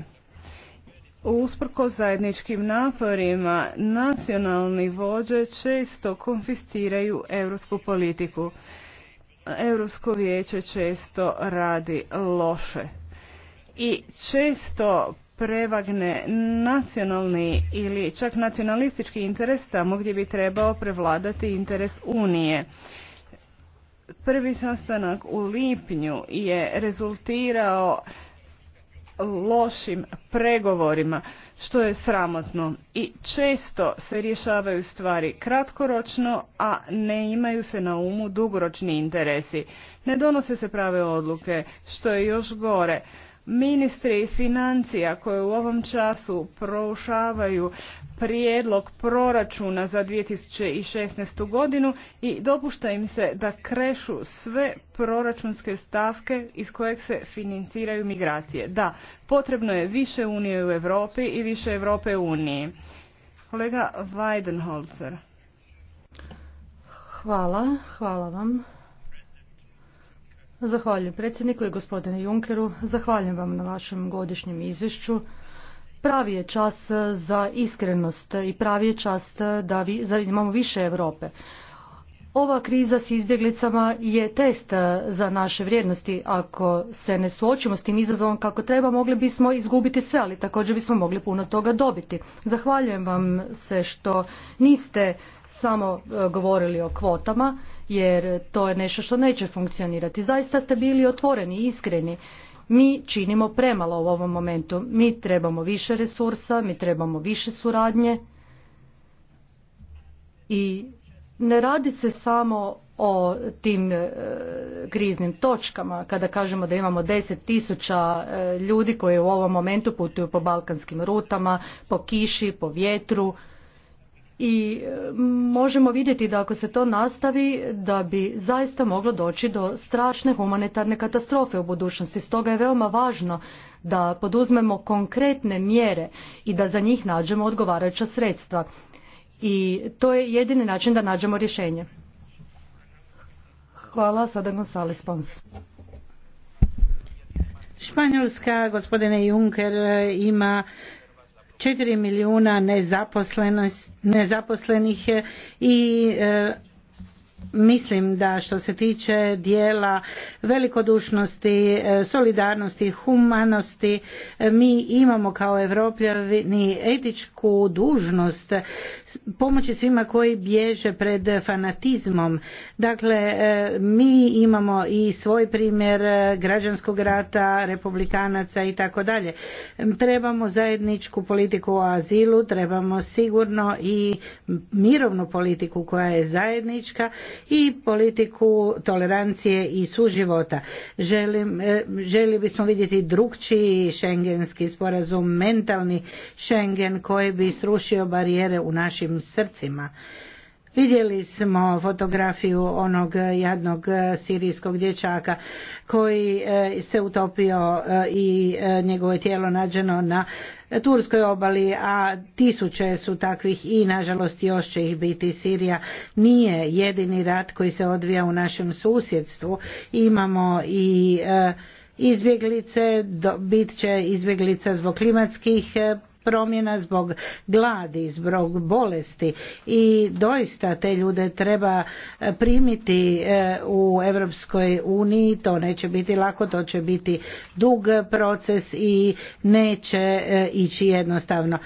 Usprko zajedničkim naporima, nacionalni vođe često konfistiraju europsku politiku. Europsko vijeće često radi loše i često prevagne nacionalni ili čak nacionalistički interes tamo gdje bi trebao prevladati interes Unije. Prvi sastanak u lipnju je rezultirao lošim pregovorima, što je sramotno. I često se rješavaju stvari kratkoročno, a ne imaju se na umu dugoročni interesi. Ne donose se prave odluke, što je još gore. Ministri financija koji u ovom času proušavaju prijedlog proračuna za 2016. godinu i dopušta im se da krešu sve proračunske stavke iz kojeg se financiraju migracije. Da, potrebno je više Unije u Europi i više Europe u Uniji. Kolega Weidenholzer. Hvala, hvala vam. Zahvaljujem predsjedniku i gospodine Junkeru. Zahvaljujem vam na vašem godišnjem izvješću. Pravi je čas za iskrenost i pravi je čas da, da imamo više Europe. Ova kriza s izbjeglicama je test za naše vrijednosti. Ako se ne suočimo s tim izazovom kako treba, mogli bismo izgubiti sve, ali također bismo mogli puno toga dobiti. Zahvaljujem vam se što niste samo e, govorili o kvotama, jer to je nešto što neće funkcionirati. Zaista ste bili otvoreni i iskreni. Mi činimo premalo u ovom momentu. Mi trebamo više resursa, mi trebamo više suradnje i ne radi se samo o tim e, kriznim točkama kada kažemo da imamo deset tisuća e, ljudi koji u ovom momentu putuju po balkanskim rutama po kiši po vjetru i e, možemo vidjeti da ako se to nastavi da bi zaista moglo doći do strašne humanitarne katastrofe u budućnosti. Stoga je veoma važno da poduzmemo konkretne mjere i da za njih nađemo odgovarajuća sredstva. I to je jedini način da nađemo rješenje. Hvala, sada Gonzales Pons. Španjolska, gospodine Juncker, ima Četiri milijuna nezaposlenih i e, mislim da što se tiče dijela velikodušnosti, e, solidarnosti, humanosti, e, mi imamo kao Evropljani etičku dužnost pomoći svima koji bježe pred fanatizmom. Dakle, e, mi imamo i svoj primjer e, građanskog rata, republikanaca i tako dalje. Trebamo zajedničku politiku o azilu, trebamo sigurno i mirovnu politiku koja je zajednička i politiku tolerancije i suživota. Želim, e, želi bismo vidjeti drugčiji šengenski sporazum, mentalni šengen koji bi srušio barijere u naš našim srcima. Vidjeli smo fotografiju onog jadnog e, sirijskog dječaka koji e, se utopio e, i njegovo tijelo nađeno na Turskoj obali, a tisuće su takvih i nažalost još će ih biti. Sirija nije jedini rat koji se odvija u našem susjedstvu. Imamo i izbjeglice, bit će izbjeglica zbog klimatskih promjena zbog gladi, zbog bolesti i doista te ljude treba e, primiti e, u Europskoj uniji, to neće biti lako, to će biti dug proces i neće e, ići jednostavno.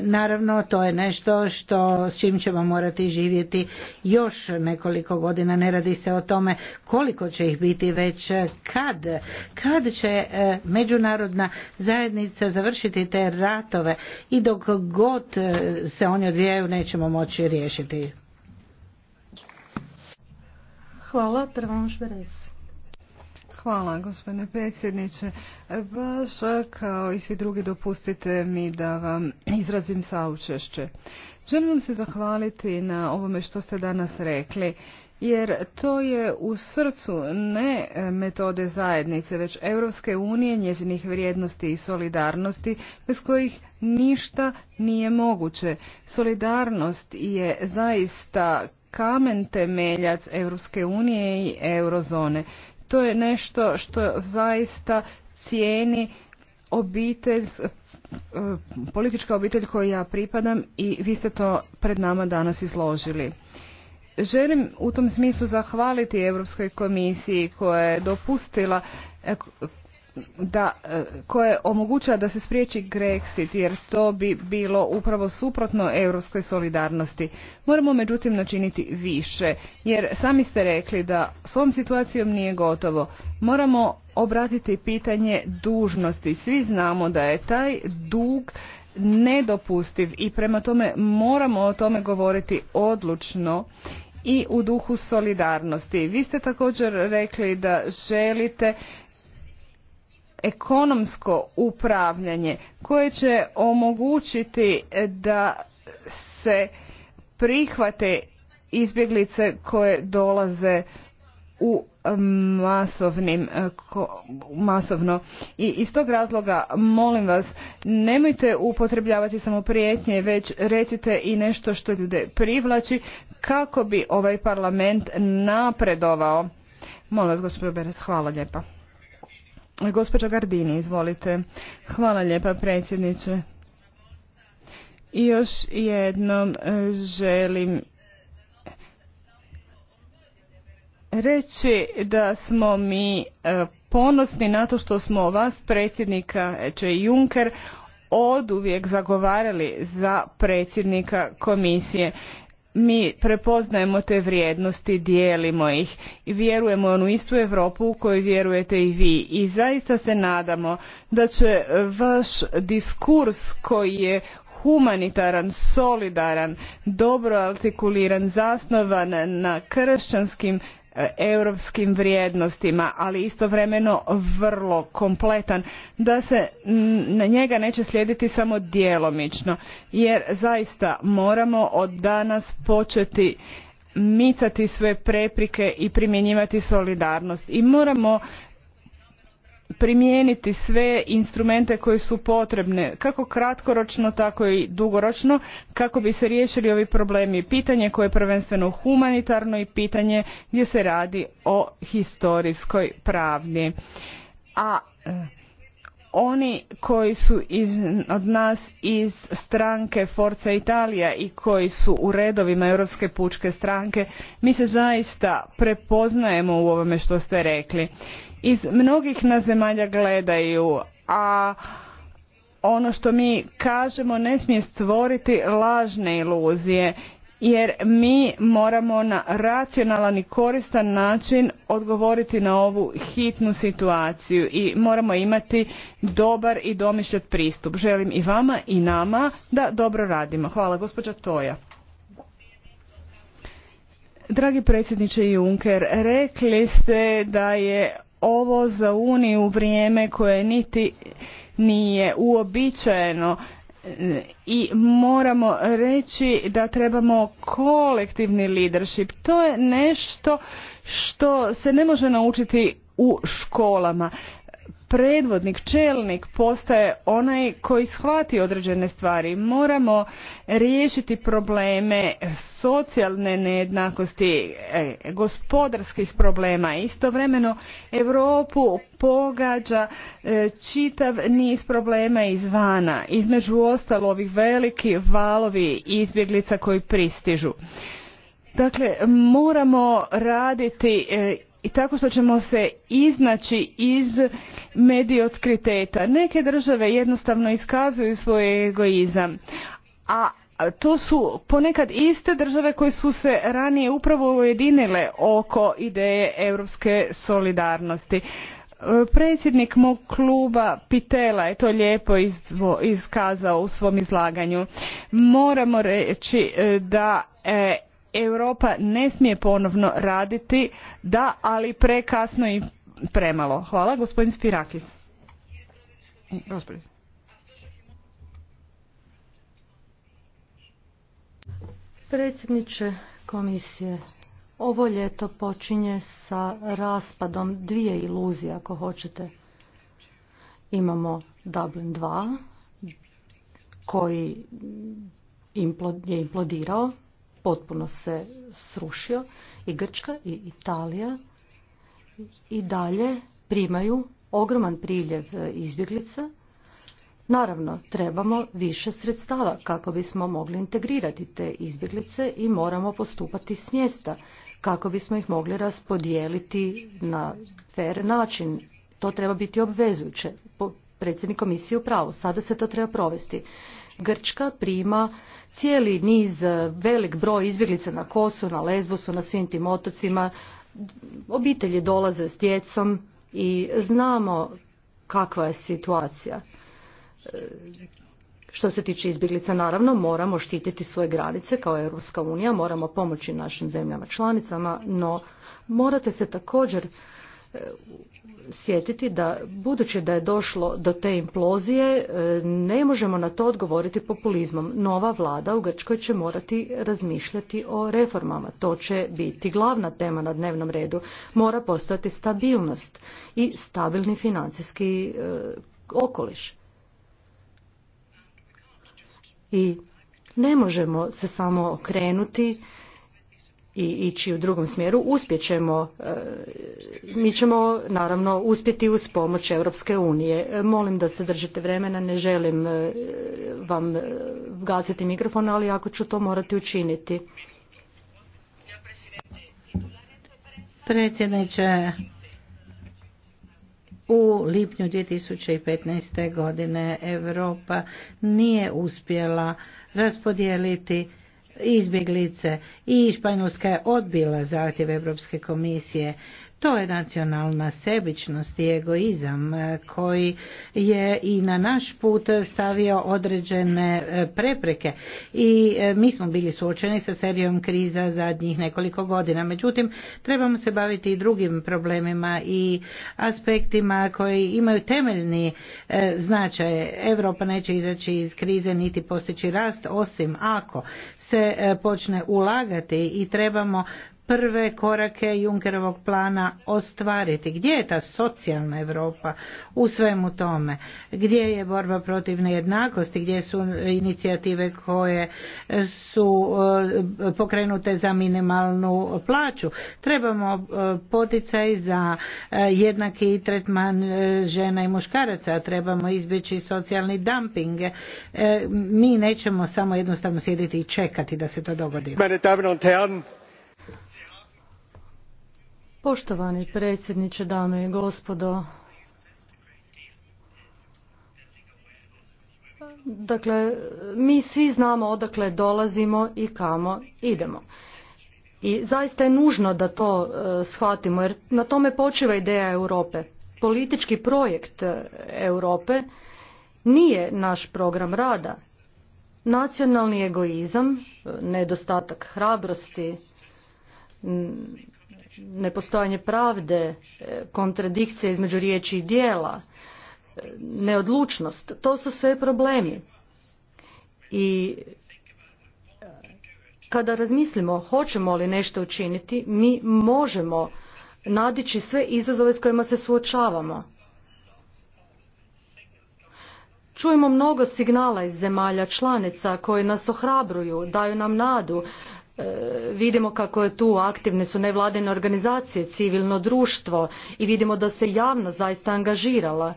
Naravno, to je nešto što s čim ćemo morati živjeti još nekoliko godina. Ne radi se o tome koliko će ih biti, već kad. Kad će međunarodna zajednica završiti te ratove, i dok god e, se oni odvijaju nećemo moći riješiti. Hvala, prvom Hvala, gospodine predsjedniče. Baš kao i svi drugi dopustite mi da vam izrazim saučešće. Želim vam se zahvaliti na ovome što ste danas rekli jer to je u srcu ne e, metode zajednice, već Europske unije, njezinih vrijednosti i solidarnosti, bez kojih ništa nije moguće. Solidarnost je zaista kamen temeljac Europske unije i eurozone. To je nešto što zaista cijeni obitelj, e, politička obitelj kojoj ja pripadam i vi ste to pred nama danas izložili. Želim u tom smislu zahvaliti Europskoj komisiji koja je dopustila e, da, e, koje omogućava da se spriječi Grexit jer to bi bilo upravo suprotno europskoj solidarnosti. Moramo međutim načiniti više jer sami ste rekli da s ovom situacijom nije gotovo. Moramo obratiti pitanje dužnosti. Svi znamo da je taj dug nedopustiv i prema tome moramo o tome govoriti odlučno i u duhu solidarnosti. Vi ste također rekli da želite ekonomsko upravljanje koje će omogućiti da se prihvate izbjeglice koje dolaze u masovnim, eh, masovno. I iz tog razloga molim vas nemojte upotrebljavati samo prijetnje već recite i nešto što ljude privlači kako bi ovaj parlament napredovao. Molim vas gospođo Beres, hvala lijepa. gospođo Gardini, izvolite. Hvala lijepa predsjedniče. I još jednom eh, želim reći da smo mi e, ponosni na to što smo vas predsjednika Juncker oduvijek zagovarali za predsjednika komisije. Mi prepoznajemo te vrijednosti, dijelimo ih i vjerujemo u onu istu Europu u kojoj vjerujete i vi. I zaista se nadamo da će vaš diskurs koji je humanitaran, solidaran, dobro artikuliran, zasnovan na kršćanskim E, europskim vrijednostima, ali istovremeno vrlo kompletan, da se na njega neće slijediti samo djelomično, jer zaista moramo od danas početi micati sve prepreke i primjenjivati solidarnost i moramo primijeniti sve instrumente koji su potrebne kako kratkoročno tako i dugoročno kako bi se riješili ovi problemi pitanje koje je prvenstveno humanitarno i pitanje gdje se radi o historijskoj pravdi a e, oni koji su iz, od nas iz stranke Forza Italija i koji su u redovima Europske pučke stranke, mi se zaista prepoznajemo u ovome što ste rekli iz mnogih nas zemalja gledaju, a ono što mi kažemo ne smije stvoriti lažne iluzije jer mi moramo na racionalan i koristan način odgovoriti na ovu hitnu situaciju i moramo imati dobar i domišljat pristup. Želim i vama i nama da dobro radimo. Hvala gospođa Toja. Dragi predsjedniče Juncker, rekli ste da je ovo za Uniju vrijeme koje niti nije uobičajeno i moramo reći da trebamo kolektivni leadership. To je nešto što se ne može naučiti u školama predvodnik, čelnik postaje onaj koji shvati određene stvari. Moramo riješiti probleme socijalne nejednakosti, e, gospodarskih problema. Istovremeno Europu pogađa e, čitav niz problema izvana, između ostalo ovih veliki valovi izbjeglica koji pristižu. Dakle, moramo raditi e, i tako što ćemo se iznaći iz medijotkriteta. Neke države jednostavno iskazuju svoj egoizam, a to su ponekad iste države koje su se ranije upravo ujedinile oko ideje europske solidarnosti. E, predsjednik mog kluba Pitela je to lijepo iskazao u svom izlaganju. Moramo reći e, da e, Europa ne smije ponovno raditi, da, ali prekasno i premalo. Hvala, gospodin Spirakis. Predsjedniče komisije, ovo ljeto počinje sa raspadom dvije iluzije, ako hoćete. Imamo Dublin 2, koji je implodirao, potpuno se srušio i Grčka i Italija i dalje primaju ogroman priljev e, izbjeglica. Naravno, trebamo više sredstava kako bismo mogli integrirati te izbjeglice i moramo postupati s mjesta kako bismo ih mogli raspodijeliti na fer način. To treba biti obvezujuće. Predsjednik komisije u pravu. Sada se to treba provesti. Grčka prima cijeli niz, e, velik broj izbjeglica na Kosu, na Lesbosu, na svim tim otocima. Obitelji dolaze s djecom i znamo kakva je situacija. E, što se tiče izbjeglica, naravno moramo štititi svoje granice kao Europska unija, moramo pomoći našim zemljama članicama, no morate se također e, sjetiti da budući da je došlo do te implozije e, ne možemo na to odgovoriti populizmom. Nova vlada u Grčkoj će morati razmišljati o reformama. To će biti glavna tema na dnevnom redu. Mora postojati stabilnost i stabilni financijski e, okoliš. I ne možemo se samo okrenuti i ići u drugom smjeru, ćemo e, mi ćemo naravno uspjeti uz pomoć Europske unije. E, molim da se držite vremena, ne želim e, vam gasiti mikrofon, ali ako ću to morati učiniti. Predsjedniče, u lipnju 2015. godine Europa nije uspjela raspodijeliti izbjeglice i Španjolska je odbila zahtjev Europske komisije to je nacionalna sebičnost i egoizam e, koji je i na naš put stavio određene e, prepreke i e, mi smo bili suočeni sa serijom kriza zadnjih nekoliko godina. Međutim, trebamo se baviti i drugim problemima i aspektima koji imaju temeljni značaj. Europa neće izaći iz krize niti postići rast osim ako se počne ulagati i trebamo prve korake Junkerovog plana ostvariti? Gdje je ta socijalna Europa u svemu tome? Gdje je borba protiv nejednakosti? Gdje su inicijative koje su e, pokrenute za minimalnu plaću? Trebamo e, poticaj za e, jednaki tretman žena i muškaraca. Trebamo izbjeći socijalni dumping. Mi nećemo samo jednostavno sjediti i čekati da se to dogodi. Poštovani predsjedniče, dame i gospodo, dakle, mi svi znamo odakle dolazimo i kamo idemo. I zaista je nužno da to e, shvatimo, jer na tome počiva ideja Europe. Politički projekt e, Europe nije naš program rada. Nacionalni egoizam, e, nedostatak hrabrosti, nepostojanje pravde, e, kontradikcija između riječi i dijela, e, neodlučnost, to su sve problemi. I e, kada razmislimo hoćemo li nešto učiniti, mi možemo nadići sve izazove s kojima se suočavamo. Čujemo mnogo signala iz zemalja članica koji nas ohrabruju, daju nam nadu, E, vidimo kako je tu aktivne su nevladine organizacije, civilno društvo i vidimo da se javnost zaista angažirala.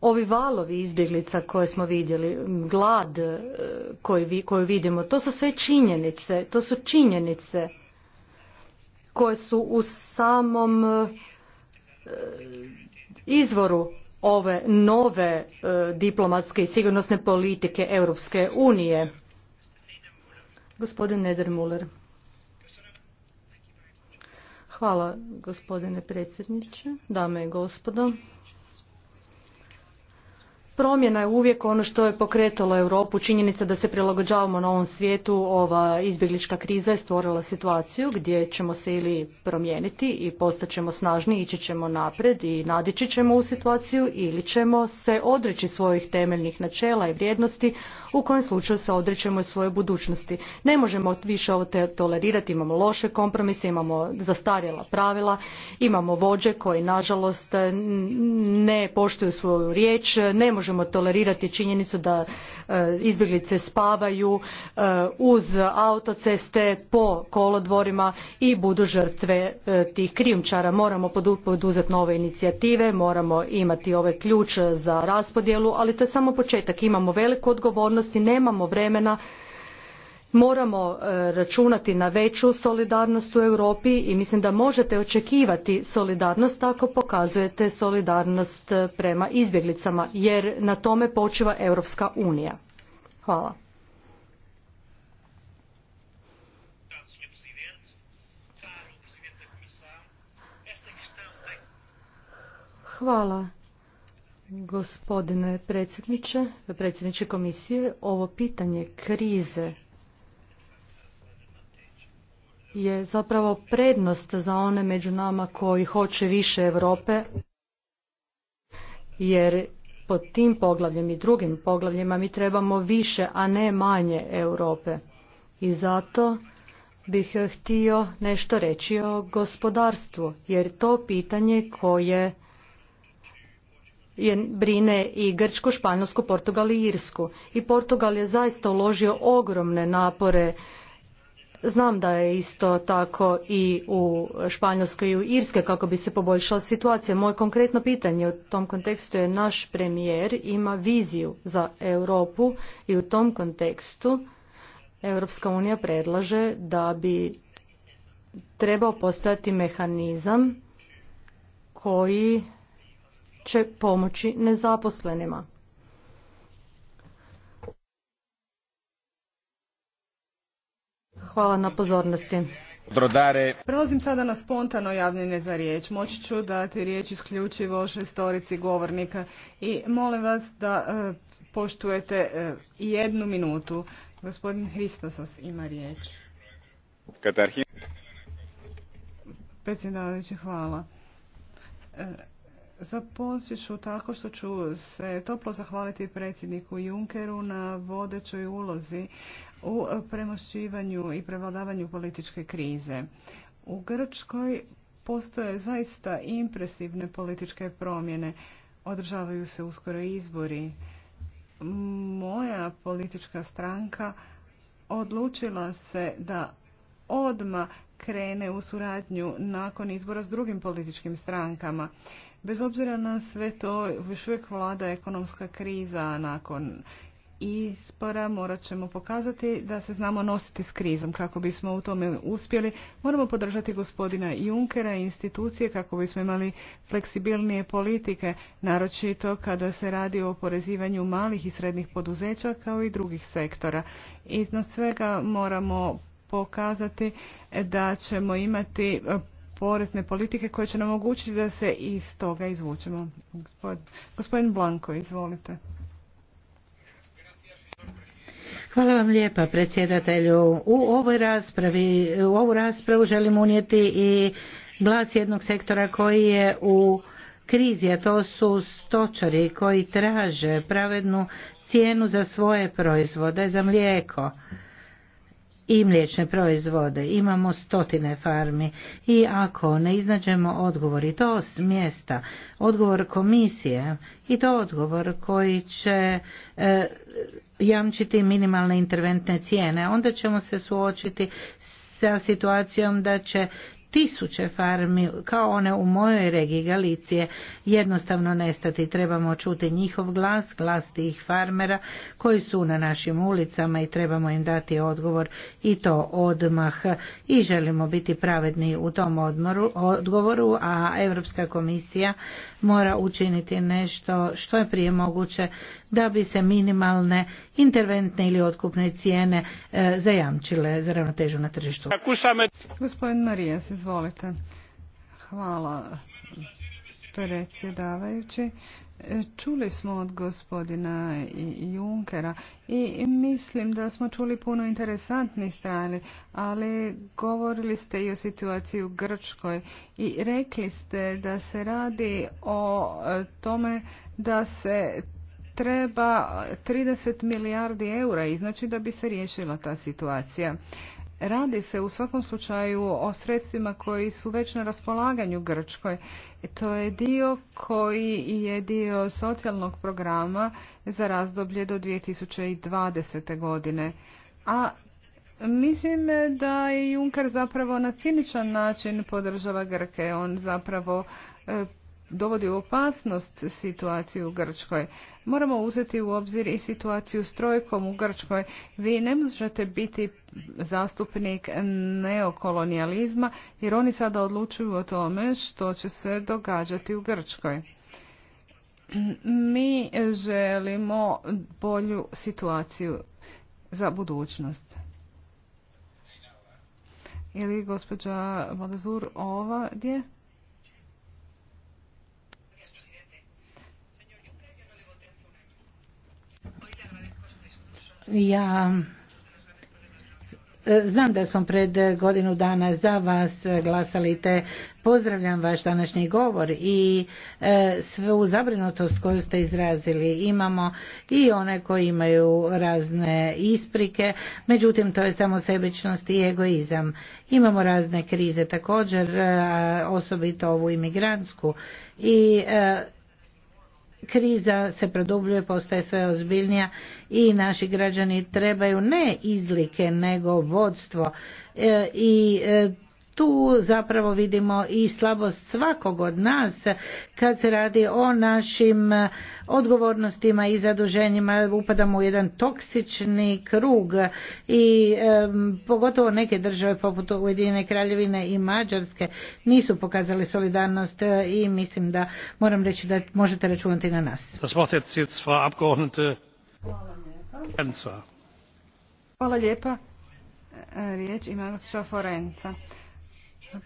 Ovi valovi izbjeglica koje smo vidjeli, glad e, koju, vidimo, to su sve činjenice, to su činjenice koje su u samom e, izvoru ove nove diplomatske i sigurnosne politike Europske unije Gospodin Muller. Hvala gospodine predsjedniče, dame i gospodo. Promjena je uvijek ono što je pokretalo Europu, činjenica da se prilagođavamo na ovom svijetu, ova izbjeglička kriza je stvorila situaciju gdje ćemo se ili promijeniti i postaćemo snažni, ići ćemo napred i nadići ćemo u situaciju ili ćemo se odreći svojih temeljnih načela i vrijednosti, u kojem slučaju se odrećemo i svoje budućnosti. Ne možemo više ovo tolerirati, imamo loše kompromise, imamo zastarjela pravila, imamo vođe koji nažalost ne poštuju svoju riječ, ne možemo tolerirati činjenicu da e, izbjeglice spavaju e, uz autoceste po kolodvorima i budu žrtve e, tih krijumčara. Moramo poduzeti nove inicijative, moramo imati ovaj ključ za raspodjelu, ali to je samo početak. Imamo veliku odgovornost i nemamo vremena moramo e, računati na veću solidarnost u Europi i mislim da možete očekivati solidarnost ako pokazujete solidarnost e, prema izbjeglicama jer na tome počiva Europska unija. Hvala. Hvala gospodine predsjedniče, predsjedniče komisije. Ovo pitanje krize je zapravo prednost za one među nama koji hoće više Europe, jer pod tim poglavljem i drugim poglavljima mi trebamo više, a ne manje Europe. I zato bih htio nešto reći o gospodarstvu, jer to pitanje koje je, brine i Grčku, Španjolsku, Portugal i Irsku. I Portugal je zaista uložio ogromne napore Znam da je isto tako i u Španjolskoj i u Irskoj kako bi se poboljšala situacija. Moje konkretno pitanje u tom kontekstu je naš premijer ima viziju za Europu i u tom kontekstu Europska unija predlaže da bi trebao postojati mehanizam koji će pomoći nezaposlenima. Hvala na pozornosti. Brodare. Prelazim sada na spontano javljanje za riječ. Moći ću dati riječ isključivo šestorici govornika i molim vas da e, poštujete e, jednu minutu. Gospodin Hristosos ima riječ. Katarhin. Predsjedavajući, hvala. E, Započet ću tako što ću se toplo zahvaliti predsjedniku Junkeru na vodećoj ulozi u premošćivanju i prevladavanju političke krize. U Grčkoj postoje zaista impresivne političke promjene. Održavaju se uskoro izbori. Moja politička stranka odlučila se da odma krene u suradnju nakon izbora s drugim političkim strankama. Bez obzira na sve to, još uvijek vlada ekonomska kriza nakon izbora morat ćemo pokazati da se znamo nositi s krizom. Kako bismo u tome uspjeli, moramo podržati gospodina Junkera i institucije kako bismo imali fleksibilnije politike, naročito kada se radi o porezivanju malih i srednjih poduzeća kao i drugih sektora. Iznad svega moramo pokazati da ćemo imati e, porezne politike koje će nam omogućiti da se iz toga izvučemo. Gospodin Blanko, izvolite. Hvala vam lijepa predsjedatelju. U ovoj raspravi, u ovu raspravu želim unijeti i glas jednog sektora koji je u krizi, a to su stočari koji traže pravednu cijenu za svoje proizvode, za mlijeko i mliječne proizvode. Imamo stotine farmi i ako ne iznađemo odgovor i to s mjesta, odgovor komisije i to odgovor koji će e, jamčiti minimalne interventne cijene, onda ćemo se suočiti sa situacijom da će tisuće farmi kao one u mojoj regiji Galicije jednostavno nestati. Trebamo čuti njihov glas, glas tih farmera koji su na našim ulicama i trebamo im dati odgovor i to odmah i želimo biti pravedni u tom odmoru, odgovoru, a Europska komisija mora učiniti nešto što je prije moguće da bi se minimalne interventne ili otkupne cijene e, zajamčile za ravnotežu na tržištu. Gospodin Marijas, izvolite. Hvala predsjedavajući. E, čuli smo od gospodina Junkera i mislim da smo čuli puno interesantnih strani, ali govorili ste i o situaciji u Grčkoj i rekli ste da se radi o e, tome da se treba 30 milijardi eura iznaći da bi se riješila ta situacija. Radi se u svakom slučaju o sredstvima koji su već na raspolaganju Grčkoj. E, to je dio koji je dio socijalnog programa za razdoblje do 2020. godine. A mislim da i Juncker zapravo na ciničan način podržava Grke. On zapravo e, dovodi u opasnost situaciju u Grčkoj. Moramo uzeti u obzir i situaciju s trojkom u Grčkoj. Vi ne možete biti zastupnik neokolonijalizma jer oni sada odlučuju o tome što će se događati u Grčkoj. Mi želimo bolju situaciju za budućnost. Ili gospođa Valazur ova gdje? Ja e, Znam da smo pred godinu dana za vas glasali te pozdravljam vaš današnji govor i e, svu zabrinutost koju ste izrazili imamo i one koji imaju razne isprike, međutim to je samo sebičnost i egoizam. Imamo razne krize također, e, osobito ovu imigrantsku i e, kriza se produbljuje, postaje sve ozbiljnija i naši građani trebaju ne izlike nego vodstvo e, i e, tu zapravo vidimo i slabost svakog od nas kad se radi o našim odgovornostima i zaduženjima upadamo u jedan toksični krug i pogotovo neke države poput Ujedinjene Kraljevine i Mađarske nisu pokazale solidarnost e, i mislim da moram reći da možete računati na nas. Hvala lijepa. E, riječ ima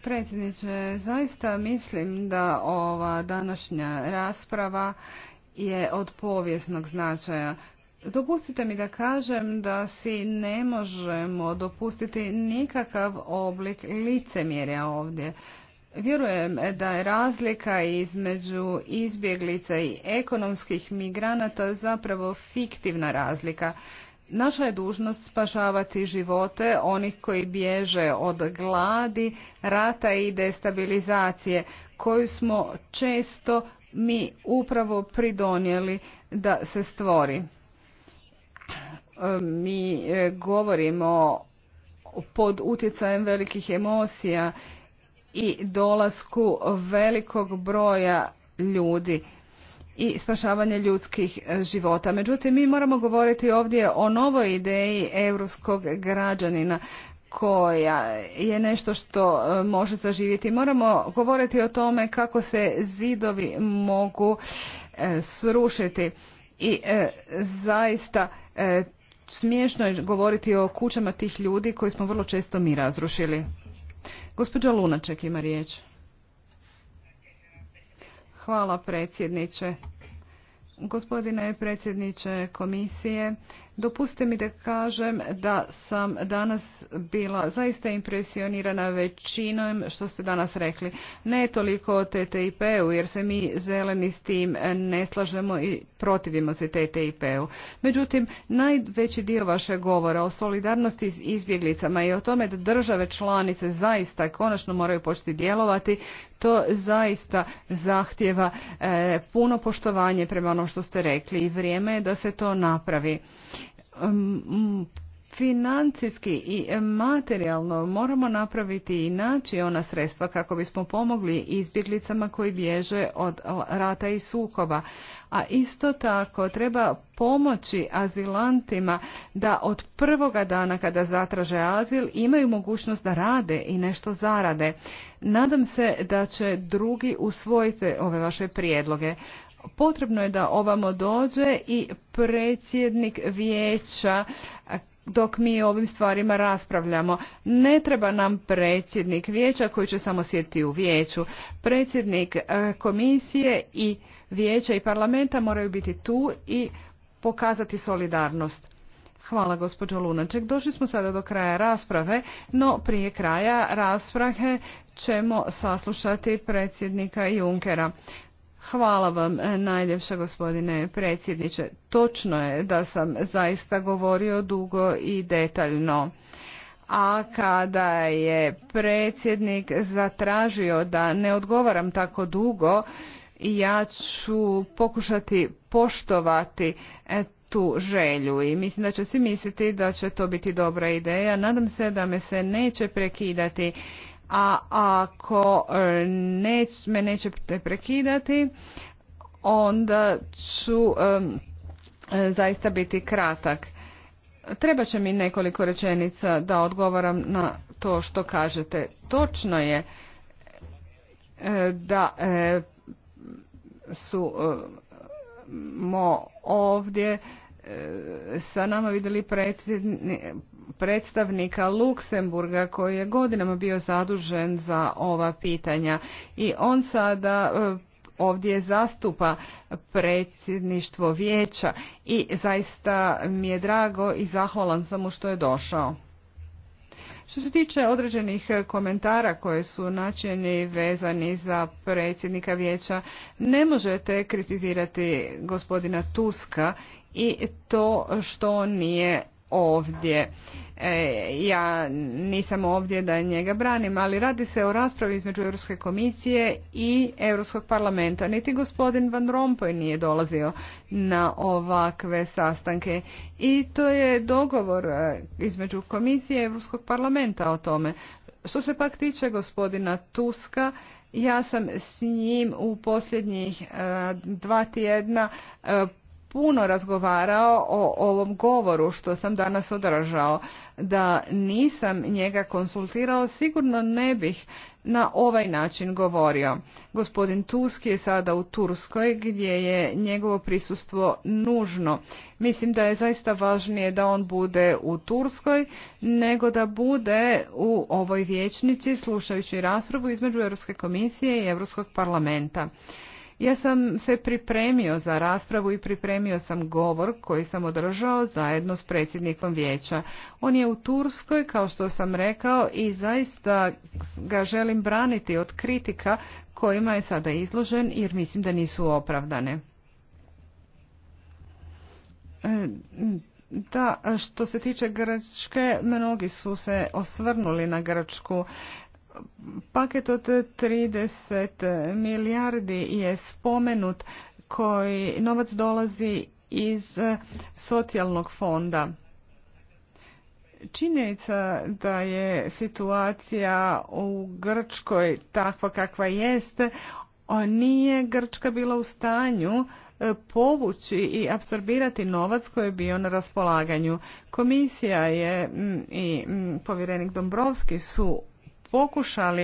Predsjedniče, zaista mislim da ova današnja rasprava je od povijesnog značaja. Dopustite mi da kažem da si ne možemo dopustiti nikakav oblik licemjerja ovdje. Vjerujem da je razlika između izbjeglica i ekonomskih migranata zapravo fiktivna razlika. Naša je dužnost spašavati živote onih koji bježe od gladi, rata i destabilizacije koju smo često mi upravo pridonijeli da se stvori. Mi e, govorimo pod utjecajem velikih emocija i dolasku velikog broja ljudi i spašavanje ljudskih e, života. Međutim, mi moramo govoriti ovdje o novoj ideji europskog građanina koja je nešto što e, može zaživjeti. Moramo govoriti o tome kako se zidovi mogu e, srušiti i zaista smiješno je govoriti o kućama tih ljudi koji smo vrlo često mi razrušili. Gospođa Lunaček ima riječ. Hvala predsjedniče. Gospodine predsjedniče komisije, Dopustite mi da kažem da sam danas bila zaista impresionirana većinom što ste danas rekli. Ne toliko o TTIP-u jer se mi zeleni s tim ne slažemo i protivimo se TTIP-u. Međutim, najveći dio vašeg govora o solidarnosti s izbjeglicama i o tome da države članice zaista konačno moraju početi djelovati, to zaista zahtjeva e, puno poštovanje prema onom što ste rekli i vrijeme je da se to napravi financijski i materijalno moramo napraviti i naći ona sredstva kako bismo pomogli izbjeglicama koji bježe od rata i sukoba. A isto tako treba pomoći azilantima da od prvoga dana kada zatraže azil imaju mogućnost da rade i nešto zarade. Nadam se da će drugi usvojiti ove vaše prijedloge potrebno je da ovamo dođe i predsjednik vijeća dok mi o ovim stvarima raspravljamo. Ne treba nam predsjednik vijeća koji će samo sjediti u vijeću. Predsjednik e, komisije i vijeća i parlamenta moraju biti tu i pokazati solidarnost. Hvala gospođo Lunaček. Došli smo sada do kraja rasprave, no prije kraja rasprave ćemo saslušati predsjednika Junkera. Hvala vam e, najljepša gospodine predsjedniče. Točno je da sam zaista govorio dugo i detaljno. A kada je predsjednik zatražio da ne odgovaram tako dugo, ja ću pokušati poštovati e, tu želju i mislim da će svi misliti da će to biti dobra ideja. Nadam se da me se neće prekidati a ako e, neć, me nećete prekidati, onda ću e, e, zaista biti kratak. Treba će mi nekoliko rečenica da odgovaram na to što kažete. Točno je da su mo ovdje sa nama vidjeli predstavnika Luksemburga koji je godinama bio zadužen za ova pitanja i on sada e, ovdje zastupa predsjedništvo vijeća i zaista mi je drago i zahvalan sam mu što je došao. Što se tiče određenih komentara koje su načinjeni vezani za predsjednika vijeća, ne možete kritizirati gospodina Tuska i to što nije ovdje. E, ja nisam ovdje da njega branim, ali radi se o raspravi između Europske komisije i Europskog parlamenta. Niti gospodin Van Rompuy nije dolazio na ovakve sastanke i to je dogovor e, između komisije i Europskog parlamenta o tome. Što se pak tiče gospodina Tuska, ja sam s njim u posljednjih e, dva tjedna puno razgovarao o ovom govoru što sam danas održao. Da nisam njega konsultirao sigurno ne bih na ovaj način govorio. Gospodin Tusk je sada u Turskoj gdje je njegovo prisustvo nužno. Mislim da je zaista važnije da on bude u Turskoj nego da bude u ovoj vječnici slušajući raspravu između Europske komisije i Europskog parlamenta. Ja sam se pripremio za raspravu i pripremio sam govor koji sam održao zajedno s predsjednikom vijeća. On je u Turskoj, kao što sam rekao, i zaista ga želim braniti od kritika kojima je sada izložen jer mislim da nisu opravdane. E, da, što se tiče Grčke, mnogi su se osvrnuli na Grčku. Paket od 30 milijardi je spomenut koji novac dolazi iz socijalnog fonda. Činjenica da je situacija u Grčkoj takva kakva jeste, nije Grčka bila u stanju e, povući i apsorbirati novac koji je bio na raspolaganju. Komisija je mm, i mm, povjerenik Dombrovski su pokušali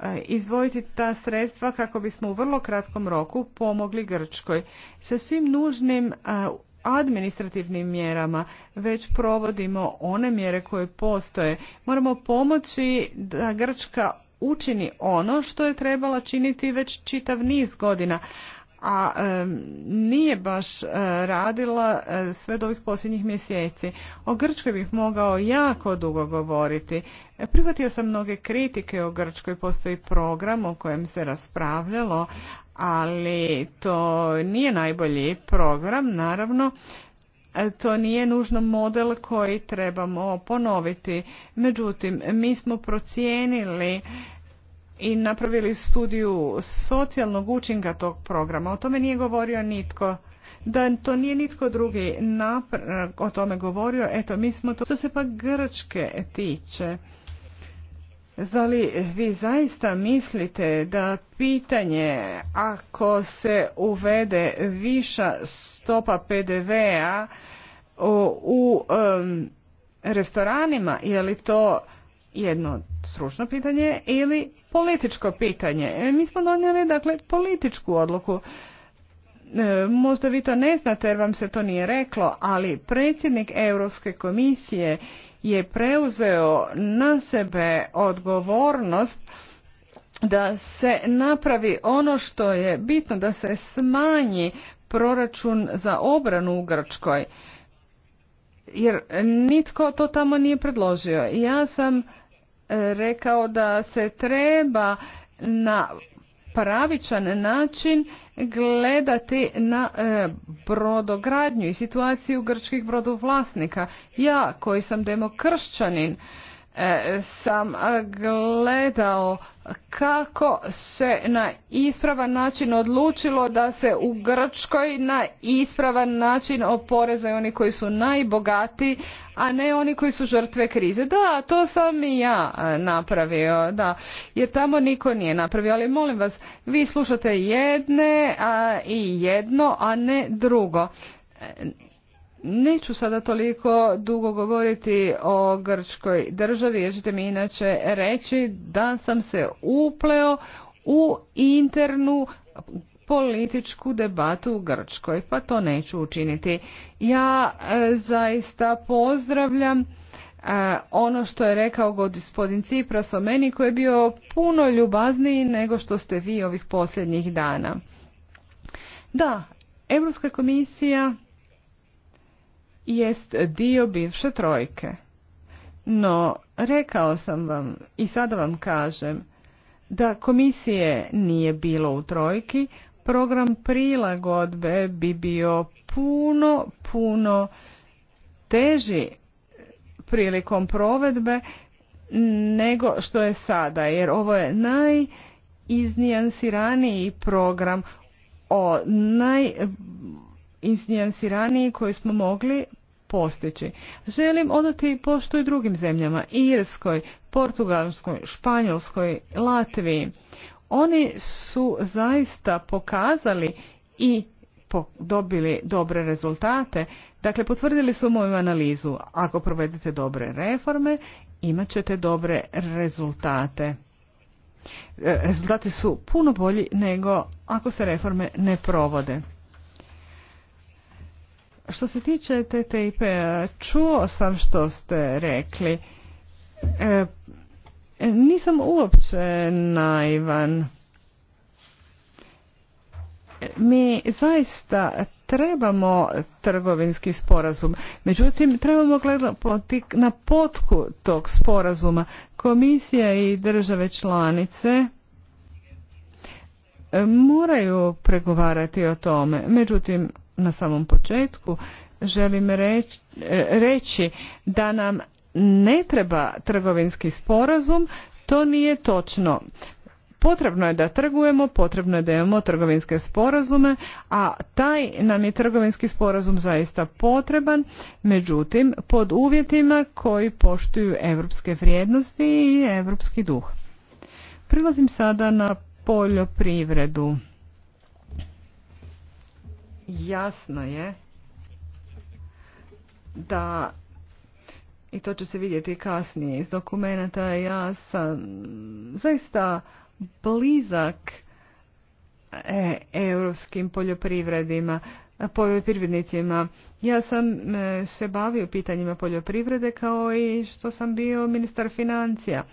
e, izdvojiti ta sredstva kako bismo u vrlo kratkom roku pomogli Grčkoj. Sa svim nužnim e, administrativnim mjerama već provodimo one mjere koje postoje. Moramo pomoći da Grčka učini ono što je trebala činiti već čitav niz godina, a e, nije baš e, radila e, sve do ovih posljednjih mjeseci. O Grčkoj bih mogao jako dugo govoriti. Prihvatio sam mnoge kritike o Grčkoj, postoji program o kojem se raspravljalo, ali to nije najbolji program, naravno. To nije nužno model koji trebamo ponoviti. Međutim, mi smo procijenili i napravili studiju socijalnog učinka tog programa. O tome nije govorio nitko. Da to nije nitko drugi o tome govorio, eto mi smo to. Što se pa Grčke tiče, da li vi zaista mislite da pitanje ako se uvede viša stopa PDV-a u, restoranima, je li to jedno stručno pitanje ili političko pitanje. E, mi smo donijeli dakle političku odluku. E, možda vi to ne znate jer vam se to nije reklo, ali predsjednik Europske komisije je preuzeo na sebe odgovornost da se napravi ono što je bitno da se smanji proračun za obranu u Grčkoj. Jer nitko to tamo nije predložio. Ja sam E, rekao da se treba na pravičan način gledati na e, brodogradnju i situaciju grčkih brodovlasnika. Ja koji sam demokršćanin E, sam e, gledao kako se na ispravan način odlučilo da se u Grčkoj na ispravan način oporezaju oni koji su najbogatiji, a ne oni koji su žrtve krize. Da, to sam i ja e, napravio, da, jer tamo niko nije napravio, ali molim vas, vi slušate jedne a, i jedno, a ne drugo Neću sada toliko dugo govoriti o Grčkoj državi jer ćete mi inače reći da sam se upleo u internu političku debatu u Grčkoj, pa to neću učiniti. Ja e, zaista pozdravljam e, ono što je rekao gospodin Cipras o meni koji je bio puno ljubazniji nego što ste vi ovih posljednjih dana. Da, Europska komisija jest dio bivše trojke. No, rekao sam vam i sada vam kažem da komisije nije bilo u trojki, program prilagodbe bi bio puno, puno teži prilikom provedbe nego što je sada, jer ovo je najiznijansiraniji program o naj iznijansiraniji koji smo mogli postići. Želim odati poštu i drugim zemljama, Irskoj, Portugalskoj, Španjolskoj, Latviji. Oni su zaista pokazali i dobili dobre rezultate. Dakle, potvrdili su moju analizu. Ako provedete dobre reforme, imat ćete dobre rezultate. E, rezultati su puno bolji nego ako se reforme ne provode. Što se tiče TTIP, e, čuo sam što ste rekli. E, nisam uopće naivan. Mi zaista trebamo trgovinski sporazum. Međutim, trebamo gledati na potku tog sporazuma. Komisija i države članice e, moraju pregovarati o tome. Međutim, na samom početku želim e, reći, da nam ne treba trgovinski sporazum, to nije točno. Potrebno je da trgujemo, potrebno je da imamo trgovinske sporazume, a taj nam je trgovinski sporazum zaista potreban, međutim pod uvjetima koji poštuju evropske vrijednosti i evropski duh. Prilazim sada na poljoprivredu jasno je da i to će se vidjeti kasnije iz dokumenata ja sam zaista blizak e, europskim poljoprivredima poljoprivrednicima. Ja sam e, se bavio pitanjima poljoprivrede kao i što sam bio ministar financija.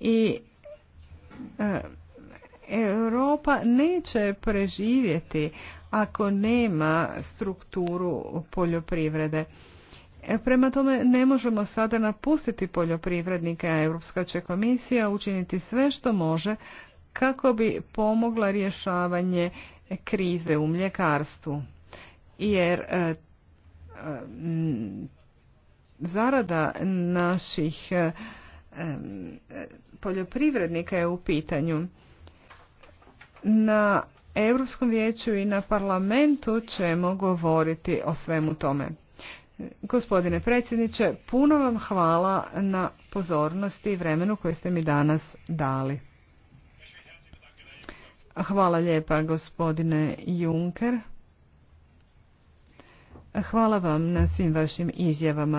I e, Europa neće preživjeti ako nema strukturu poljoprivrede. E, prema tome ne možemo sada napustiti poljoprivrednike, a Europska će komisija učiniti sve što može kako bi pomogla rješavanje krize u mljekarstvu. Jer e, e, zarada naših poljoprivrednika je u pitanju. Na Europskom vijeću i na parlamentu ćemo govoriti o svemu tome. Gospodine predsjedniče, puno vam hvala na pozornosti i vremenu koje ste mi danas dali. Hvala lijepa gospodine Juncker. Hvala vam na svim vašim izjavama.